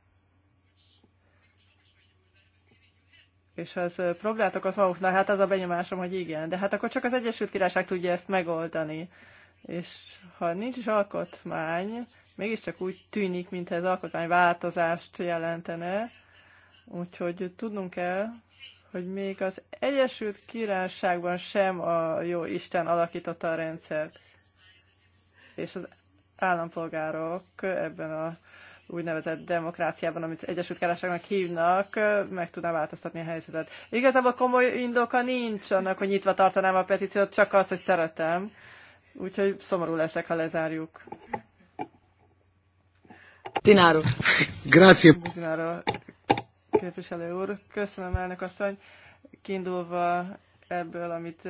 és az problémát okoz maguknak, hát az a benyomásom, hogy igen. De hát akkor csak az Egyesült Királyság tudja ezt megoldani. És ha nincs is alkotmány, mégiscsak úgy tűnik, mintha ez alkotmány változást jelentene. Úgyhogy tudnunk kell, hogy még az Egyesült Királyságban sem a jó Isten alakította a rendszert. És az állampolgárok ebben a úgynevezett demokráciában, amit Egyesült Királyságnak hívnak, meg tudná változtatni a helyzetet. Igazából komoly indoka nincs annak, hogy nyitva tartanám a petíciót, csak az, hogy szeretem. Úgyhogy szomorú leszek, ha lezárjuk. Tináro. Grazie. Tináro képviselő úr. Köszönöm, elnök asszony. Kiindulva ebből, amit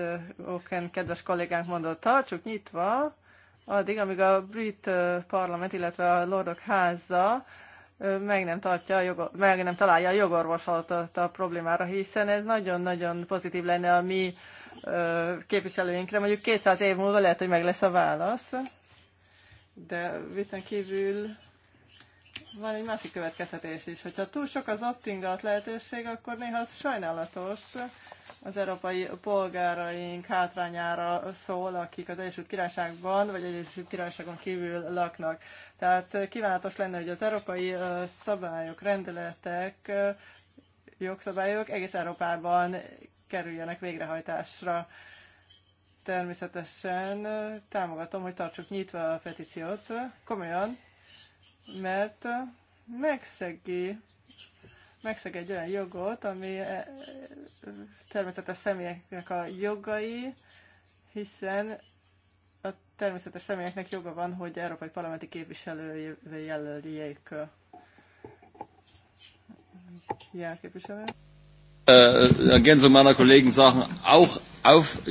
Oken kedves kollégánk mondott, tartsuk nyitva addig, amíg a brit parlament, illetve a lordok háza meg nem, tartja a jog, meg nem találja a jogorvosatot a problémára, hiszen ez nagyon-nagyon pozitív lenne a mi képviselőinkre. Mondjuk 200 év múlva lehet, hogy meg lesz a válasz, de viccen kívül van egy másik következtetés is, hogyha túl sok az opt-ingat lehetőség, akkor néha az sajnálatos az európai polgáraink hátrányára szól, akik az Egyesült Királyságban vagy Egyesült Királyságon kívül laknak. Tehát kívánatos lenne, hogy az európai szabályok, rendeletek, jogszabályok egész Európában kerüljenek végrehajtásra. Természetesen támogatom, hogy tartsuk nyitva a petíciót. Komolyan, mert megszegi megszegi egy olyan jogot, ami természetes személyeknek a jogai, hiszen a természetes személyeknek joga van, hogy európai parlamenti képviselővé jelöljék Jár képviselő. Ergänzung meiner Kollegen Sachen auch auf.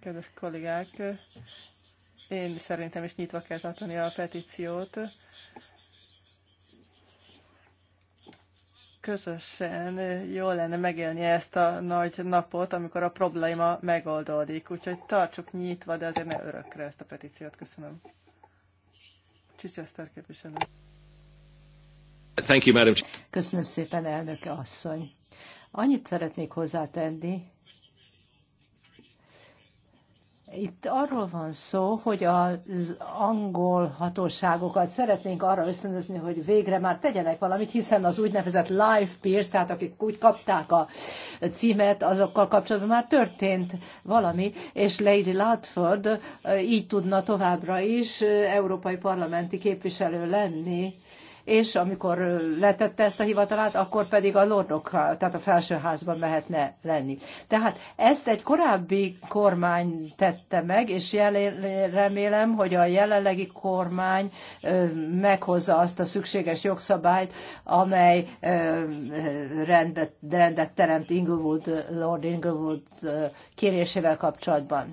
Kedves kollégák, én szerintem is nyitva kell tartani a petíciót. Közösen jól lenne megélni ezt a nagy napot, amikor a probléma megoldódik. Úgyhogy tartsuk nyitva, de azért ne örökre ezt a petíciót. Köszönöm. Csicseszter képviselő. Thank you, madam. Köszönöm szépen, elnöke asszony. Annyit szeretnék hozzátenni, itt arról van szó, hogy az angol hatóságokat szeretnénk arra ösztönözni, hogy végre már tegyenek valamit, hiszen az úgynevezett live peers, tehát akik úgy kapták a címet, azokkal kapcsolatban már történt valami, és Lady Ludford eh, így tudna továbbra is eh, európai parlamenti képviselő lenni és amikor letette ezt a hivatalát, akkor pedig a lordok, tehát a felsőházban mehetne lenni. Tehát ezt egy korábbi kormány tette meg, és remélem, hogy a jelenlegi kormány meghozza azt a szükséges jogszabályt, amely rendet, rendet teremt Inglewood, Lord Inglewood kérésével kapcsolatban.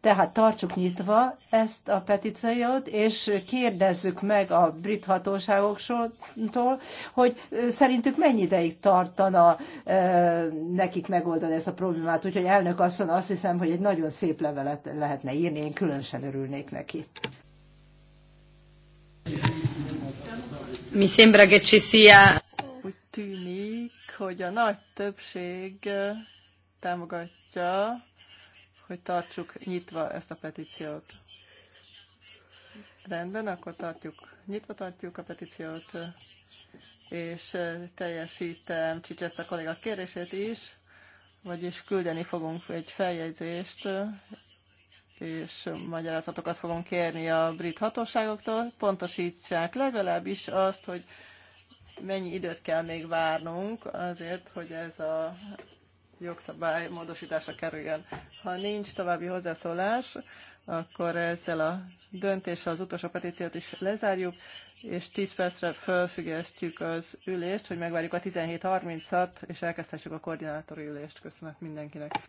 Tehát tartsuk nyitva ezt a petíciót, és kérdezzük meg a brit hatóságok Bizottságtól, hogy szerintük mennyi ideig tartana nekik megoldani ezt a problémát. Úgyhogy elnök asszony, azt hiszem, hogy egy nagyon szép levelet lehetne írni, én különösen örülnék neki. Mi sembra che ci sia... Úgy tűnik, hogy a nagy többség támogatja, hogy tartsuk nyitva ezt a petíciót. Rendben, akkor tartjuk, nyitva tartjuk a petíciót, és teljesítem Csicsezt a kolléga kérését is, vagyis küldeni fogunk egy feljegyzést, és magyarázatokat fogunk kérni a brit hatóságoktól, pontosítsák legalábbis azt, hogy mennyi időt kell még várnunk azért, hogy ez a jogszabály módosításra kerüljön. Ha nincs további hozzászólás, akkor ezzel a döntése az utolsó petíciót is lezárjuk, és 10 percre fölfüggesztjük az ülést, hogy megvárjuk a 17.30-at, és elkezdhessük a koordinátori ülést. Köszönöm mindenkinek!